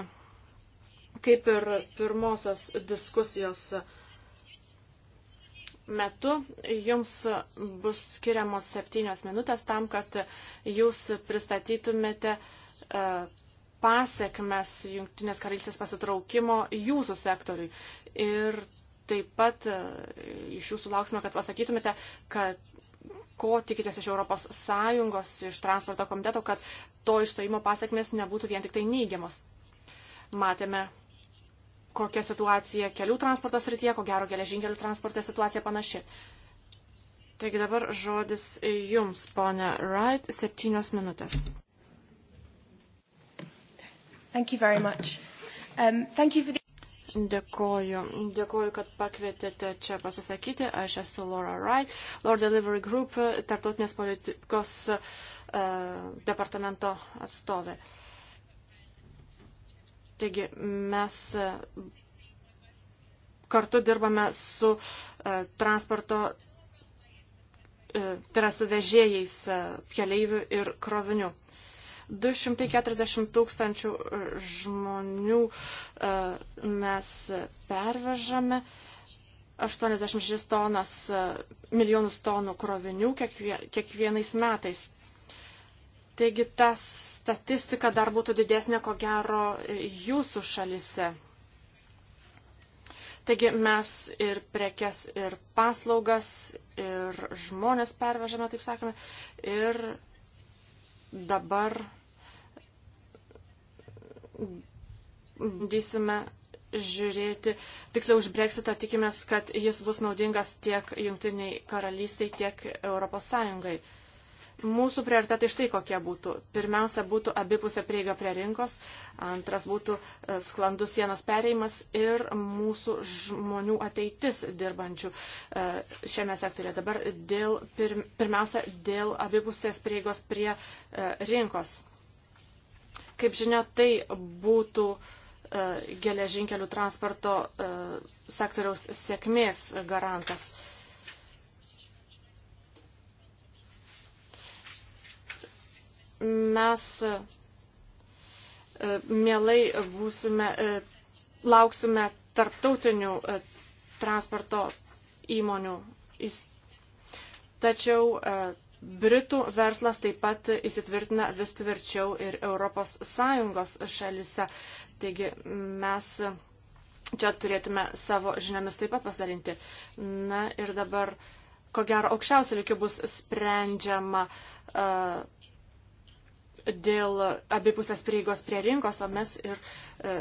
[SPEAKER 3] kaip ir pirmosios diskusijos uh, metu jums bus skiriamos septynios minutės tam, kad jūs pristatytumėte e, pasiekmes Junktinės karalystės pasitraukimo jūsų sektoriui. Ir taip pat e, iš jūsų lauksime, kad pasakytumėte, kad ko tikitės iš Europos Sąjungos, iš transporto komiteto, kad to išstojimo pasiekmes nebūtų vien tik tai neigiamas. Matėme kokia situacija kelių transporto srityje, ko gero geležinkelių transporto situacija panaši. Taigi dabar žodis jums, ponia Wright, septynios minutės. Thank you very much. Um, thank you for the... Dėkoju. Dėkoju, kad pakvietėte čia pasisakyti. Aš esu Laura Wright, Lord Delivery Group, tarptautinės politikos uh, departamento atstovė. Uh, Taigi mes e, kartu dirbame su e, transporto, e, tai yra su vežėjais keleivių ir krovinių. 240 tūkstančių žmonių mes pervežame, 86 tonas, milijonus tonų krovinių kiekvienais metais. Taigi ta statistika dar būtų didesnė, ko gero, jūsų šalise. Taigi mes ir prekes, ir paslaugas, ir žmonės pervežame, taip sakome, ir dabar bandysime žiūrėti, tiksliau už breksitą tikimės, kad jis bus naudingas tiek jungtiniai karalystiai, tiek Europos Sąjungai. Mūsų prioritetai štai kokie būtų. Pirmiausia būtų abipusė prieiga prie rinkos, antras būtų e, sklandus sienos pereimas ir mūsų žmonių ateitis dirbančių e, šiame sektorėje. Dabar dėl, pirmiausia dėl abipusės prieigos prie e, rinkos. Kaip žinia, tai būtų geležinkelių transporto sektoriaus sėkmės garantas. mes e, mielai būsime, e, lauksime tarptautinių e, transporto įmonių. Tačiau Britų verslas taip pat įsitvirtina vis tvirčiau ir ES šalise. Taigi mes čia turėtume savo žiniomis taip pat pasidalinti. Na ir dabar, ko gero, aukščiausių lygių bus sprendžiama uh, dėl abipusės prieigos prie rinkos, o mes ir e,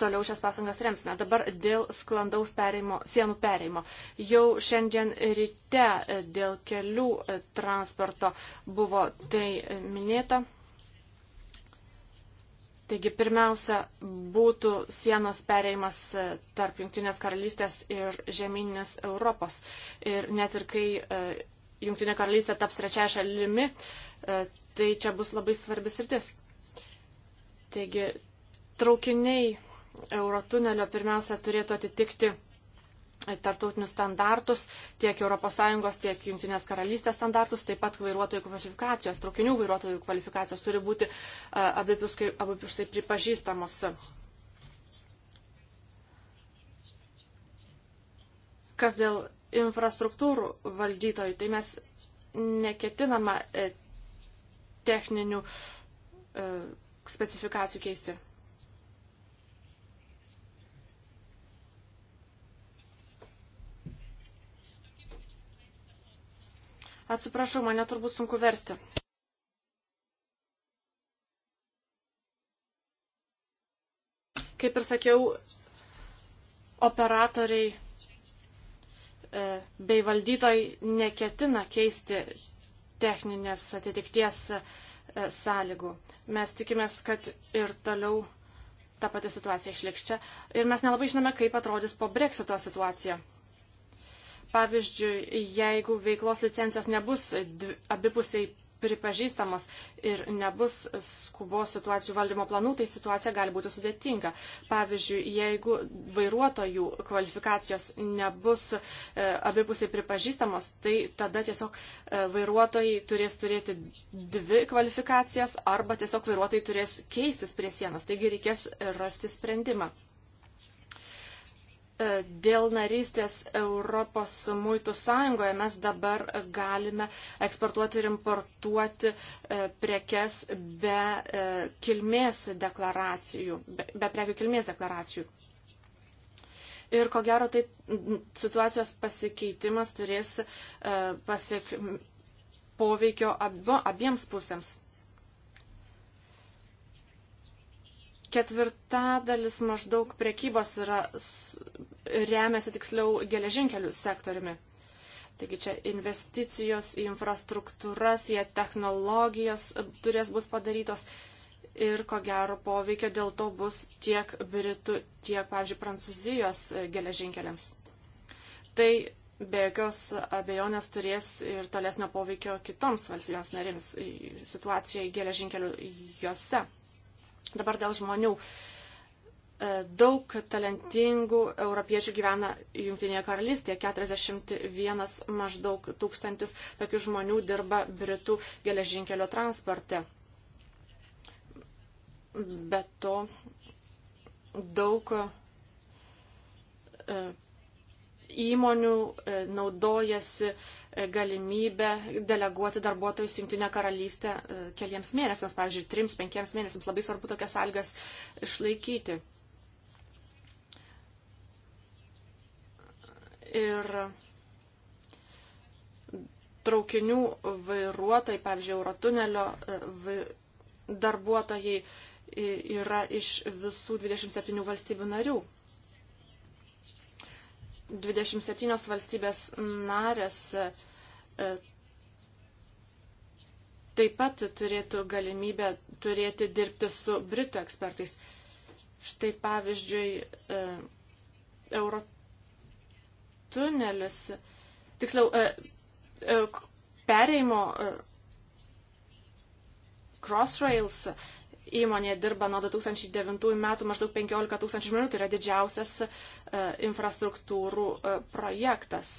[SPEAKER 3] toliau šias pasangas remsime. Dabar dėl sklandaus pereimo, sienų pereimo. Jau šiandien ryte e, dėl kelių e, transporto buvo tai e, minėta. Taigi pirmiausia būtų sienos pereimas tarp Junktinės karalystės ir žemyninės Europos. Ir net ir kai Junktinė karalystė taps trečia šalimi, Tai čia bus labai svarbis rytis. Taigi, traukiniai Eurotunelio pirmiausia turėtų atitikti tarptautinius standartus, tiek ES, tiek Junktinės karalystės standartus, taip pat vairuotojų kvalifikacijos, traukinių vairuotojų kvalifikacijos turi būti abipusai pripažįstamos. Kas dėl infrastruktūrų valdytojų, tai mes neketinama e, techninių e, specifikacijų keisti. Atsiprašau, mane turbūt sunku versti. Kaip ir sakiau, operatoriai e, bei valdytojai neketina keisti techninės atitikties e, sąlygų. Mes tikimės, kad ir toliau ta pati situacija išliks čia. Ir mes nelabai žinome, kaip atrodys po breksito situacija. Pavyzdžiui, jeigu veiklos licencijos nebus abipusiai pripažįstamos ir nebus skubos situacijų valdymo planų, tai situacija gali būti sudėtinga. Pavyzdžiui, jeigu vairuotojų kvalifikacijos nebus e, abipusiai pripažįstamos, tai tada tiesiog e, vairuotojai turės turėti dvi kvalifikacijas arba tiesiog vairuotojai turės keistis prie sienos. Taigi reikės rasti sprendimą. E, dėl narystės Europos muitų sąjungoje mes dabar galime eksportuoti ir importuoti e, prekes be e, kilmės deklaracijų, be, be prekių kilmės deklaracijų. Ir ko gero, tai situacijos pasikeitimas turės pasiek poveikio abiems pusėms. ketvirtadalis maždaug prekybos yra, remiasi tiksliau geležinkelių sektoriumi. Taigi čia investicijos į infrastruktūras, į technologijas turės bus padarytos ir ko gero poveikio dėl to bus tiek Britų, tiek, pavyzdžiui, Prancūzijos e, geležinkeliams. Tai be jokios abejonės turės ir tolesnio poveikio kitoms valstybėms narims situacijai geležinkelių jose. Dabar dėl žmonių. E, daug talentingų europiečių gyvena Junktinėje karalystėje, 41 maždaug tūkstantis tokių žmonių dirba Britų geležinkelio transporte. Be to, daug e, įmonių e, naudojasi e, galimybę deleguoti darbuotojus Junktinę karalystę e, keliems mėnesiams, pavyzdžiui, trims, penkiems mėnesiams. Labai svarbu tokias sąlygas išlaikyti. Ir traukinių vairuotojai, pavyzdžiui, Eurotunelio darbuotojai yra iš visų 27 valstybių narių. 27 valstybės narės e, taip pat turėtų galimybę turėti dirbti su Britų ekspertais. Štai pavyzdžiui, e, Eurotunelis, tiksliau, e, pereimo Crossrails įmonėje dirba nuo 2009 metų maždaug 15 tūkstančių žmonių, tai yra didžiausias e, infrastruktūrų e, projektas.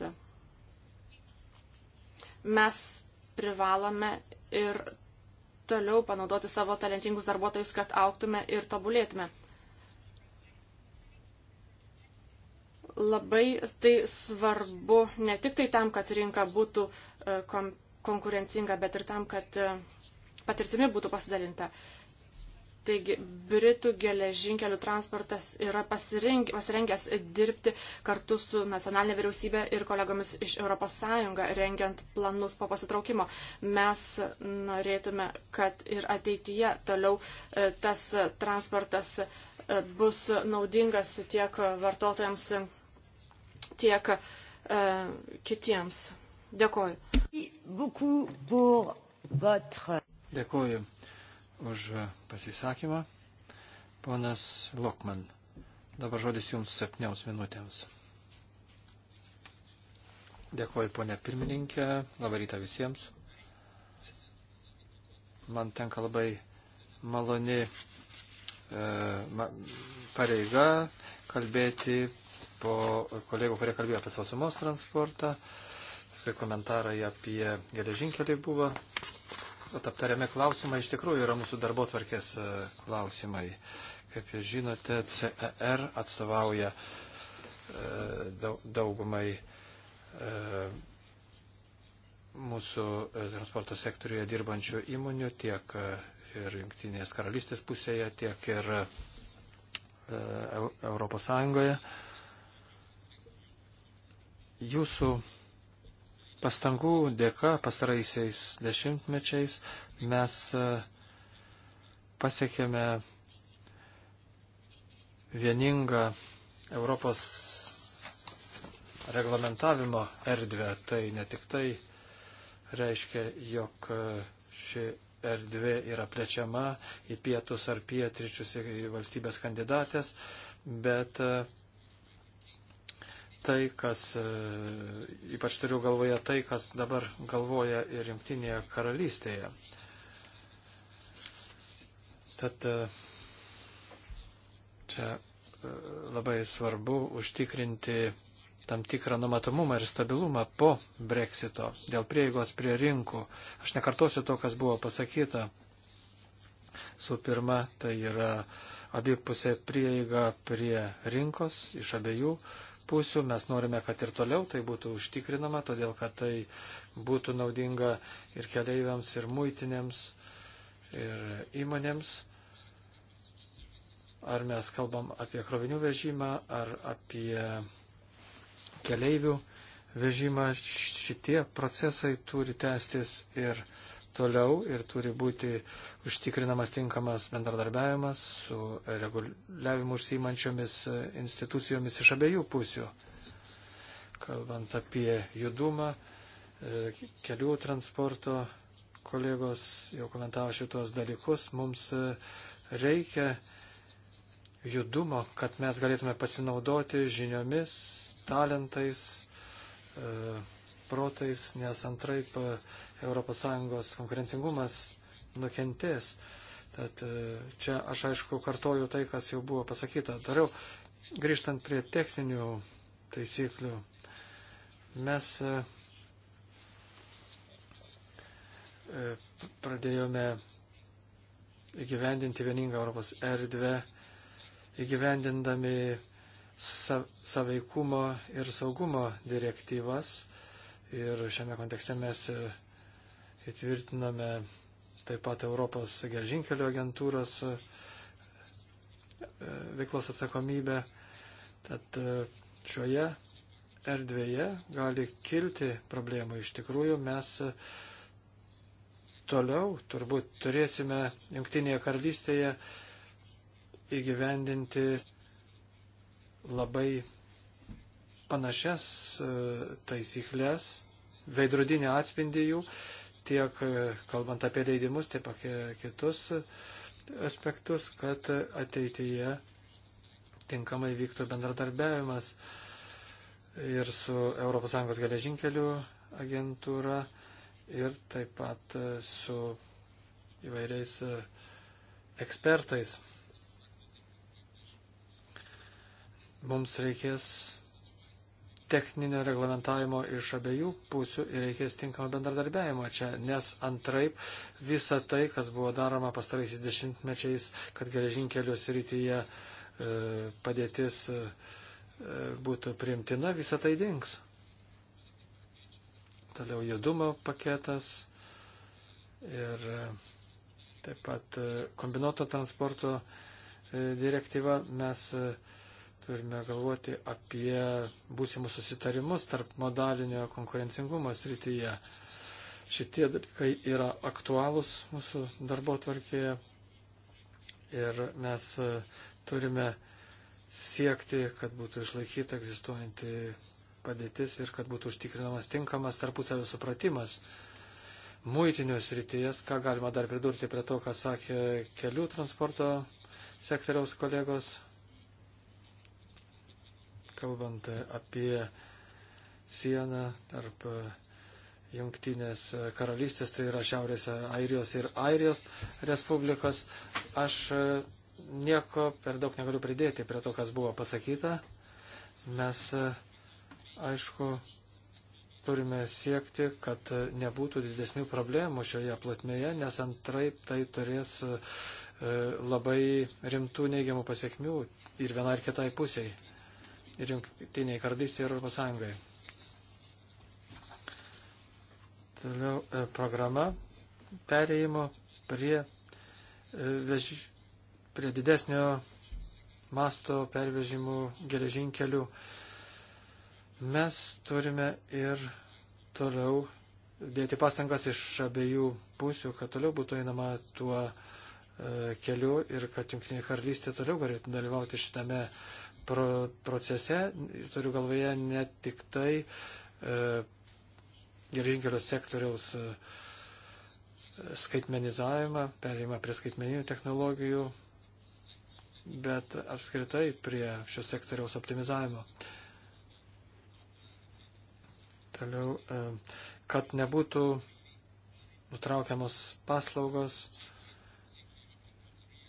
[SPEAKER 3] Mes privalome ir toliau panaudoti savo talentingus darbuotojus, kad auktume ir tobulėtume. Labai tai svarbu ne tik tai tam, kad rinka būtų e, konkurencinga, bet ir tam, kad patirtimi būtų pasidalinta. Taigi, Britų geležinkelių transportas yra pasirengęs dirbti kartu su nacionalinė vyriausybė ir kolegomis iš ES, rengiant planus po pasitraukimo. Mes norėtume, kad ir ateityje toliau e, tas transportas e, bus naudingas tiek vartotojams, tiek e, kitiems. Dėkoju.
[SPEAKER 4] Dėkoju už pasisakymą. Ponas Lokman, dabar žodis jums septyniaus minutėms. Dėkuoju, ponė pirmininkė, labą rytą visiems. Man tenka labai maloni e, ma, pareiga kalbėti po kolegų, kurie kalbėjo apie sausumos transportą. Paskui komentarai apie geležinkelį buvo aptariami klausimai iš tikrųjų yra mūsų darbo tvarkės e, klausimai. Kaip jūs žinote, CER atstovauja e, daugumai e, mūsų transporto sektoriuje dirbančių įmonių tiek ir Junktinės karalystės pusėje, tiek ir Europos Sąjungoje. Jūsų pastangų dėka pastaraisiais dešimtmečiais mes e, pasiekėme vieningą Europos reglamentavimo erdvę. Tai ne tik tai reiškia, jog e, ši erdvė yra plečiama į pietus ar pietryčius į valstybės kandidatės, bet uh, tai, kas, e, ypač turiu galvoje tai, kas dabar galvoja ir Junktinėje karalystėje. Tad e, čia e, labai svarbu užtikrinti tam tikrą numatomumą ir stabilumą po breksito dėl prieigos prie rinkų. Aš nekartosiu to, kas buvo pasakyta. Su pirma, tai yra abipusė prieiga prie rinkos iš abiejų pusių. Mes norime, kad ir toliau tai būtų užtikrinama, todėl kad tai būtų naudinga ir keleiviams, ir muitinėms, ir įmonėms. Ar mes kalbam apie krovinių vežimą, ar apie keleivių vežimą, šitie procesai turi tęstis ir toliau ir turi būti užtikrinamas tinkamas bendradarbiavimas su reguliavimu užsiimančiomis e, institucijomis iš abiejų pusių. Kalbant apie judumą, e, kelių transporto kolegos jau komentavo šitos dalykus, mums e, reikia judumo, kad mes galėtume pasinaudoti žiniomis, talentais, protais, nes antraip ES konkurencingumas nukentės. Tad e, čia aš aišku kartoju tai, kas jau buvo pasakyta. Dariau, grįžtant prie techninių taisyklių, mes e, e, pradėjome įgyvendinti vieningą Europos erdvę, įgyvendindami saveikumo ir saugumo direktyvas Ir šiame kontekste mes e, įtvirtiname taip pat Europos gelžinkelio agentūros e, veiklos atsakomybę. Tad e, šioje erdvėje gali kilti problemų. Iš tikrųjų, mes toliau turbūt turėsime Junktinėje karalystėje įgyvendinti labai panašias e, taisyklės, veidrodinį atspindį jų, tiek e, kalbant apie leidimus, tiek apie kitus aspektus, kad ateityje tinkamai vyktų bendradarbiavimas ir su ES geležinkelių agentūra ir taip pat e, su įvairiais ekspertais. Mums reikės techninio reglamentavimo iš abiejų pusių ir reikės tinkamo bendradarbiavimo čia, nes antraip visa tai, kas buvo daroma pastaraisiais dešimtmečiais, kad geležinkelius rytyje e, padėtis e, e, būtų priimtina, visa tai dinks. Toliau judumo paketas ir e, taip pat e, kombinuoto transporto direktyva mes e, Turime galvoti apie būsimus susitarimus tarp modalinio konkurencingumo srityje. Šitie dalykai yra aktualūs mūsų darbo tvarkėje ir mes e, turime siekti, kad būtų išlaikyta egzistuojanti padėtis ir kad būtų užtikrinamas tinkamas tarpusavio supratimas. Muitinių srityjas, ką galima dar pridurti prie to, ką sakė kelių transporto sektoriaus kolegos, kalbant apie sieną tarp Junktinės karalystės, tai yra Šiaurės Airijos ir Airijos Respublikos. Aš nieko per daug negaliu pridėti prie to, kas buvo pasakyta. Mes, aišku, turime siekti, kad nebūtų didesnių problemų šioje platmėje, nes antraip tai turės e, labai rimtų neigiamų pasiekmių ir vienai ir kitai pusiai ir jungtiniai karalystė ir Europos Sąjungai. Toliau e, programa perėjimo prie, e, vež... prie didesnio masto pervežimų geležinkelių. Mes turime ir toliau dėti pastangas iš abiejų pusių, kad toliau būtų einama tuo e, keliu ir kad Junktinė karalystė toliau galėtų dalyvauti šitame uh, pro procese, turiu galvoje ne tik tai e, geležinkelio sektoriaus e, skaitmenizavimą, perėjimą prie skaitmeninių technologijų, bet apskritai prie šio sektoriaus optimizavimo. Toliau, e, kad nebūtų nutraukiamos paslaugos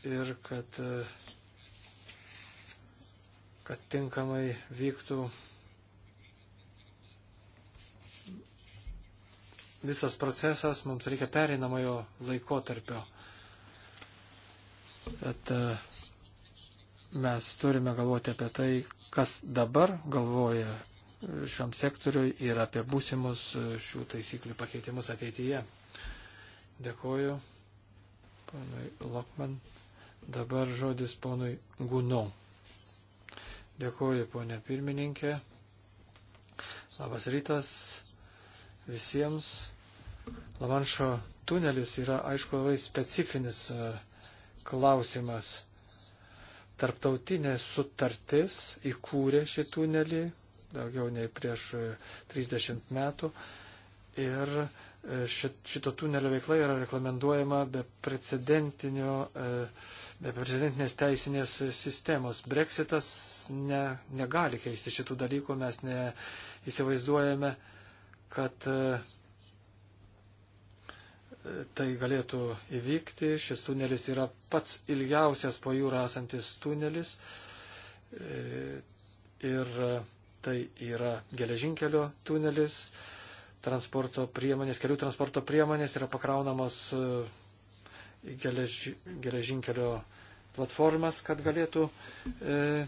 [SPEAKER 4] ir kad e, kad tinkamai vyktų visas procesas, mums reikia pereinamojo laikotarpio. Bet mes turime galvoti apie tai, kas dabar galvoja šiam sektoriui ir apie būsimus šių taisyklių pakeitimus ateityje. Dėkoju, ponui Lokman. Dabar žodis ponui Gunau. Dėkuoju, ponė pirmininkė. Labas rytas visiems. Lamanšo tunelis yra, aišku, labai specifinis e, klausimas. Tarptautinė sutartis įkūrė šį tunelį daugiau nei prieš 30 e, metų ir e, šito tunelio veikla yra reglamentuojama be precedentinio e, be prezidentinės teisinės sistemos. Brexitas ne, negali keisti šitų dalykų, mes neįsivaizduojame, kad e, tai galėtų įvykti. Šis tunelis yra pats ilgiausias po jūrą esantis tunelis e, ir e, tai yra geležinkelio tunelis transporto priemonės, kelių transporto priemonės yra pakraunamos gelež, geležinkelio platformas, kad galėtų e,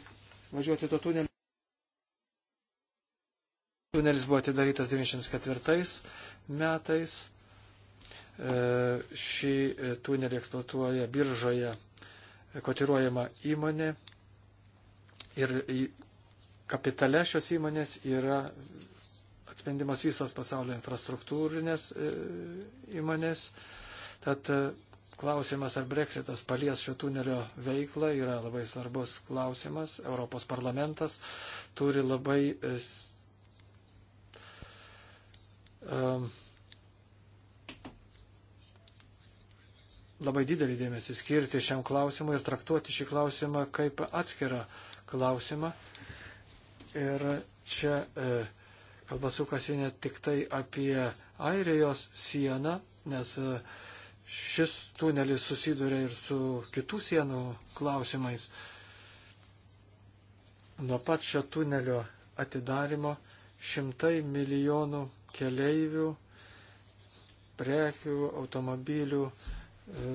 [SPEAKER 4] važiuoti to tunelį. Tunelis buvo atidarytas 1994 metais. E, šį tunelį eksploatuoja biržoje kotiruojama įmonė ir kapitale šios įmonės yra atspendimos visos pasaulio infrastruktūrinės e, įmonės. Tad klausimas, ar breksitas palies šio tunelio veiklą, yra labai svarbus klausimas. Europos parlamentas turi labai um, labai didelį dėmesį skirti šiam klausimui ir traktuoti šį klausimą kaip atskirą klausimą. Ir čia e, kalba sukasi ne tik tai apie Airijos sieną, nes e, šis tunelis susiduria ir su kitų sienų klausimais. Nuo pat šio tunelio atidarimo šimtai milijonų keleivių, prekių, automobilių e,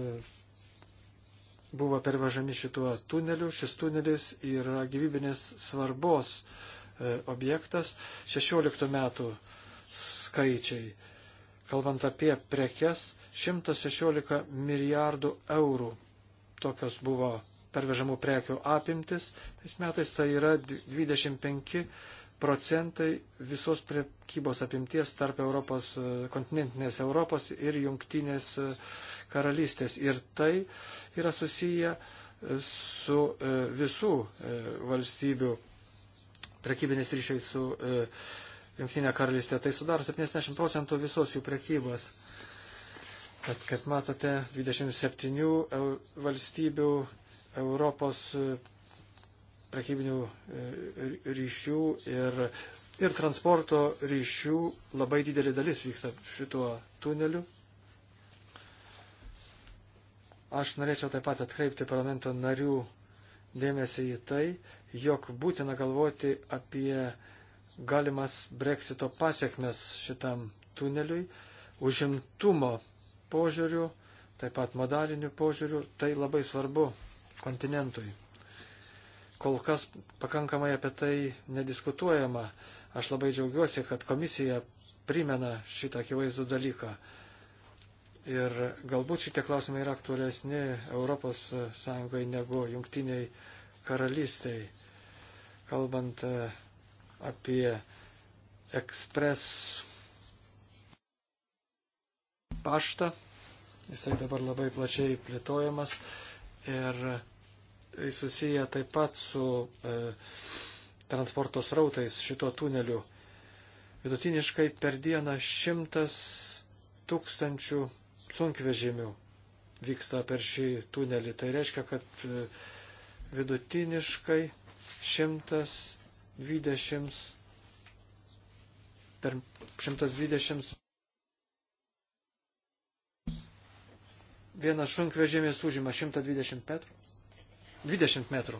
[SPEAKER 4] buvo pervežami šituo tuneliu. Šis tunelis yra gyvybinės svarbos e, objektas. 16 metų skaičiai kalbant apie prekes, 116 milijardų eurų tokios buvo pervežamų prekių apimtis. Tais metais tai yra 25 procentai visos prekybos apimties tarp Europos, e, kontinentinės Europos ir jungtinės e, karalystės. Ir tai yra susiję e, su visų valstybių prekybinės ryšiai su Junktinė karalystė. Tai sudaro 70 procentų visos jų prekybos. Bet kaip matote, 27 valstybių Europos e, prekybinių e, ryšių ir, ir transporto ryšių labai didelė dalis vyksta šituo tuneliu. Aš norėčiau taip pat atkreipti parlamento narių dėmesį į tai, jog būtina galvoti apie galimas breksito pasiekmes šitam tuneliui, užimtumo požiūrių, taip pat modalinių požiūrių, tai labai svarbu kontinentui. Kol kas pakankamai apie tai nediskutuojama. Aš labai džiaugiuosi, kad komisija primena šitą akivaizdų dalyką. Ir galbūt šitie klausimai yra aktualesni Europos Sąjungai negu jungtiniai karalystiai. Kalbant e, apie ekspres paštą. Jisai dabar labai plačiai plėtojamas ir jis tai susiję taip pat su e, transporto srautais šito tuneliu. Vidutiniškai per dieną šimtas tūkstančių sunkvežimių vyksta per šį tunelį. Tai reiškia, kad e, vidutiniškai šimtas 120 per 120 vienas sunkvežimis užima 120 metrų. 20 metrų.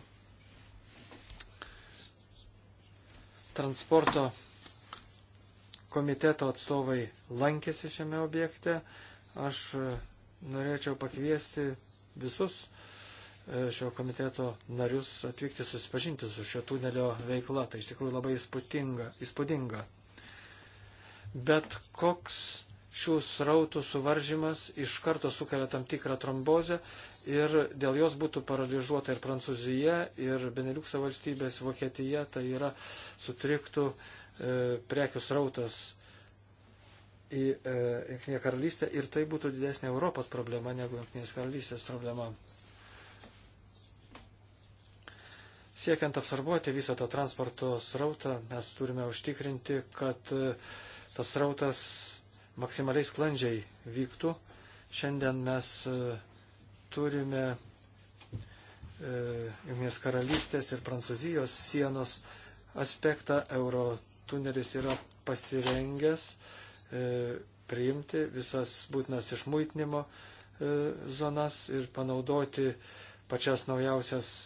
[SPEAKER 4] Transporto komiteto atstovai lankėsi šiame objekte. Aš norėčiau pakviesti visus E, šio komiteto narius atvykti susipažinti su šio tunelio veikla. Tai iš tikrųjų labai įspūdinga. įspūdinga. Bet koks šių srautų suvaržymas iš karto sukelia tam tikrą trombozę ir dėl jos būtų paralyžuota ir Prancūzija, ir Beneliukso valstybės, Vokietija, tai yra sutriktų e, prekių srautas į e, Junktinę karalystę ir tai būtų didesnė Europos problema negu Junktinės karalystės problema. Siekiant apsarbuoti visą tą transporto srautą, mes turime užtikrinti, kad e, tas srautas maksimaliai sklandžiai vyktų. Šiandien mes e, turime e, Junginės karalystės ir Prancūzijos sienos aspektą. Eurotunelis yra pasirengęs e, priimti visas būtinas išmuitinimo e, zonas ir panaudoti pačias naujausias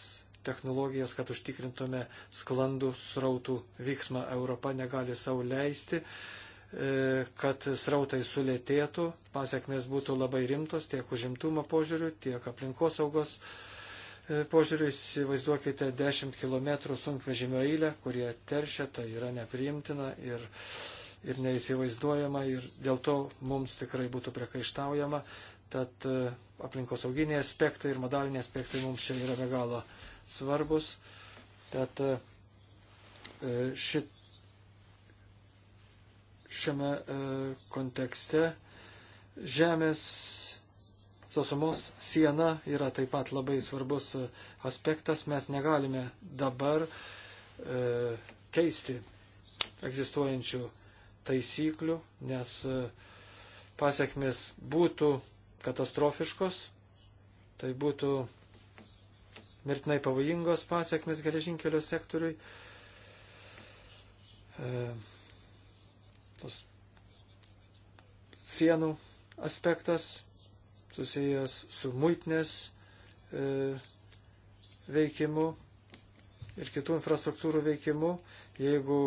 [SPEAKER 4] technologijas, kad užtikrintume sklandų srautų vyksmą. Europa negali savo leisti, e, kad srautai sulėtėtų, pasiekmes būtų labai rimtos tiek užimtumo požiūrių, tiek aplinkosaugos e, požiūrių. Įsivaizduokite 10 km sunkvežimio eilę, kurie teršia, tai yra nepriimtina. Ir ir neįsivaizduojama ir dėl to mums tikrai būtų priekaištaujama. Tad e, aplinkosauginiai aspektai ir modaliniai aspektai mums čia yra be galo svarbus. Tad e, ši, šiame e, kontekste žemės sausumos siena yra taip pat labai svarbus e, aspektas. Mes negalime dabar keisti egzistuojančių taisyklių, nes pasiekmes būtų katastrofiškos, tai būtų mirtinai pavojingos pasiekmes geležinkelio sektoriui. E, tos sienų aspektas susijęs su muitinės e, veikimu ir kitų infrastruktūrų veikimu. Jeigu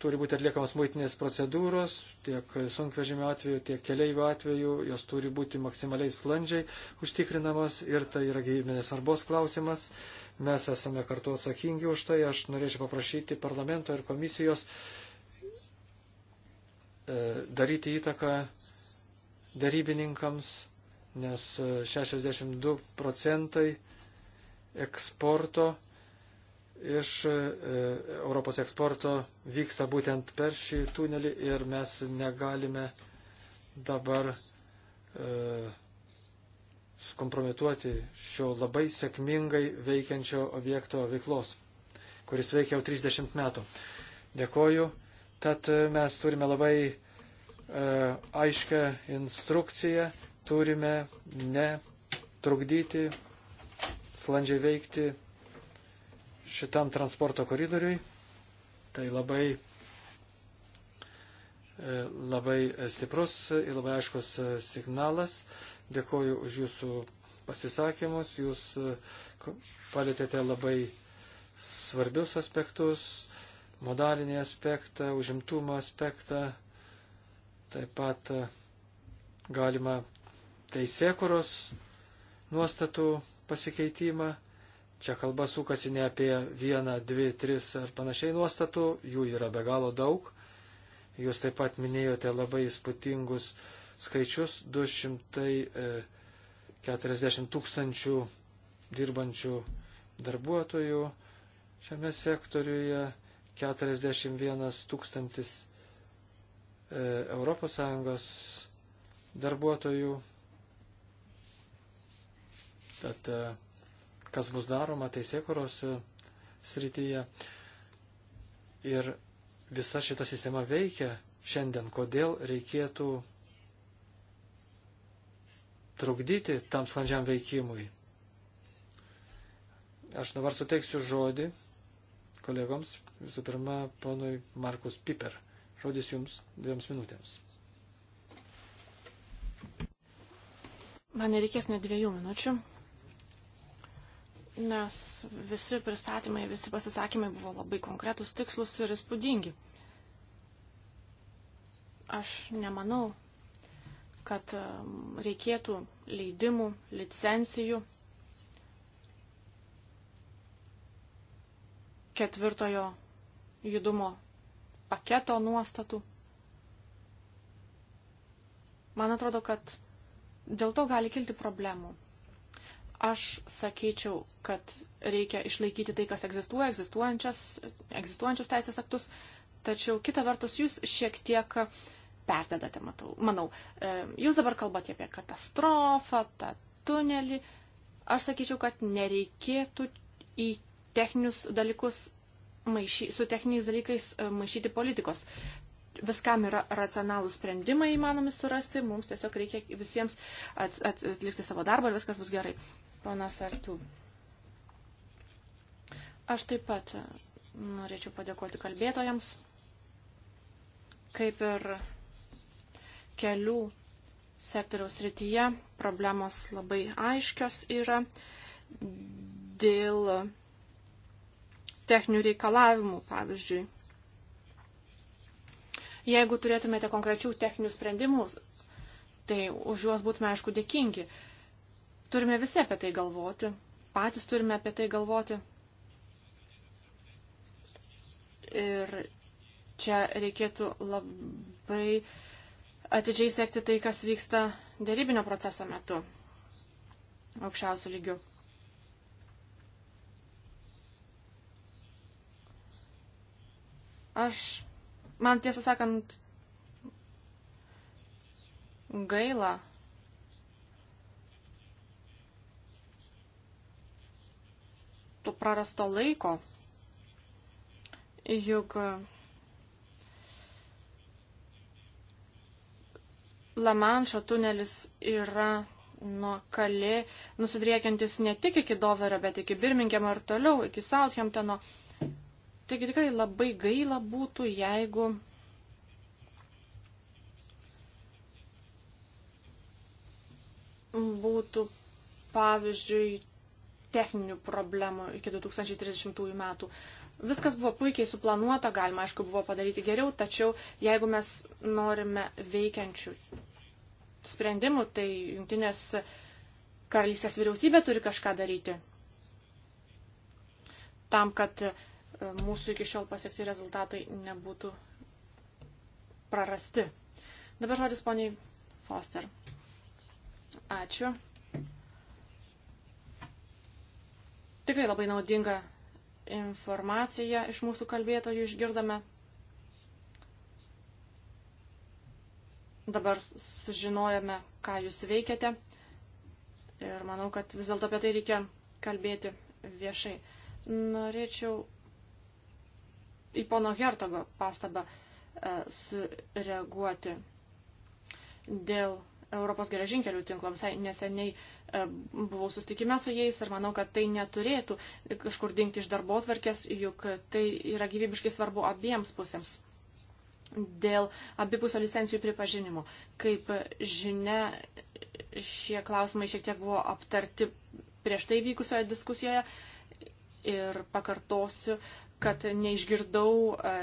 [SPEAKER 4] turi būti atliekamos muitinės procedūros, tiek sunkvežimio atveju, tiek keliaivių atveju, jos turi būti maksimaliai sklandžiai užtikrinamos ir tai yra gyvybinės svarbos klausimas. Mes esame kartu atsakingi už tai. Aš norėčiau paprašyti parlamento ir komisijos e, daryti įtaką darybininkams, nes 62 e, procentai eksporto iš e, Europos eksporto vyksta būtent per šį tunelį ir mes negalime dabar e, sukompromituoti šio labai sėkmingai veikiančio objekto veiklos, kuris veikia jau 30 metų. Dėkoju. Tad e, mes turime labai e, aiškę instrukciją, turime netrukdyti, slandžiai veikti šitam transporto koridoriui. Tai labai, e, labai stiprus ir labai aiškus e, signalas. Dėkoju už jūsų pasisakymus. Jūs e, palėtėte labai svarbius aspektus, modalinį aspektą, užimtumo aspektą. Taip pat galima teisėkuros nuostatų pasikeitimą. Čia kalba sukasi ne apie vieną, dvi, tris ar panašiai nuostatų, jų yra be galo daug. Jūs taip pat minėjote labai įspūdingus skaičius - 240 e, tūkstančių dirbančių darbuotojų šiame sektoriuje, 41 tūkstantis ES darbuotojų. Tad, uh, kas bus daroma teisėkuros e, srityje. Ir visa šita sistema veikia šiandien. Kodėl reikėtų trukdyti tam sklandžiam veikimui? Aš dabar suteiksiu žodį kolegoms, visų pirma, ponui Markus Piper. Žodis jums dviems minutėms.
[SPEAKER 3] Man nereikės net dviejų minučių nes visi pristatymai, visi pasisakymai buvo labai konkretus, tikslus ir įspūdingi. Aš nemanau, kad um, reikėtų leidimų, licencijų ketvirtojo judumo paketo nuostatų. Man atrodo, kad dėl to gali kilti problemų. Aš sakyčiau, kad reikia išlaikyti tai, kas egzistuoja, egzistuojančias, egzistuojančius teisės aktus, tačiau kita vertus jūs šiek tiek perdedate, matau, manau. E, jūs dabar kalbate apie katastrofą, tą tunelį. Aš sakyčiau, kad nereikėtų į techninius dalykus maišy, su techniniais dalykais e, maišyti politikos. Viskam yra racionalūs sprendimai įmanomi surasti, mums tiesiog reikia visiems at, at, atlikti savo darbą ir viskas bus gerai. Ponas Artų. Aš taip pat norėčiau padėkoti kalbėtojams, kaip ir kelių sektoriaus rytyje problemos labai aiškios yra dėl techninių reikalavimų, pavyzdžiui. Jeigu turėtumėte konkrečių techninių sprendimų, tai už juos būtume aišku dėkingi. Turime visi apie tai galvoti, patys turime apie tai galvoti. Ir čia reikėtų labai atidžiai sekti tai, kas vyksta dėrybinio proceso metu aukščiausių lygių. Aš, man tiesą sakant, gaila, to prarasto laiko. Juk Lamanšo tunelis yra nuo kalė nusidriekiantis ne tik iki Doverio, bet iki Birmingemo ir toliau, iki Southamptono. Taigi tikrai labai gaila būtų, jeigu būtų, pavyzdžiui, techninių problemų iki 2030 metų. Viskas buvo puikiai suplanuota, galima aišku buvo padaryti geriau, tačiau jeigu mes norime veikiančių sprendimų, tai jungtinės karalystės vyriausybė turi kažką daryti. Tam, kad e, mūsų iki šiol pasiekti rezultatai nebūtų prarasti. Dabar žodis poniai Foster. Ačiū. Tikrai labai naudinga informacija iš mūsų kalbėtojų išgirdome. Dabar sužinojame, ką jūs veikiate. Ir manau, kad vis dėlto apie tai reikia kalbėti viešai. Norėčiau į pono Hertogo pastabą e, sureaguoti dėl Europos geležinkelių tinklo. Visai neseniai E, buvau sustikime su jais ir manau, kad tai neturėtų kažkur dingti iš darbo atvarkės, juk tai yra gyvybiškai svarbu abiems pusėms. Dėl abipusio licencijų pripažinimo. Kaip žinia, šie klausimai šiek tiek buvo aptarti prieš tai vykusioje diskusijoje ir pakartosiu, kad neišgirdau, e,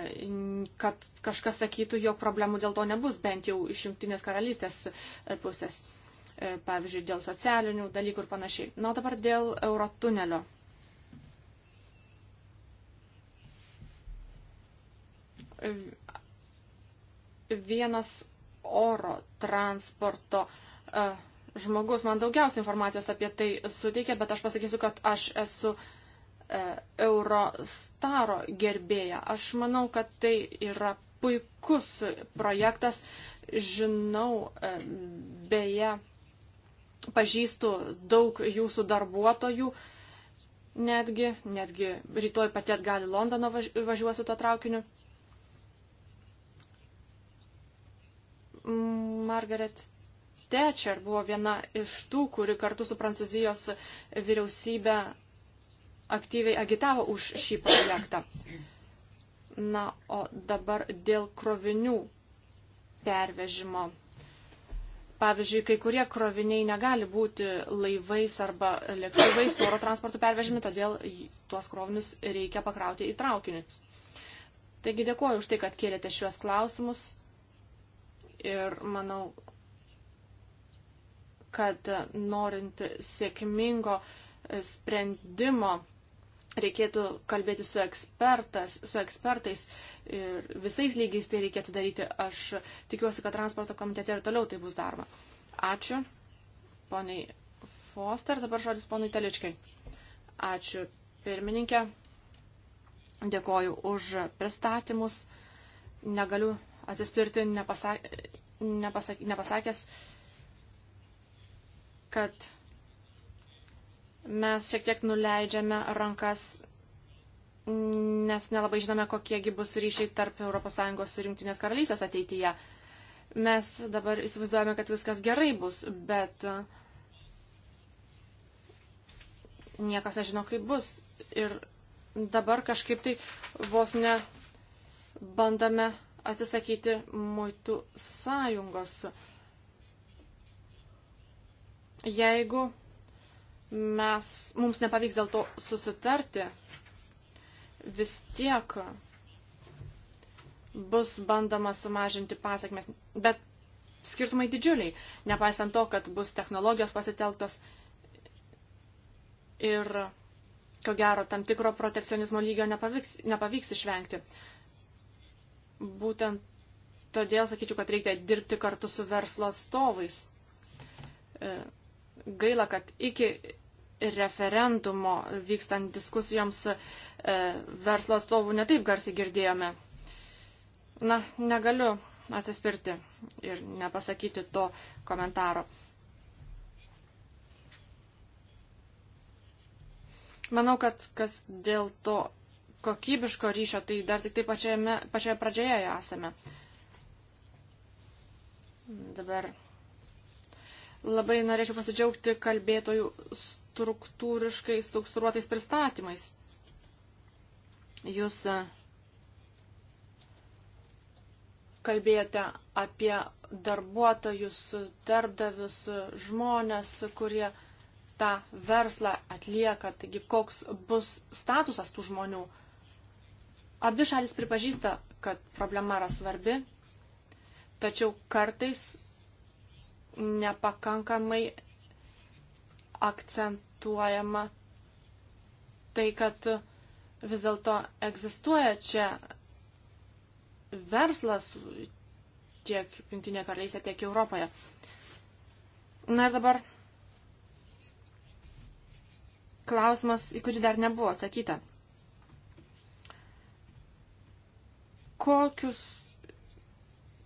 [SPEAKER 3] kad kažkas sakytų, jog problemų dėl to nebus, bent jau iš Junktinės karalystės pusės. E, pavyzdžiui, dėl socialinių dalykų ir panašiai. Na, dabar dėl eurotunelio. Vienas oro transporto e, žmogus man daugiausia informacijos apie tai suteikė, bet aš pasakysiu, kad aš esu e, Eurostaro gerbėja. Aš manau, kad tai yra puikus projektas. Žinau, beje, pažįstu daug jūsų darbuotojų, netgi, netgi rytoj pati atgal į Londoną važiuosiu to traukiniu. Margaret Thatcher buvo viena iš tų, kuri kartu su Prancūzijos vyriausybė aktyviai agitavo už šį projektą. Na, o dabar dėl krovinių pervežimo Pavyzdžiui, kai kurie kroviniai negali būti laivais arba lėktuvais oro transportu pervežimi, todėl tuos krovinius reikia pakrauti į traukinius. Taigi dėkuoju už tai, kad kėlėte šiuos klausimus ir manau, kad norint sėkmingo sprendimo reikėtų kalbėti su, ekspertas, su ekspertais ir visais lygiais tai reikėtų daryti. Aš tikiuosi, kad transporto komitete ir toliau tai bus daroma. Ačiū, poniai Foster, dabar žodis ponui Teličkai. Ačiū, pirmininkė. Dėkoju už pristatymus. Negaliu atsispirti nepasa... Nepasa... nepasakęs, kad mes šiek tiek nuleidžiame rankas, nes nelabai žinome, kokiegi bus ryšiai tarp ES ir Junktinės karalystės ateityje. Mes dabar įsivaizduojame, kad viskas gerai bus, bet uh, niekas nežino, kaip bus. Ir dabar kažkaip tai vos ne bandome atsisakyti muitų sąjungos. Jeigu mes, mums nepavyks dėl to susitarti, vis tiek bus bandoma sumažinti pasiekmes. Bet skirtumai didžiuliai, nepaisant to, kad bus technologijos pasitelktos ir, ko gero, tam tikro protekcionizmo lygio nepavyks, nepavyks išvengti. Būtent todėl sakyčiau, kad reikia dirbti kartu su verslo atstovais. E, gaila, kad iki referendumo vykstant diskusijoms e, verslo atstovų netaip garsiai girdėjome. Na, negaliu atsispirti ir nepasakyti to komentaro. Manau, kad kas dėl to kokybiško ryšio, tai dar tik tai pačioje, pačioje pradžioje esame. Dabar Labai norėčiau pasidžiaugti kalbėtojų struktūriškai struktūruotais pristatymais. Jūs e, kalbėjote apie darbuotojus, darbdavius, žmonės, kurie tą verslą atlieka, taigi koks bus statusas tų žmonių. Abi šalis pripažįsta, kad problema yra svarbi, tačiau kartais nepakankamai akcentuojama tai, kad vis dėlto egzistuoja čia verslas tiek Junktinė karalystė, tiek Europoje. Na ir dabar klausimas, į kurį dar nebuvo atsakyta. Kokius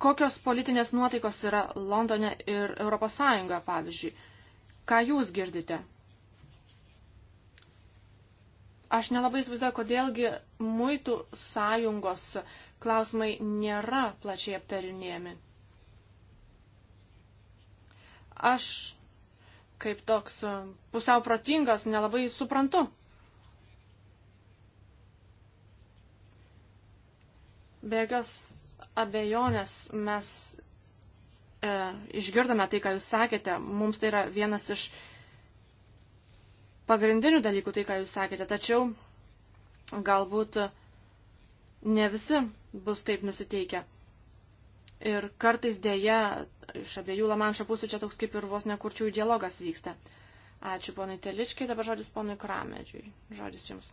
[SPEAKER 3] Kokios politinės nuotaikos yra Londone ir ES, pavyzdžiui? Ką jūs girdite? Aš nelabai įsivaizduoju, kodėlgi muitų sąjungos klausimai nėra plačiai aptarinėjami. Aš, kaip toks pusiau protingas, nelabai suprantu. Be jokios abejonės mes e, išgirdome tai, ką jūs sakėte. Mums tai yra vienas iš pagrindinių dalykų, tai, ką jūs sakėte. Tačiau galbūt ne visi bus taip nusiteikę. Ir kartais dėja, iš abiejų Lamanšo pusių čia toks kaip ir vos nekurčių dialogas vyksta. Ačiū ponai Teliškiai, dabar žodis ponui Krameriui. Žodis jums.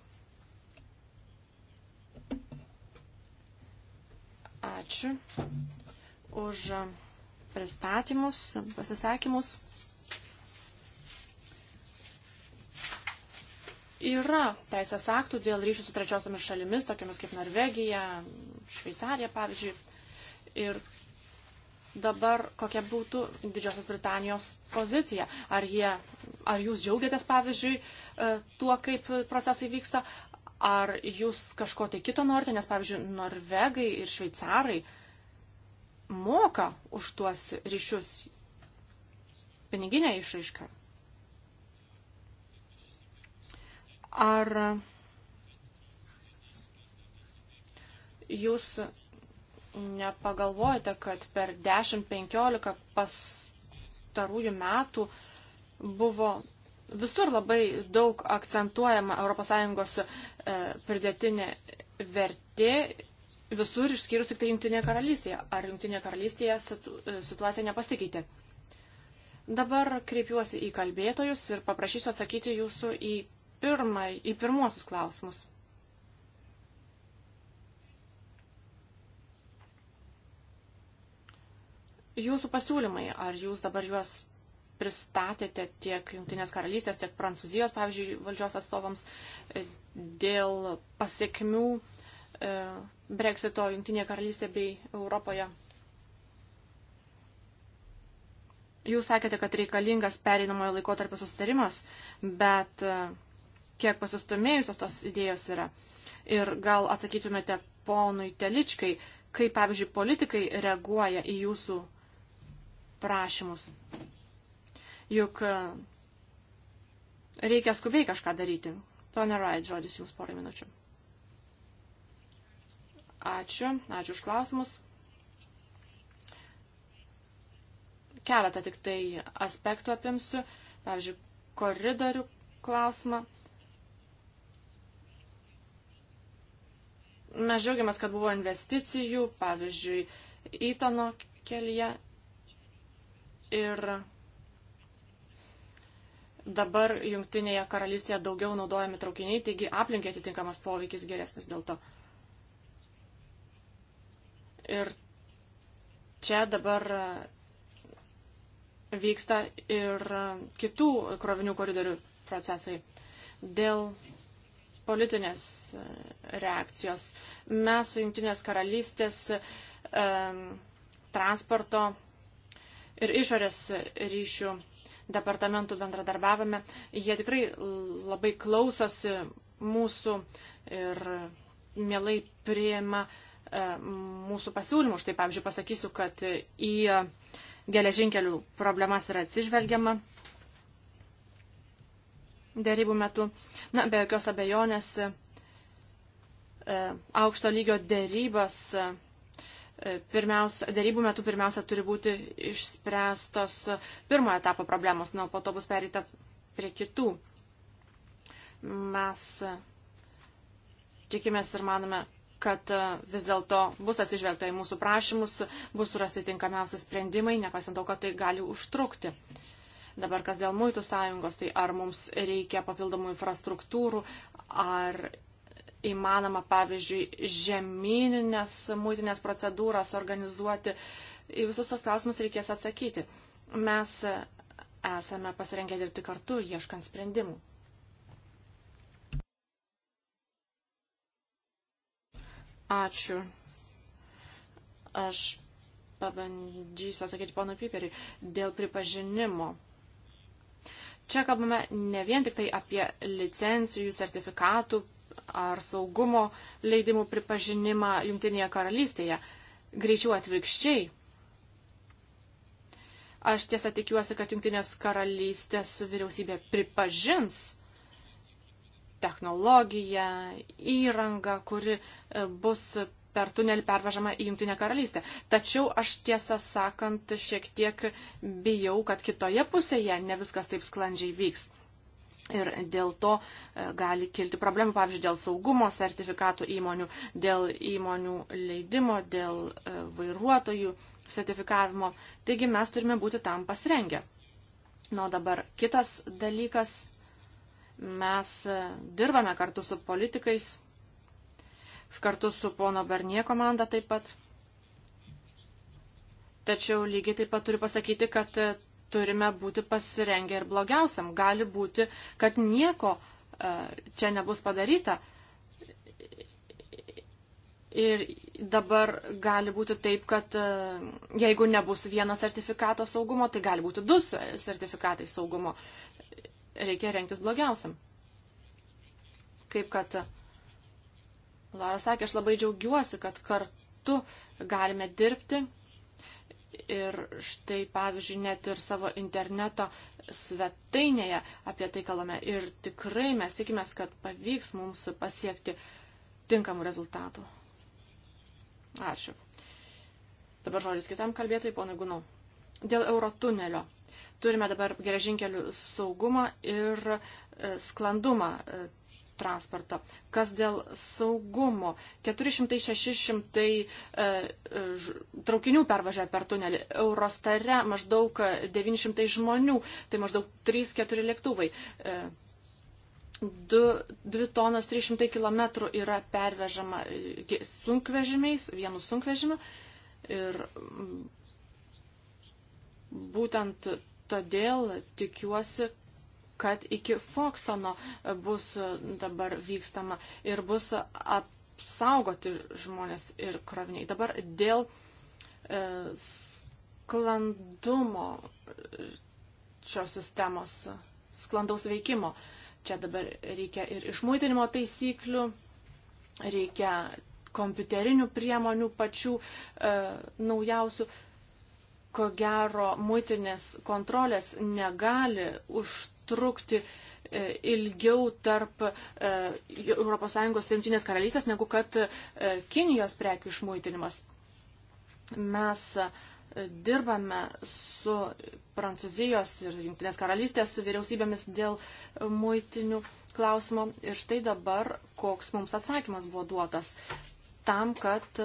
[SPEAKER 3] Ačiū už pristatymus, pasisakymus. Yra teisės aktų dėl ryšių su trečiosiomis šalimis, tokiamis kaip Norvegija, Šveicarija, pavyzdžiui. Ir dabar kokia būtų Didžiosios Britanijos pozicija. Ar, jie, ar jūs džiaugiatės, pavyzdžiui, e, tuo, kaip procesai vyksta, Ar jūs kažko tai kito norite, nes, pavyzdžiui, norvegai ir šveicarai moka už tuos ryšius piniginę išraišką? Ar jūs nepagalvojate, kad per 10-15 pastarųjų metų buvo visur labai daug akcentuojama ES e, pridėtinė vertė, visur išskyrus tik tai Junktinėje karalystėje. Ar Junktinėje karalystėje e, situacija nepasikeitė? Dabar kreipiuosi į kalbėtojus ir paprašysiu atsakyti jūsų į, pirmą, į pirmuosius klausimus. Jūsų pasiūlymai, ar jūs dabar juos pristatėte tiek Junktinės karalystės, tiek Prancūzijos, pavyzdžiui, valdžios atstovams e, dėl pasiekmių e, Brexito Junktinėje karalystėje bei Europoje. Jūs sakėte, kad reikalingas pereinamojo laikotarpio sustarimas, bet e, kiek pasistumėjusios tos idėjos yra. Ir gal atsakytumėte ponui Teličkai, kaip, pavyzdžiui, politikai reaguoja į jūsų prašymus Juk e, reikia skubiai kažką daryti. Pone Wright, žodis jums porą minučių. Ačiū, ačiū už klausimus. Keletą tik tai aspektų apimsiu. Pavyzdžiui, koridorių klausimą. Mes džiaugiamės, kad buvo investicijų, pavyzdžiui, Įtano kelyje. Ir dabar Jungtinėje karalystėje daugiau naudojami traukiniai, taigi aplinkai atitinkamas poveikis geresnis dėl to. Ir čia dabar e, vyksta ir e, kitų krovinių koridorių procesai. Dėl politinės e, reakcijos mes su Jungtinės karalystės um, transporto ir išorės ryšių departamentų bendradarbiavime. Jie tikrai labai klausosi mūsų ir mielai priima e, mūsų pasiūlymų. Štai, pavyzdžiui, pasakysiu, kad į geležinkelių problemas yra atsižvelgiama dėrybų metu. Na, be jokios abejonės, e, aukšto lygio dėrybas pirmiausia, darybų metu pirmiausia turi būti išspręstos pirmojo etapo problemos, na, po to bus pereita prie kitų. Mes tikimės ir manome, kad vis dėlto bus atsižvelgta į mūsų prašymus, bus surasti tinkamiausi sprendimai, nepasiantau, kad tai gali užtrukti. Dabar kas dėl muitų sąjungos, tai ar mums reikia papildomų infrastruktūrų, ar įmanoma, pavyzdžiui, žemyninės mūtinės procedūras organizuoti. Į visus tos klausimus reikės atsakyti. Mes esame pasirengę dirbti kartu, ieškant sprendimų. Ačiū. Aš pabandysiu atsakyti ponui Piperiui dėl pripažinimo. Čia kalbame ne vien tik tai apie licencijų, sertifikatų ar saugumo leidimų pripažinimą Junktinėje karalystėje. Greičiau atvirkščiai. Aš tiesą tikiuosi, kad Junktinės karalystės vyriausybė pripažins technologiją, įrangą, kuri e, bus per tunelį pervežama į Junktinę karalystę. Tačiau aš tiesą sakant šiek tiek bijau, kad kitoje pusėje ne viskas taip sklandžiai vyks. Ir dėl to e, gali kilti problemų, pavyzdžiui, dėl saugumo sertifikatų įmonių, dėl įmonių leidimo, dėl e, vairuotojų sertifikavimo. Taigi mes turime būti tam pasirengę. Na, nu, dabar kitas dalykas. Mes e, dirbame kartu su politikais, kartu su pono Bernie komanda taip pat. Tačiau lygiai taip pat turiu pasakyti, kad turime būti pasirengę ir blogiausiam. Gali būti, kad nieko e, čia nebus padaryta. Ir dabar gali būti taip, kad e, jeigu nebus vienas sertifikatas saugumo, tai gali būti du sertifikatai saugumo. Reikia renktis blogiausiam. Kaip kad e, Lara sakė, aš labai džiaugiuosi, kad kartu galime dirbti Ir štai, pavyzdžiui, net ir savo interneto svetainėje apie tai kalbame. Ir tikrai mes tikimės, kad pavyks mums pasiekti tinkamų rezultatų. Ačiū. Dabar žodis kitam kalbėtojui, ponui Gunau. Dėl eurotunelio. Turime dabar geležinkelių saugumą ir e, sklandumą e, transporto. Kas dėl saugumo? 400-600 e, e, traukinių pervažiuoja per tunelį. Eurostare maždaug 900 žmonių, tai maždaug 3-4 lėktuvai. E, 2, 2 tonos 300 km yra pervežama e, sunkvežimiais, vienu sunkvežimiu. Ir būtent todėl tikiuosi, kad iki Fokstono e, bus e, dabar vykstama ir bus apsaugoti žmonės ir kroviniai. Dabar dėl e, sklandumo e, šios sistemos, sklandaus veikimo. Čia dabar reikia ir išmūtinimo taisyklių, reikia kompiuterinių priemonių pačių e, naujausių. Ko gero, muitinės kontrolės negali už trukti e, ilgiau tarp ES ir Junktinės karalystės, negu kad e, Kinijos prekių išmuitinimas. Mes e, dirbame su Prancūzijos ir Junktinės karalystės vyriausybėmis dėl muitinių klausimo. Ir štai dabar, koks mums atsakymas buvo duotas. Tam, kad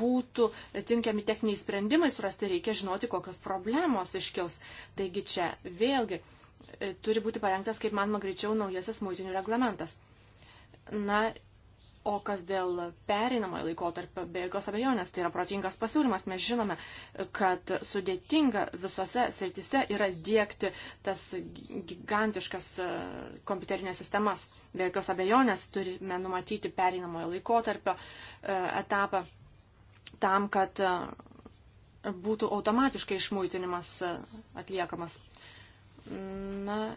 [SPEAKER 3] būtų tinkiami techniniai sprendimai surasti, reikia žinoti, kokios problemos iškils. Taigi čia vėlgi E, turi būti parengtas, kaip manoma, greičiau naujasis muitinių reglamentas. Na, o kas dėl pereinamojo laikotarpio, be jokios abejonės, tai yra protingas pasiūlymas. Mes žinome, kad sudėtinga visose srityse yra dėkti tas gigantiškas e, kompiuterinės sistemas. Be jokios abejonės turime numatyti pereinamojo laikotarpio e, etapą tam, kad būtų automatiškai išmuitinimas atliekamas. Na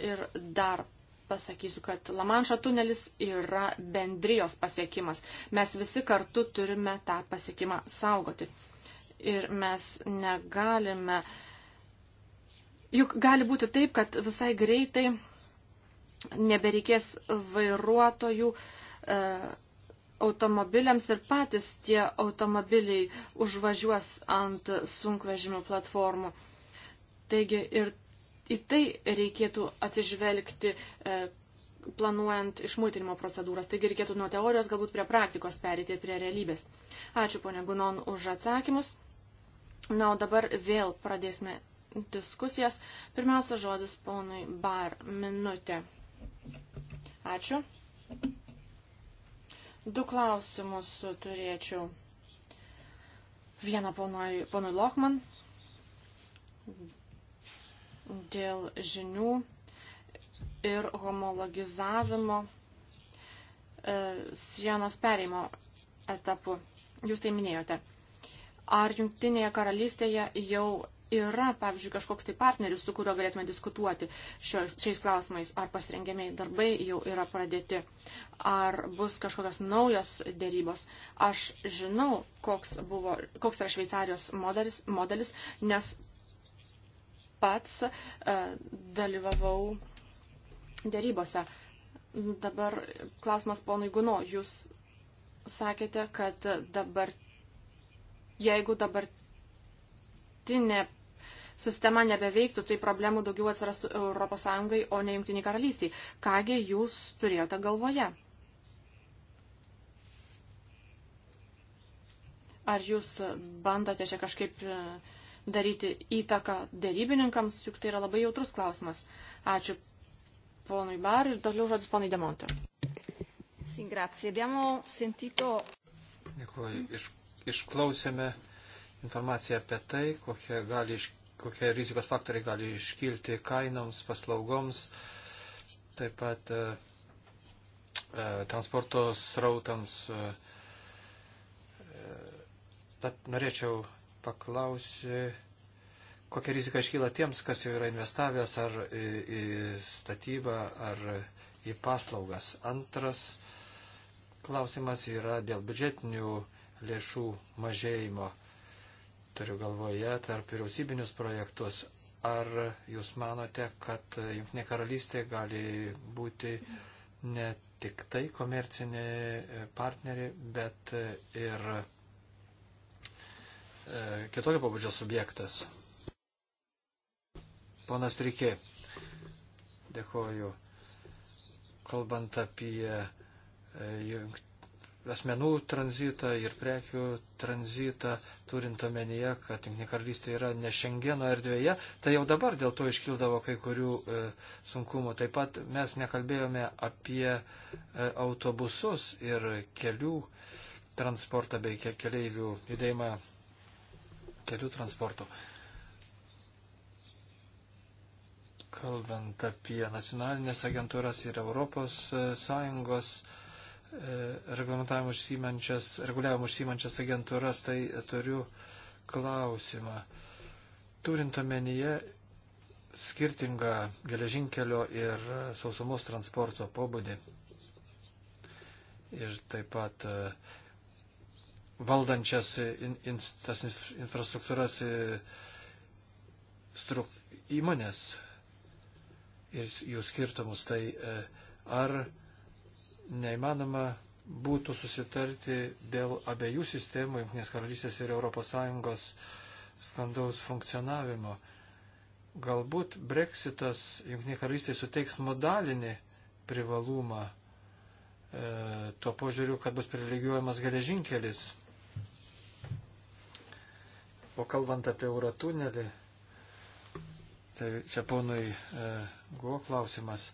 [SPEAKER 3] ir dar pasakysiu, kad Lamanšo tunelis yra bendrijos pasiekimas. Mes visi kartu turime tą pasiekimą saugoti. Ir mes negalime. Juk gali būti taip, kad visai greitai nebereikės vairuotojų e, automobiliams ir patys tie automobiliai užvažiuos ant sunkvežimių platformų. Taigi ir į tai reikėtų atsižvelgti e, planuojant išmuitinimo procedūras. Taigi reikėtų nuo teorijos galbūt prie praktikos perėti ir prie realybės. Ačiū ponia Gunon už atsakymus. Na, o dabar vėl pradėsime diskusijas. Pirmiausia, žodis ponui Bar. Minutė. Ačiū. Du klausimus turėčiau. Vieną ponui, ponui Lochman, dėl žinių ir homologizavimo e, sienos pereimo etapu. Jūs tai minėjote. Ar Junktinėje karalystėje jau yra, pavyzdžiui, kažkoks tai partneris, su kuriuo galėtume diskutuoti šios, šiais klausimais, ar pasirengiamiai darbai jau yra pradėti, ar bus kažkokios naujos dėrybos. Aš žinau, koks, buvo, koks yra Šveicarijos modelis, modelis, nes pats e, dalyvavau dėrybose. Dabar klausimas ponui Guno. Jūs sakėte, kad dabar, jeigu dabartinė sistema nebeveiktų, tai problemų daugiau atsirastų ES, o ne Junktiniai karalystiai. Kągi jūs turėjote galvoje? Ar jūs bandote čia kažkaip uh, daryti įtaką dėrybininkams, juk tai yra labai jautrus klausimas. Ačiū ponui Bar ir toliau žodis ponui Demonte.
[SPEAKER 4] Dėkuoju. Iš, išklausėme informaciją apie tai, kokie, gali, kokie rizikos faktoriai gali iškilti kainoms, paslaugoms, taip pat e, e transporto srautams. E, e tad norėčiau paklausė, kokia rizika iškyla tiems, kas jau yra investavęs ar į, į statybą, ar į paslaugas. Antras klausimas yra dėl biudžetinių lėšų mažėjimo. Turiu galvoje tarp vyriausybinius projektus. Ar jūs manote, kad Junktinė karalystė gali būti ne tik tai komercinė partnerė, bet ir E, kitokio pabudžio subjektas. Ponas Rikė, dėkoju. Kalbant apie e, asmenų tranzitą ir prekių tranzitą, turint omenyje, kad Junktinė karalystė yra ne šengeno erdvėje, tai jau dabar dėl to iškildavo kai kurių e, sunkumų. Taip pat mes nekalbėjome apie e, autobusus ir kelių transportą bei keleivių judėjimą kelių transportu. Kalbant apie nacionalinės agentūras ir Europos e, Sąjungos e, reguliavimų užsimančias agentūras, tai turiu klausimą. Turint omenyje skirtingą geležinkelio ir sausumos transporto pobūdį ir taip pat e, valdančias in, in, tas infrastruktūras e, struk, įmonės ir jų skirtumus. Tai e, ar neįmanoma būtų susitarti dėl abiejų sistemų, Junktinės karalystės ir ES sklandaus funkcionavimo. Galbūt breksitas Junktinė karalystė suteiks modalinį privalumą e, tuo požiūriu, kad bus prilegiuojamas geležinkelis O kalbant apie Eurotunelį, tai čia ponui e, buvo klausimas,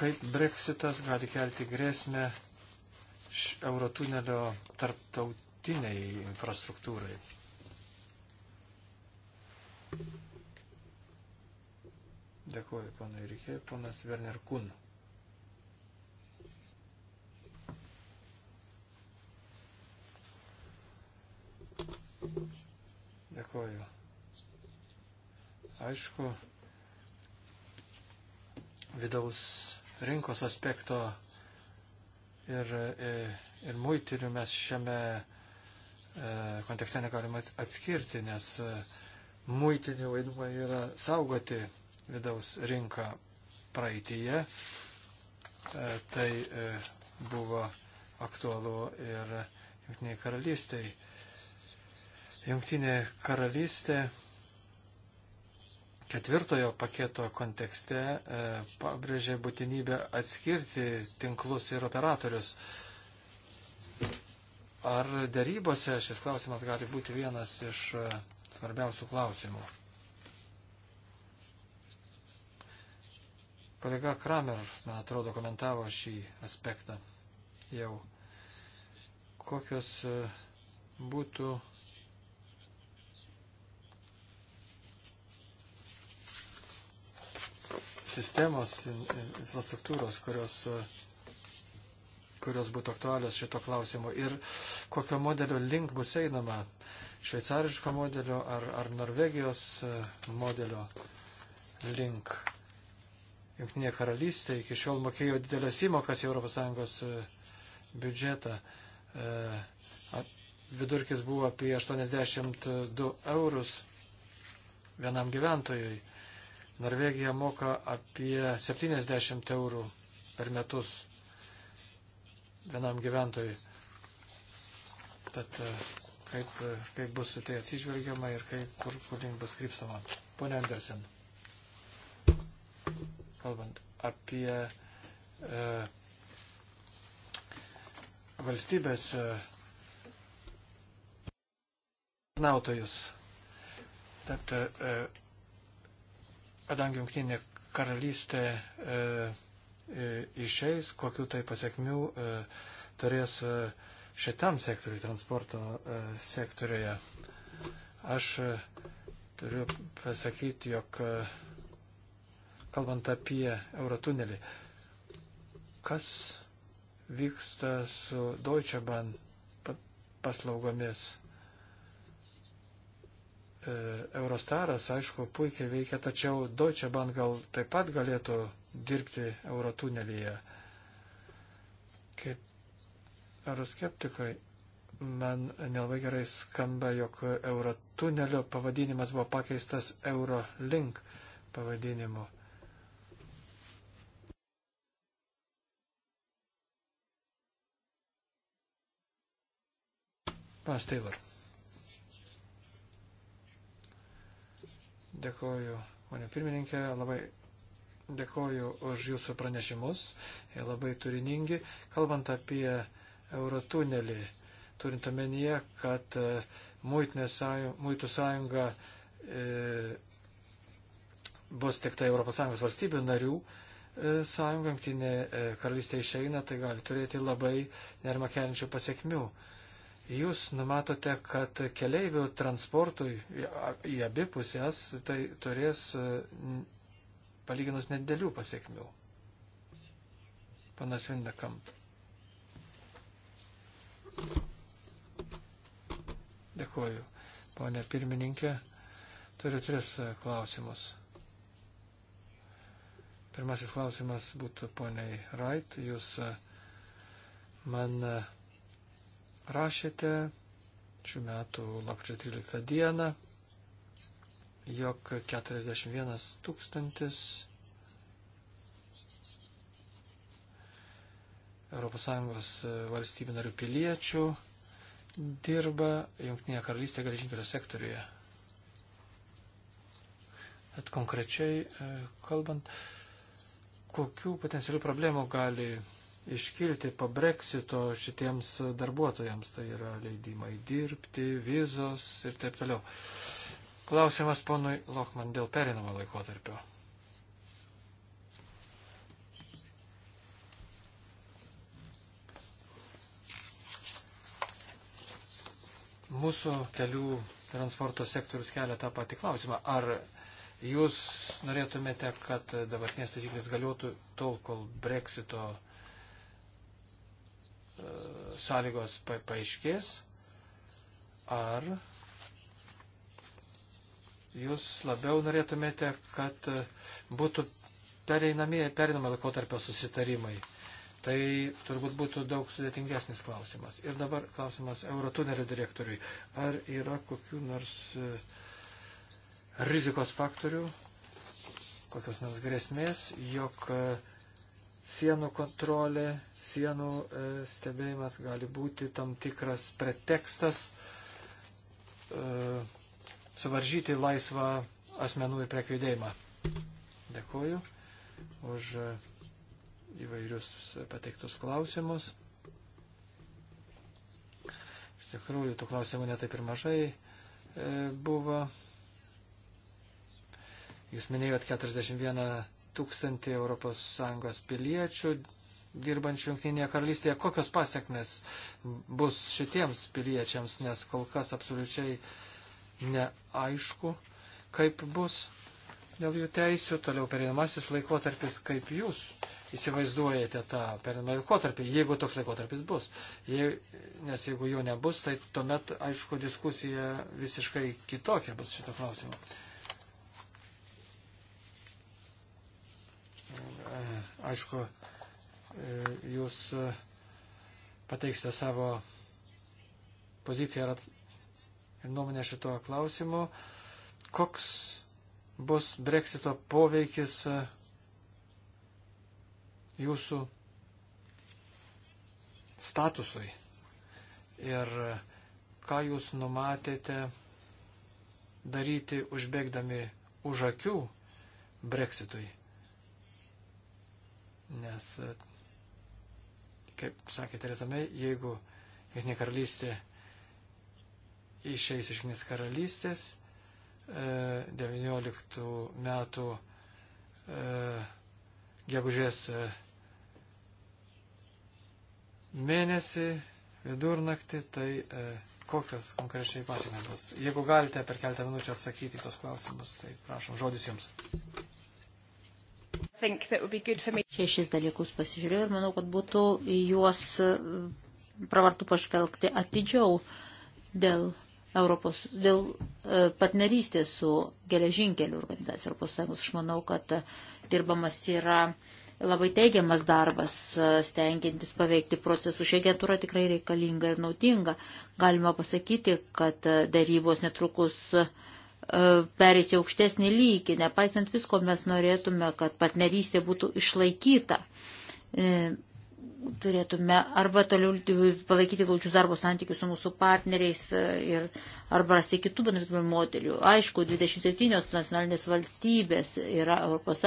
[SPEAKER 4] kaip Brexitas gali kelti grėsmę Eurotunelio tarptautiniai infrastruktūrai. Dėkuoju, ponai Rikė, ponas Werner Kun. Dėkoju. Aišku, vidaus rinkos aspekto ir, ir, ir muitinių mes šiame e, kontekste negalime atskirti, nes e, muitinių vaidmuo yra saugoti vidaus rinką praeitįje. E, tai buvo aktualu ir Junktiniai karalystiai. Jungtinė karalystė ketvirtojo paketo kontekste e, pabrėžė būtinybę atskirti tinklus ir operatorius. Ar darybose šis klausimas gali būti vienas iš e, svarbiausių klausimų? Kolega Kramer, man atrodo, komentavo šį aspektą jau. Kokios e, būtų sistemos, infrastruktūros, kurios, kurios būtų aktualios šito klausimu ir kokio modelio link bus einama, šveicariško modelio ar, ar Norvegijos e, modelio link. Junktinė karalystė iki šiol mokėjo didelės įmokas į ES e, biudžetą. E, vidurkis buvo apie 82 eurus vienam gyventojui. Norvegija moka apie 70 eurų per metus vienam gyventojui. Tad e, kaip, e, kaip bus į tai atsižvelgiama ir kaip, kur, kur link bus krypstama. Pone Andersen, kalbant apie e, valstybės e, nautojus. Tad e, kadangi jungtinė karalystė e, e, išeis, kokiu tai pasiekmių e, turės e, šitam sektoriui, transporto e, sektoriuje. Aš e, turiu pasakyti, jog e, kalbant apie Eurotunelį, kas vyksta su Deutsche Bahn paslaugomis E, Eurostaras, aišku, puikiai veikia, tačiau Deutsche Bank gal taip pat galėtų dirbti Eurotunelyje. Kaip euroskeptikai, man nelabai gerai skamba, jog Eurotunelio pavadinimas buvo pakeistas Eurolink pavadinimu. Pas Taylor. Dėkoju, ponė pirmininkė, labai dėkoju už jūsų pranešimus, jie labai turiningi. Kalbant apie Eurotunelį, turint omenyje, kad e, sąjung, Muitų sąjunga e, bus tik tai ES valstybių narių e, sąjunga, jungtinė e, karalystė išeina, tai gali turėti labai nerima keliančių pasiekmių. E, Jūs numatote, kad keleivių transportui į abi pusės tai turės e, palyginus nedėlių pasiekmių. Panas Vindekamp. Dėkuoju. Pone pirmininkė, turiu tris e, klausimus. Pirmasis klausimas būtų poniai Rait. Jūs e, man rašėte šių metų lapkričio 13 dieną, jog 41 tūkstantis ES valstybių narių piliečių dirba Junktinėje karalystėje geležinkelio sektoriuje. Bet konkrečiai e, kalbant, kokių potencialių problemų gali iškilti po breksito šitiems darbuotojams, tai yra leidimai dirbti, vizos ir taip toliau. Klausimas ponui Lochman dėl perinamo laikotarpio. Mūsų kelių transporto sektorius kelia tą patį klausimą. Ar jūs norėtumėte, kad dabartinės taisyklės galiotų tol, kol breksito sąlygos paaiškės, ar jūs labiau norėtumėte, kad e, būtų pereinama laikotarpio susitarimai. Tai turbūt būtų daug sudėtingesnis klausimas. Ir dabar klausimas Eurotunerio direktoriui. Ar yra kokių nors e, rizikos faktorių, kokios nors grėsmės, jog e, sienų kontrolė, sienų e, stebėjimas gali būti tam tikras pretekstas e, suvaržyti laisvą asmenų ir prekvidėjimą. Dėkuoju už e, įvairius pateiktus klausimus. Iš tikrųjų, tų klausimų netaip ir mažai e, buvo. Jūs minėjot 41 tūkstantį ES piliečių dirbančių Junktinėje karalystėje. Kokios pasiekmes bus šitiems piliečiams, nes kol kas absoliučiai neaišku, kaip bus dėl jų teisių. Toliau perinamasis laikotarpis, kaip jūs įsivaizduojate tą perinamą laikotarpį, jeigu toks laikotarpis bus. Je, nes jeigu jo nebus, tai tuomet, aišku, diskusija visiškai kitokia bus šito klausimu. E, aišku, e, jūs e, pateiksite savo poziciją ir nuomonę šituo klausimu. Koks bus breksito poveikis jūsų statusui ir ką jūs numatėte daryti užbėgdami už akių breksitui? nes, e, kaip sakė Teresa May, jeigu Jungtinė karalystė išeis iš Jungtinės karalystės, 19 e, metų e, gegužės mėnesį vidurnaktį, tai e, kokios konkrečiai pasiekmes bus? Jeigu galite per keltą minučių atsakyti į tos klausimus, tai prašom, žodis jums.
[SPEAKER 1] Šešis dalykus pasižiūrėjau ir manau, kad būtų juos e, pravartu pažvelgti atidžiau dėl, Europos, dėl e, partnerystės su geležinkelių organizacija Europos Sąjungos. Aš manau, kad e, dirbamas yra labai teigiamas darbas, stengiantis paveikti procesus. Ši agentūra tikrai reikalinga ir naudinga. Galima pasakyti, kad darybos netrukus uh, E, perės į aukštesnį lygį. Nepaisant visko, mes norėtume, kad partnerystė būtų išlaikyta. E, turėtume arba toliau palaikyti glaučius darbo santykius su mūsų partneriais e, ir arba rasti kitų bendradarbiavimo modelių. Aišku, 27 nacionalinės valstybės yra ES,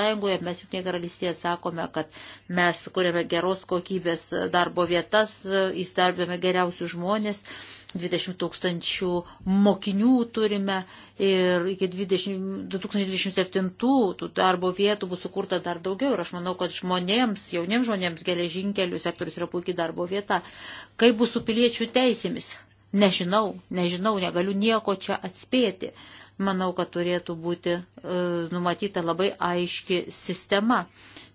[SPEAKER 1] mes Junktinėje karalystėje sakome, kad mes kuriame geros kokybės darbo vietas, įstarbėme geriausius žmonės, 20 tūkstančių mokinių turime ir iki 20, 2027 tų darbo vietų bus sukurta dar daugiau ir aš manau, kad žmonėms, jauniems žmonėms geležinkelių sektorius yra puikiai darbo vieta. Kaip bus su piliečių teisėmis? Nežinau, nežinau, negaliu nieko čia atspėti. Manau, kad turėtų būti e, numatyta labai aiški sistema,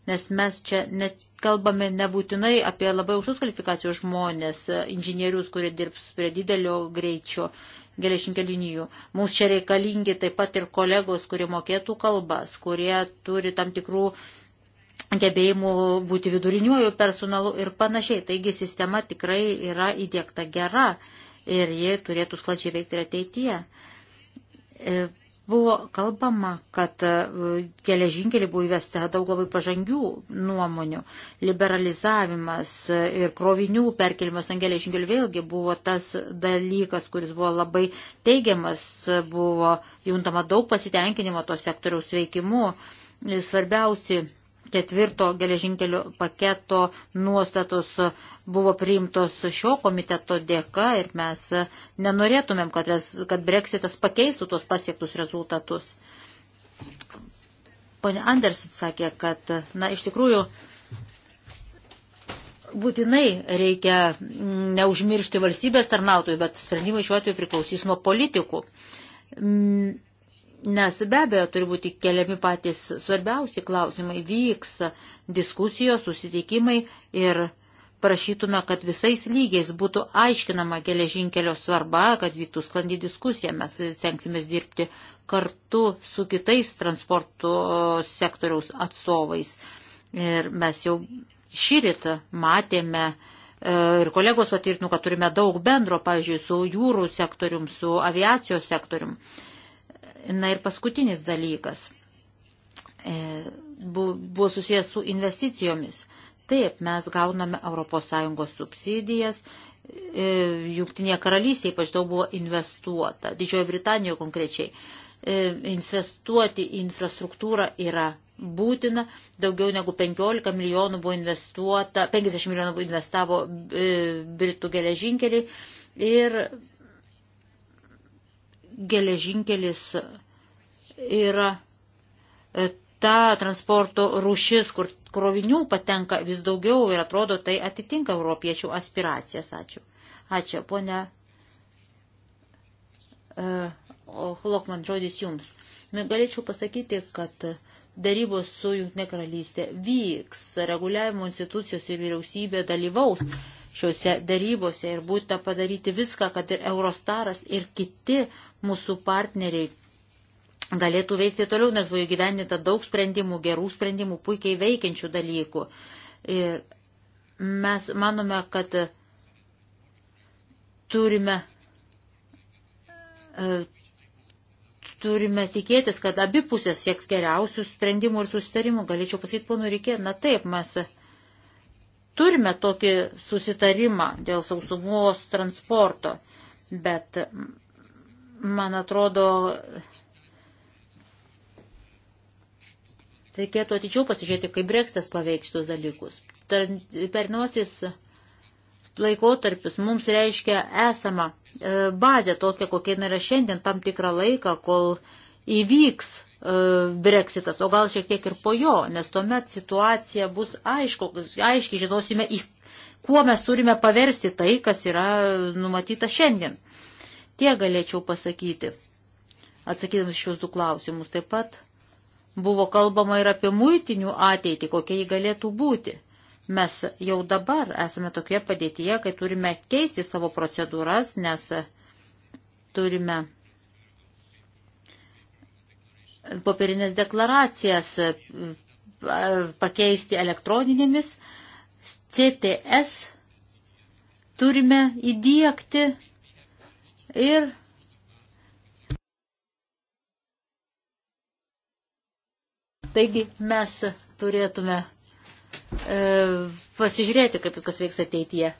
[SPEAKER 1] nes mes čia net kalbame nebūtinai apie labai aukštus kvalifikacijos žmonės, e, inžinierius, kurie dirbs prie didelio greičio geležinkelinijų. Mums čia reikalingi taip pat ir kolegos, kurie mokėtų kalbas, kurie turi tam tikrų gebėjimų būti viduriniuoju personalu ir panašiai. Taigi sistema tikrai yra įdėkta gera ir ji turėtų sklandžiai veikti ir ateityje. E, buvo kalbama, kad e, geležinkelį buvo įvesta daug labai pažangių nuomonių. Liberalizavimas e, ir krovinių perkelimas ant geležinkelį vėlgi buvo tas dalykas, kuris buvo labai teigiamas, buvo juntama daug pasitenkinimo to sektoriaus veikimu. Svarbiausi ketvirto geležinkelio paketo nuostatos buvo priimtos šio komiteto dėka ir mes nenorėtumėm, kad, res, kad breksitas pakeistų tos pasiektus rezultatus. Pane Andersin sakė, kad, na, iš tikrųjų, būtinai reikia mm, neužmiršti valstybės tarnautojų, bet sprendimai šiuo atveju priklausys nuo politikų. Mm, Nes be abejo turi būti keliami patys svarbiausi klausimai, vyks diskusijos, susitikimai ir prašytume, kad visais lygiais būtų aiškinama geležinkelio svarba, kad vyktų sklandi diskusija. Mes stengsimės dirbti kartu su kitais transporto sektoriaus atstovais. Ir mes jau šyrit matėme e, ir kolegos patvirtino, kad turime daug bendro, pavyzdžiui, su jūrų sektorium, su aviacijos sektorium. Uh, Na ir paskutinis dalykas e, buvo susijęs su investicijomis. Taip, mes gauname ES subsidijas, e, Jungtinėje karalystėje ypač daug buvo investuota, Didžiojo Britanijoje konkrečiai. E, investuoti į infrastruktūrą yra būtina, daugiau negu 15 milijonų buvo investuota, 50 milijonų buvo investavo Britų geležinkeliai ir geležinkelis yra e, ta transporto rušis, kur krovinių patenka vis daugiau ir atrodo tai atitinka europiečių aspiracijas. Ačiū. Ačiū, ponia. E, o Lokman, žodis jums. Galėčiau pasakyti, kad darybos su Junktinė karalystė vyks, reguliavimo institucijos ir vyriausybė dalyvaus šiuose darybose ir būtina padaryti viską, kad ir Eurostaras ir kiti mūsų partneriai galėtų veikti toliau, nes buvo įgyvendinta daug sprendimų, gerų sprendimų, puikiai veikiančių dalykų. Ir mes manome, kad turime, e, turime tikėtis, kad abi pusės sieks geriausių sprendimų ir sustarimų. Galėčiau pasakyti, ponu, reikėjo, na taip, mes Turime tokį susitarimą dėl sausumos transporto, bet man atrodo, reikėtų atidžiau pasižiūrėti, kaip brekstas paveiks tuos dalykus. Pernosis laikotarpis mums reiškia esamą e, bazę tokią, kokia yra šiandien, tam tikrą laiką, kol įvyks breksitas, o gal šiek tiek ir po jo, nes tuomet situacija bus aišku, aiškiai žinosime, į kuo mes turime paversti tai, kas yra numatyta šiandien. Tie galėčiau pasakyti, atsakydamas šios du klausimus. Taip pat buvo kalbama ir apie muitinių ateitį, kokia jį galėtų būti. Mes jau dabar esame tokioje padėtyje, kai turime keisti savo procedūras, nes turime popierinės deklaracijas e, pakeisti elektroninėmis. CTS turime įdėkti ir Taigi mes turėtume e, pasižiūrėti, kaip viskas veiks ateityje.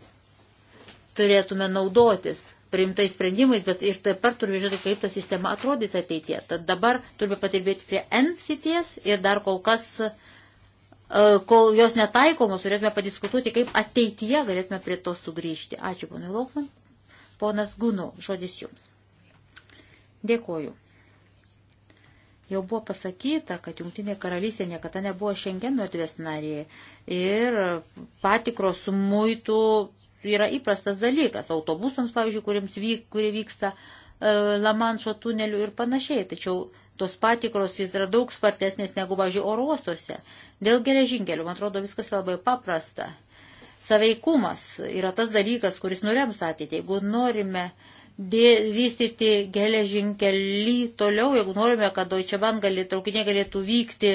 [SPEAKER 1] Turėtume naudotis priimtais sprendimais, bet ir taip pat turime žiūrėti, kaip ta sistema atrodys ateitie. Tad dabar turime patirbėti prie N sities ir dar kol kas, e, kol jos netaikomos, turėtume padiskutuoti, kaip ateityje galėtume prie to sugrįžti. Ačiū, ponai Laukman. Ponas Gunu, žodis jums. Dėkoju. Jau buvo pasakyta, kad Junktinė karalystė niekada nebuvo Šengeno erdvės narė ir patikros muitų yra įprastas dalykas autobusams, pavyzdžiui, kuriems vyk, kurie vyksta e, Lamanšo tuneliu ir panašiai. Tačiau tos patikros yra daug spartesnės negu, pavyzdžiui, oro uostuose. Dėl geležinkelių, man atrodo, viskas labai paprasta. Saveikumas yra tas dalykas, kuris nurems ateitį. Jeigu norime dė, vystyti geležinkelį toliau, jeigu norime, kad Deutsche Bahn gali, traukinė galėtų vykti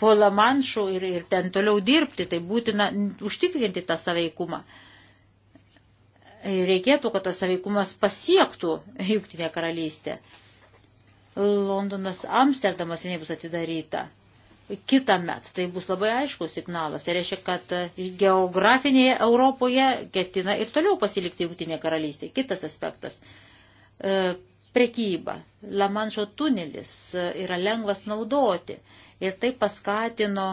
[SPEAKER 1] po Lamanšų ir, ir ten toliau dirbti, tai būtina užtikrinti tą saveikumą. Uh, reikėtų, kad tas saveikumas pasiektų Jungtinė karalystė. Londonas Amsterdamas jinai bus atidaryta. Kita met tai bus labai aiškus signalas. Tai reiškia, kad geografinėje Europoje ketina ir toliau pasilikti Jungtinė karalystė. Kitas aspektas. E, prekyba. Lamanšo tunelis e, yra lengvas naudoti. Ir tai paskatino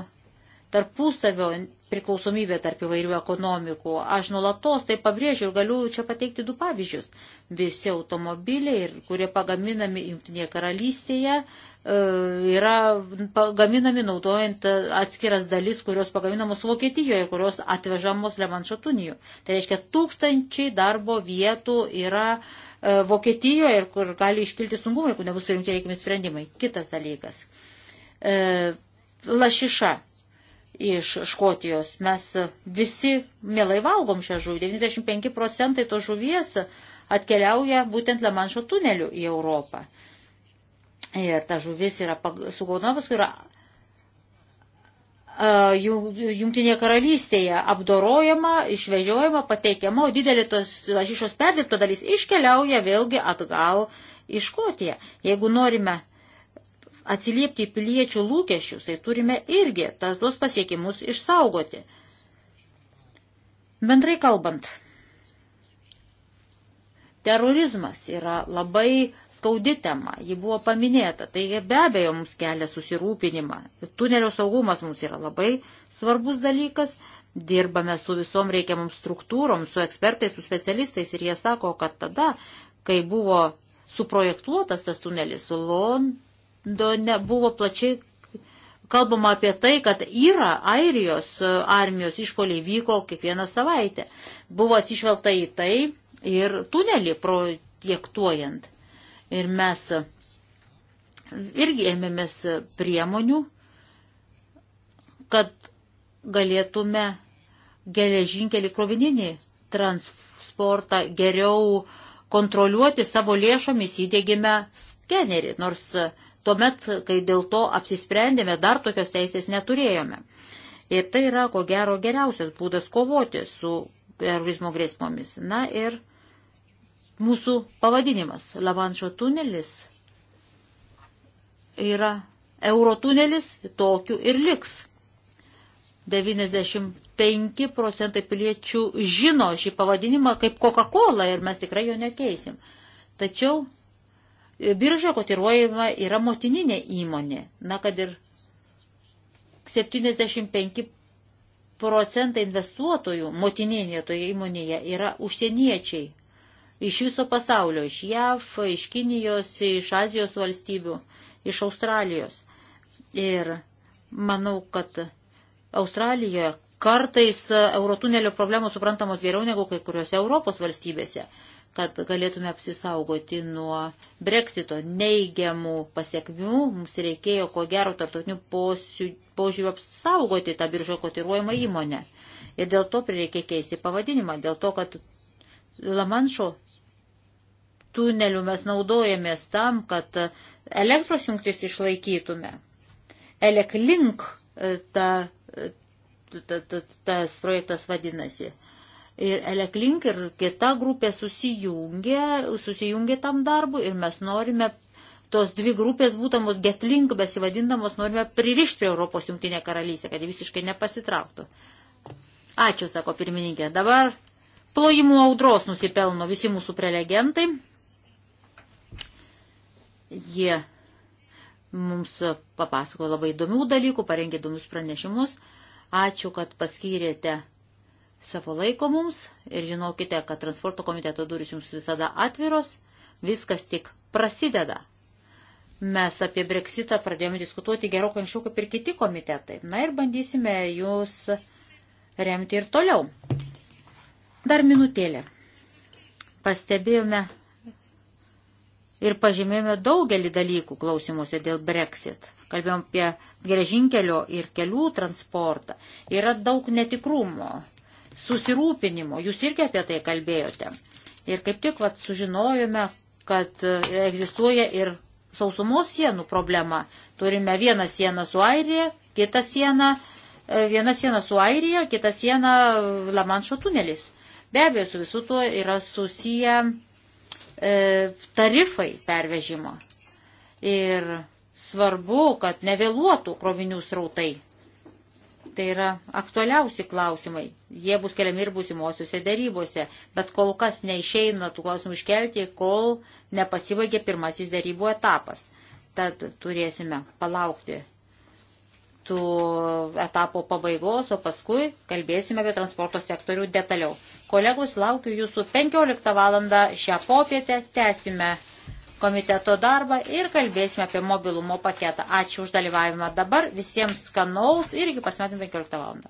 [SPEAKER 1] tarpusavio priklausomybė tarp įvairių ekonomikų. Aš nulatos tai pabrėžiu ir galiu čia pateikti du pavyzdžius. Visi automobiliai, kurie pagaminami Junktinėje karalystėje, e, yra pagaminami naudojant atskiras dalis, kurios pagaminamos Vokietijoje, kurios atvežamos Lemanšatunijų. Tai reiškia, tūkstančiai darbo vietų yra e, Vokietijoje ir kur gali iškilti sunkumai, jeigu nebus surinkti reikimi sprendimai. Kitas dalykas. E, lašiša iš Škotijos. Mes visi mielai valgom šią žuvį. 95 procentai to žuvies atkeliauja būtent Lemanšo tuneliu į Europą. Ir ta žuvis yra sugauna paskui yra Jungtinėje karalystėje apdorojama, išvežiojama, pateikiama, o didelė tos lašišos perdirbto dalis iškeliauja vėlgi atgal į Škotiją. Jeigu norime uh, atsiliepti į piliečių lūkesčius, tai turime irgi tuos pasiekimus išsaugoti. Bendrai kalbant, terorizmas yra labai skaudi tema, ji buvo paminėta, tai be abejo mums kelia susirūpinimą. Tunelio saugumas mums yra labai svarbus dalykas, dirbame su visom reikiamom struktūrom, su ekspertais, su specialistais ir jie sako, kad tada, kai buvo suprojektuotas tas tunelis, Lon, Londone buvo plačiai kalbama apie tai, kad yra Airijos e, armijos išpoliai vyko kiekvieną savaitę. Buvo atsižvelgta į tai ir tunelį projektuojant. Ir mes irgi ėmėmės priemonių, kad galėtume geležinkelį krovininį transportą geriau kontroliuoti savo lėšomis įdėgime skenerį, nors uh, tuomet, kai dėl to apsisprendėme, dar tokios teisės neturėjome. Ir tai yra, ko gero, geriausias būdas kovoti su terorizmo grėsmomis. Na ir mūsų pavadinimas - Lavanšo tunelis yra eurotunelis, tokiu ir liks. 95 procentai piliečių žino šį pavadinimą kaip Coca-Cola ir mes tikrai jo nekeisim. Tačiau biržoje kotiruojama yra motininė įmonė. Na, kad ir 75 procentai investuotojų motininėje toje įmonėje yra užsieniečiai. Iš viso pasaulio, iš JAV, iš Kinijos, iš Azijos valstybių, iš Australijos. Ir manau, kad Australijoje kartais eurotunelio problemos suprantamos geriau negu kai kuriuose Europos valstybėse kad galėtume apsisaugoti nuo breksito neigiamų pasiekmių, mums reikėjo ko gero tarptautinių požiūrių apsaugoti tą biržo kotiruojamą įmonę. Ir dėl to prireikė keisti pavadinimą, dėl to, kad Lamanšo tunelių mes naudojamės tam, kad elektros jungtis išlaikytume. Eleklink e, e, ta, ta, ta, tas projektas vadinasi ir Eleklink ir kita grupė susijungė, susijungė tam darbui ir mes norime tos dvi grupės, būdamos Getlink besivadindamos, norime pririšti prie Europos jungtinę karalystę, kad visiškai nepasitrauktų. Ačiū, sako pirmininkė. Dabar plojimų audros nusipelno visi mūsų prelegentai. Jie mums papasakojo labai įdomių dalykų, parengė įdomius pranešimus. Ačiū, kad paskyrėte savo laiko mums ir žinokite, kad transporto komiteto durys jums visada atviros, viskas tik prasideda. Mes apie breksitą pradėjome diskutuoti gerokai anksčiau kaip ir kiti komitetai. Na ir bandysime jūs remti ir toliau. Dar minutėlė. Pastebėjome ir pažymėjome daugelį dalykų klausimuose dėl Brexit. Kalbėjom apie geležinkelio ir kelių transportą. Yra daug netikrumo susirūpinimo. Jūs irgi apie tai kalbėjote. Ir kaip tik vat, sužinojome, kad e, egzistuoja ir sausumos sienų problema. Turime vieną sieną su Airija, kitą sieną, e, vieną sieną su Airija, kitą sieną e, Lamanšo tunelis. Be abejo, su visu tuo yra susiję e, tarifai pervežimo. Ir svarbu, kad nevėluotų krovinių srautai tai yra aktualiausi klausimai. Jie bus keliami ir būsimosiuose darybose, bet kol kas neišeina tų klausimų iškelti, kol nepasibaigė pirmasis darybų etapas. Tad turėsime palaukti tų etapo pabaigos, o paskui kalbėsime apie transporto sektorių detaliau. Kolegos, laukiu jūsų 15 val. šią popietę, tęsime komiteto darbą ir kalbėsime apie mobilumo paketą. Ačiū už dalyvavimą dabar, visiems skanaus ir iki pasimatymo 15 val.